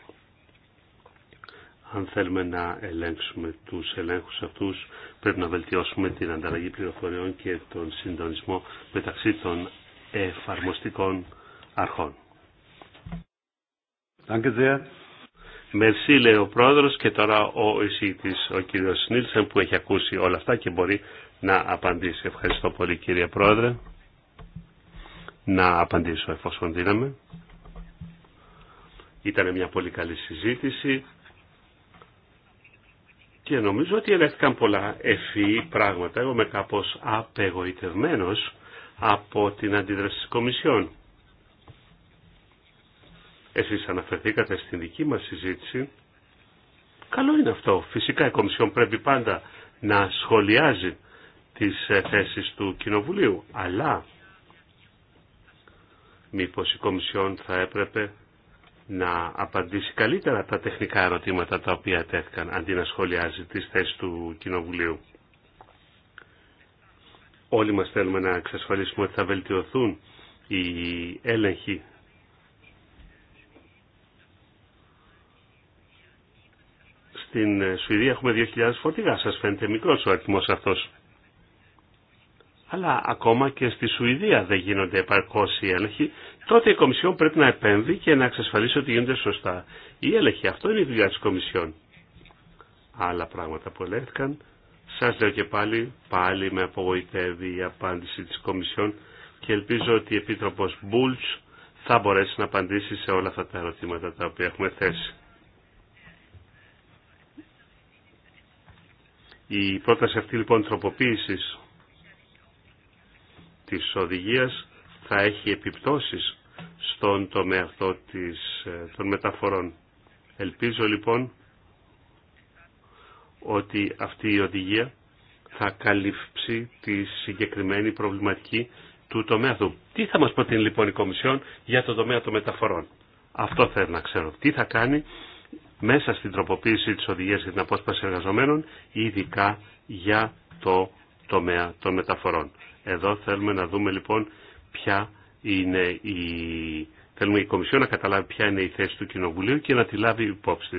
αν θέλουμε να ελέγξουμε τους ελέγχους αυτούς, πρέπει να βελτιώσουμε την ανταλλαγή πληροφοριών και τον συντονισμό μεταξύ των εφαρμοστικών αρχών. Μερσή λέει ο πρόεδρος και τώρα ο εισήτης, ο κύριος Σνίλσεν που έχει ακούσει όλα αυτά και μπορεί να απαντήσει. Ευχαριστώ πολύ κύριε πρόεδρε. Να απαντήσω εφόσον δίναμε. Ήταν μια πολύ καλή συζήτηση και νομίζω ότι ελέγχθηκαν πολλά ευφυή πράγματα. Εγώ είμαι κάπως απεγοητευμένο από την αντίδραση τη Κομισιόν. Εσείς αναφερθήκατε στην δική μας συζήτηση. Καλό είναι αυτό. Φυσικά η Κομισιόν πρέπει πάντα να σχολιάζει τις θέσεις του Κοινοβουλίου. Αλλά μήπως η Κομισιόν θα έπρεπε να απαντήσει καλύτερα τα τεχνικά ερωτήματα τα οποία τέθηκαν αντί να σχολιάζει τις θέσεις του Κοινοβουλίου. Όλοι μας θέλουμε να εξασφαλίσουμε ότι θα βελτιωθούν οι έλεγχοι Στην Σουηδία έχουμε 2.000 φορτηγά. Σας φαίνεται μικρός ο αριθμός αυτός αλλά ακόμα και στη Σουηδία δεν γίνονται επαρκώς οι έλεγχοι, τότε η Κομισιόν πρέπει να επέμβει και να εξασφαλίσει ότι γίνονται σωστά. Η έλεγχη αυτό είναι η δουλειά της Κομισιόν. Άλλα πράγματα που ελέγχθηκαν. Σας λέω και πάλι, πάλι με απογοητεύει η απάντηση της Κομισιόν και ελπίζω ότι η Επίτροπος Μπούλτς θα μπορέσει να απαντήσει σε όλα αυτά τα ερωτήματα τα οποία έχουμε θέσει. Η πρόταση αυτή λοιπόν τροποποίησης της οδηγίας θα έχει επιπτώσεις στον τομέα αυτό της, ε, των μεταφορών. Ελπίζω λοιπόν ότι αυτή η οδηγία θα καλύψει τη συγκεκριμένη προβληματική του τομέα του. Τι θα μας προτείνει λοιπόν η Κομισιόν για το τομέα των μεταφορών. Αυτό θέλω να ξέρω. Τι θα κάνει μέσα στην τροποποίηση της οδηγίας για την απόσπαση εργαζομένων, ειδικά για το τομέα των μεταφορών. Εδώ θέλουμε να δούμε λοιπόν ποια είναι η... Θέλουμε η Κομισιό να καταλάβει ποια είναι η θέση του Κοινοβουλίου και να τη λάβει υπόψη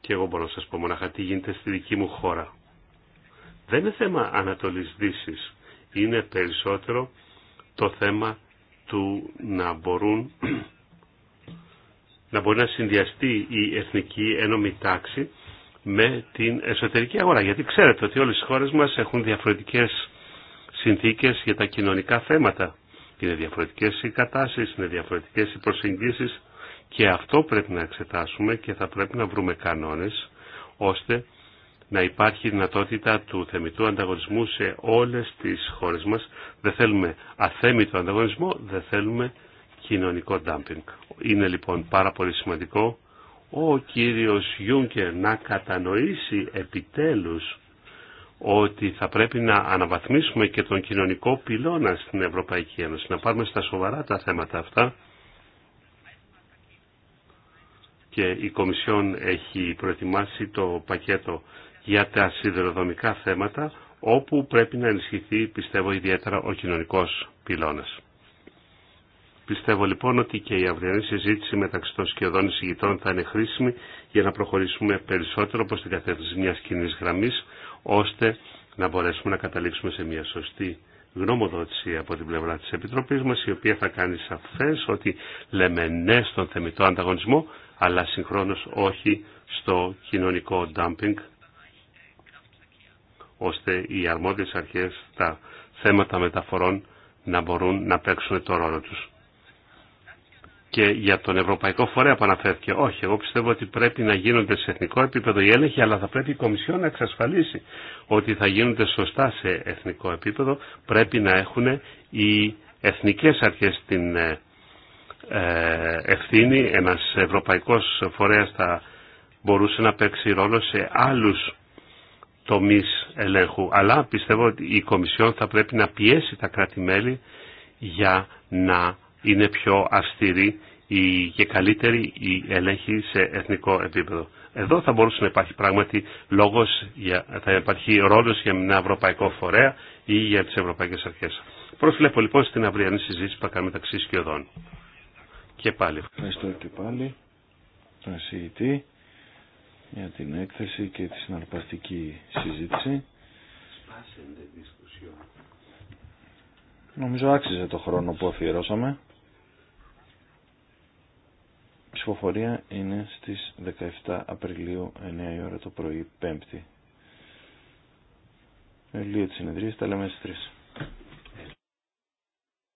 Και εγώ μπορώ να σας πω μοναχα τι γίνεται στη δική μου χώρα. Δεν είναι θέμα Ανατολής Δύσης. Είναι περισσότερο το θέμα του να μπορούν να μπορεί να συνδυαστεί η εθνική ένωμη τάξη με την εσωτερική αγορά. Γιατί ξέρετε ότι όλες οι χώρες μας έχουν διαφορετικές συνθήκες για τα κοινωνικά θέματα. Είναι διαφορετικές οι κατάσεις, είναι διαφορετικές οι προσεγγίσεις και αυτό πρέπει να εξετάσουμε και θα πρέπει να βρούμε κανόνες ώστε να υπάρχει δυνατότητα του θεμητού ανταγωνισμού σε όλες τις χώρες μας. Δεν θέλουμε αθέμητο ανταγωνισμό, δεν θέλουμε κοινωνικό ντάμπινγκ. Είναι λοιπόν πάρα πολύ σημαντικό ο κύριος Γιούγκερ να κατανοήσει επιτέλους ότι θα πρέπει να αναβαθμίσουμε και τον κοινωνικό πυλώνα στην Ευρωπαϊκή Ένωση, να πάρουμε στα σοβαρά τα θέματα αυτά. Και η Κομισιόν έχει προετοιμάσει το πακέτο για τα σιδηροδομικά θέματα, όπου πρέπει να ενισχυθεί, πιστεύω, ιδιαίτερα ο κοινωνικός πυλώνας. Πιστεύω λοιπόν ότι και η αυριανή συζήτηση μεταξύ των σκιωδών εισηγητών θα είναι χρήσιμη για να προχωρήσουμε περισσότερο προς την κατεύθυνση μιας κοινή γραμμής ώστε να μπορέσουμε να καταλήξουμε σε μια σωστή γνωμοδότηση από την πλευρά της Επιτροπής μας, η οποία θα κάνει σαφές ότι λέμε ναι στον θεμητό ανταγωνισμό, αλλά συγχρόνως όχι στο κοινωνικό dumping, ώστε οι αρμόδιες αρχές τα θέματα μεταφορών να μπορούν να παίξουν το ρόλο τους και για τον Ευρωπαϊκό Φορέα που αναφέρθηκε. Όχι, εγώ πιστεύω ότι πρέπει να γίνονται σε εθνικό επίπεδο οι έλεγχοι, αλλά θα πρέπει η Κομισιόν να εξασφαλίσει ότι θα γίνονται σωστά σε εθνικό επίπεδο. Πρέπει να έχουν οι εθνικές αρχές την ε, ε, ευθύνη. Ένας ευρωπαϊκός φορέας θα μπορούσε να παίξει ρόλο σε άλλους τομείς ελέγχου. Αλλά πιστεύω ότι η Κομισιόν θα πρέπει να πιέσει τα κράτη-μέλη για να είναι πιο αυστηρή ή και καλύτερη η ελέγχη σε εθνικό επίπεδο. Εδώ θα μπορούσε να υπάρχει πράγματι λόγος, για, θα υπάρχει ρόλος για ένα ευρωπαϊκό φορέα ή για τις ευρωπαϊκές αρχές. Προσβλέπω λοιπόν στην αυριανή συζήτηση που θα κάνουμε μεταξύ σκιωδών. Και πάλι. Ευχαριστώ και πάλι τον συγητή για την έκθεση και τη συναρπαστική συζήτηση. Νομίζω άξιζε το χρόνο που αφιερώσαμε ψηφοφορία είναι στις 17 Απριλίου 9 η ώρα το πρωί 5η. Ε, Λίγο τη συνεδρία, τα λέμε στις 3.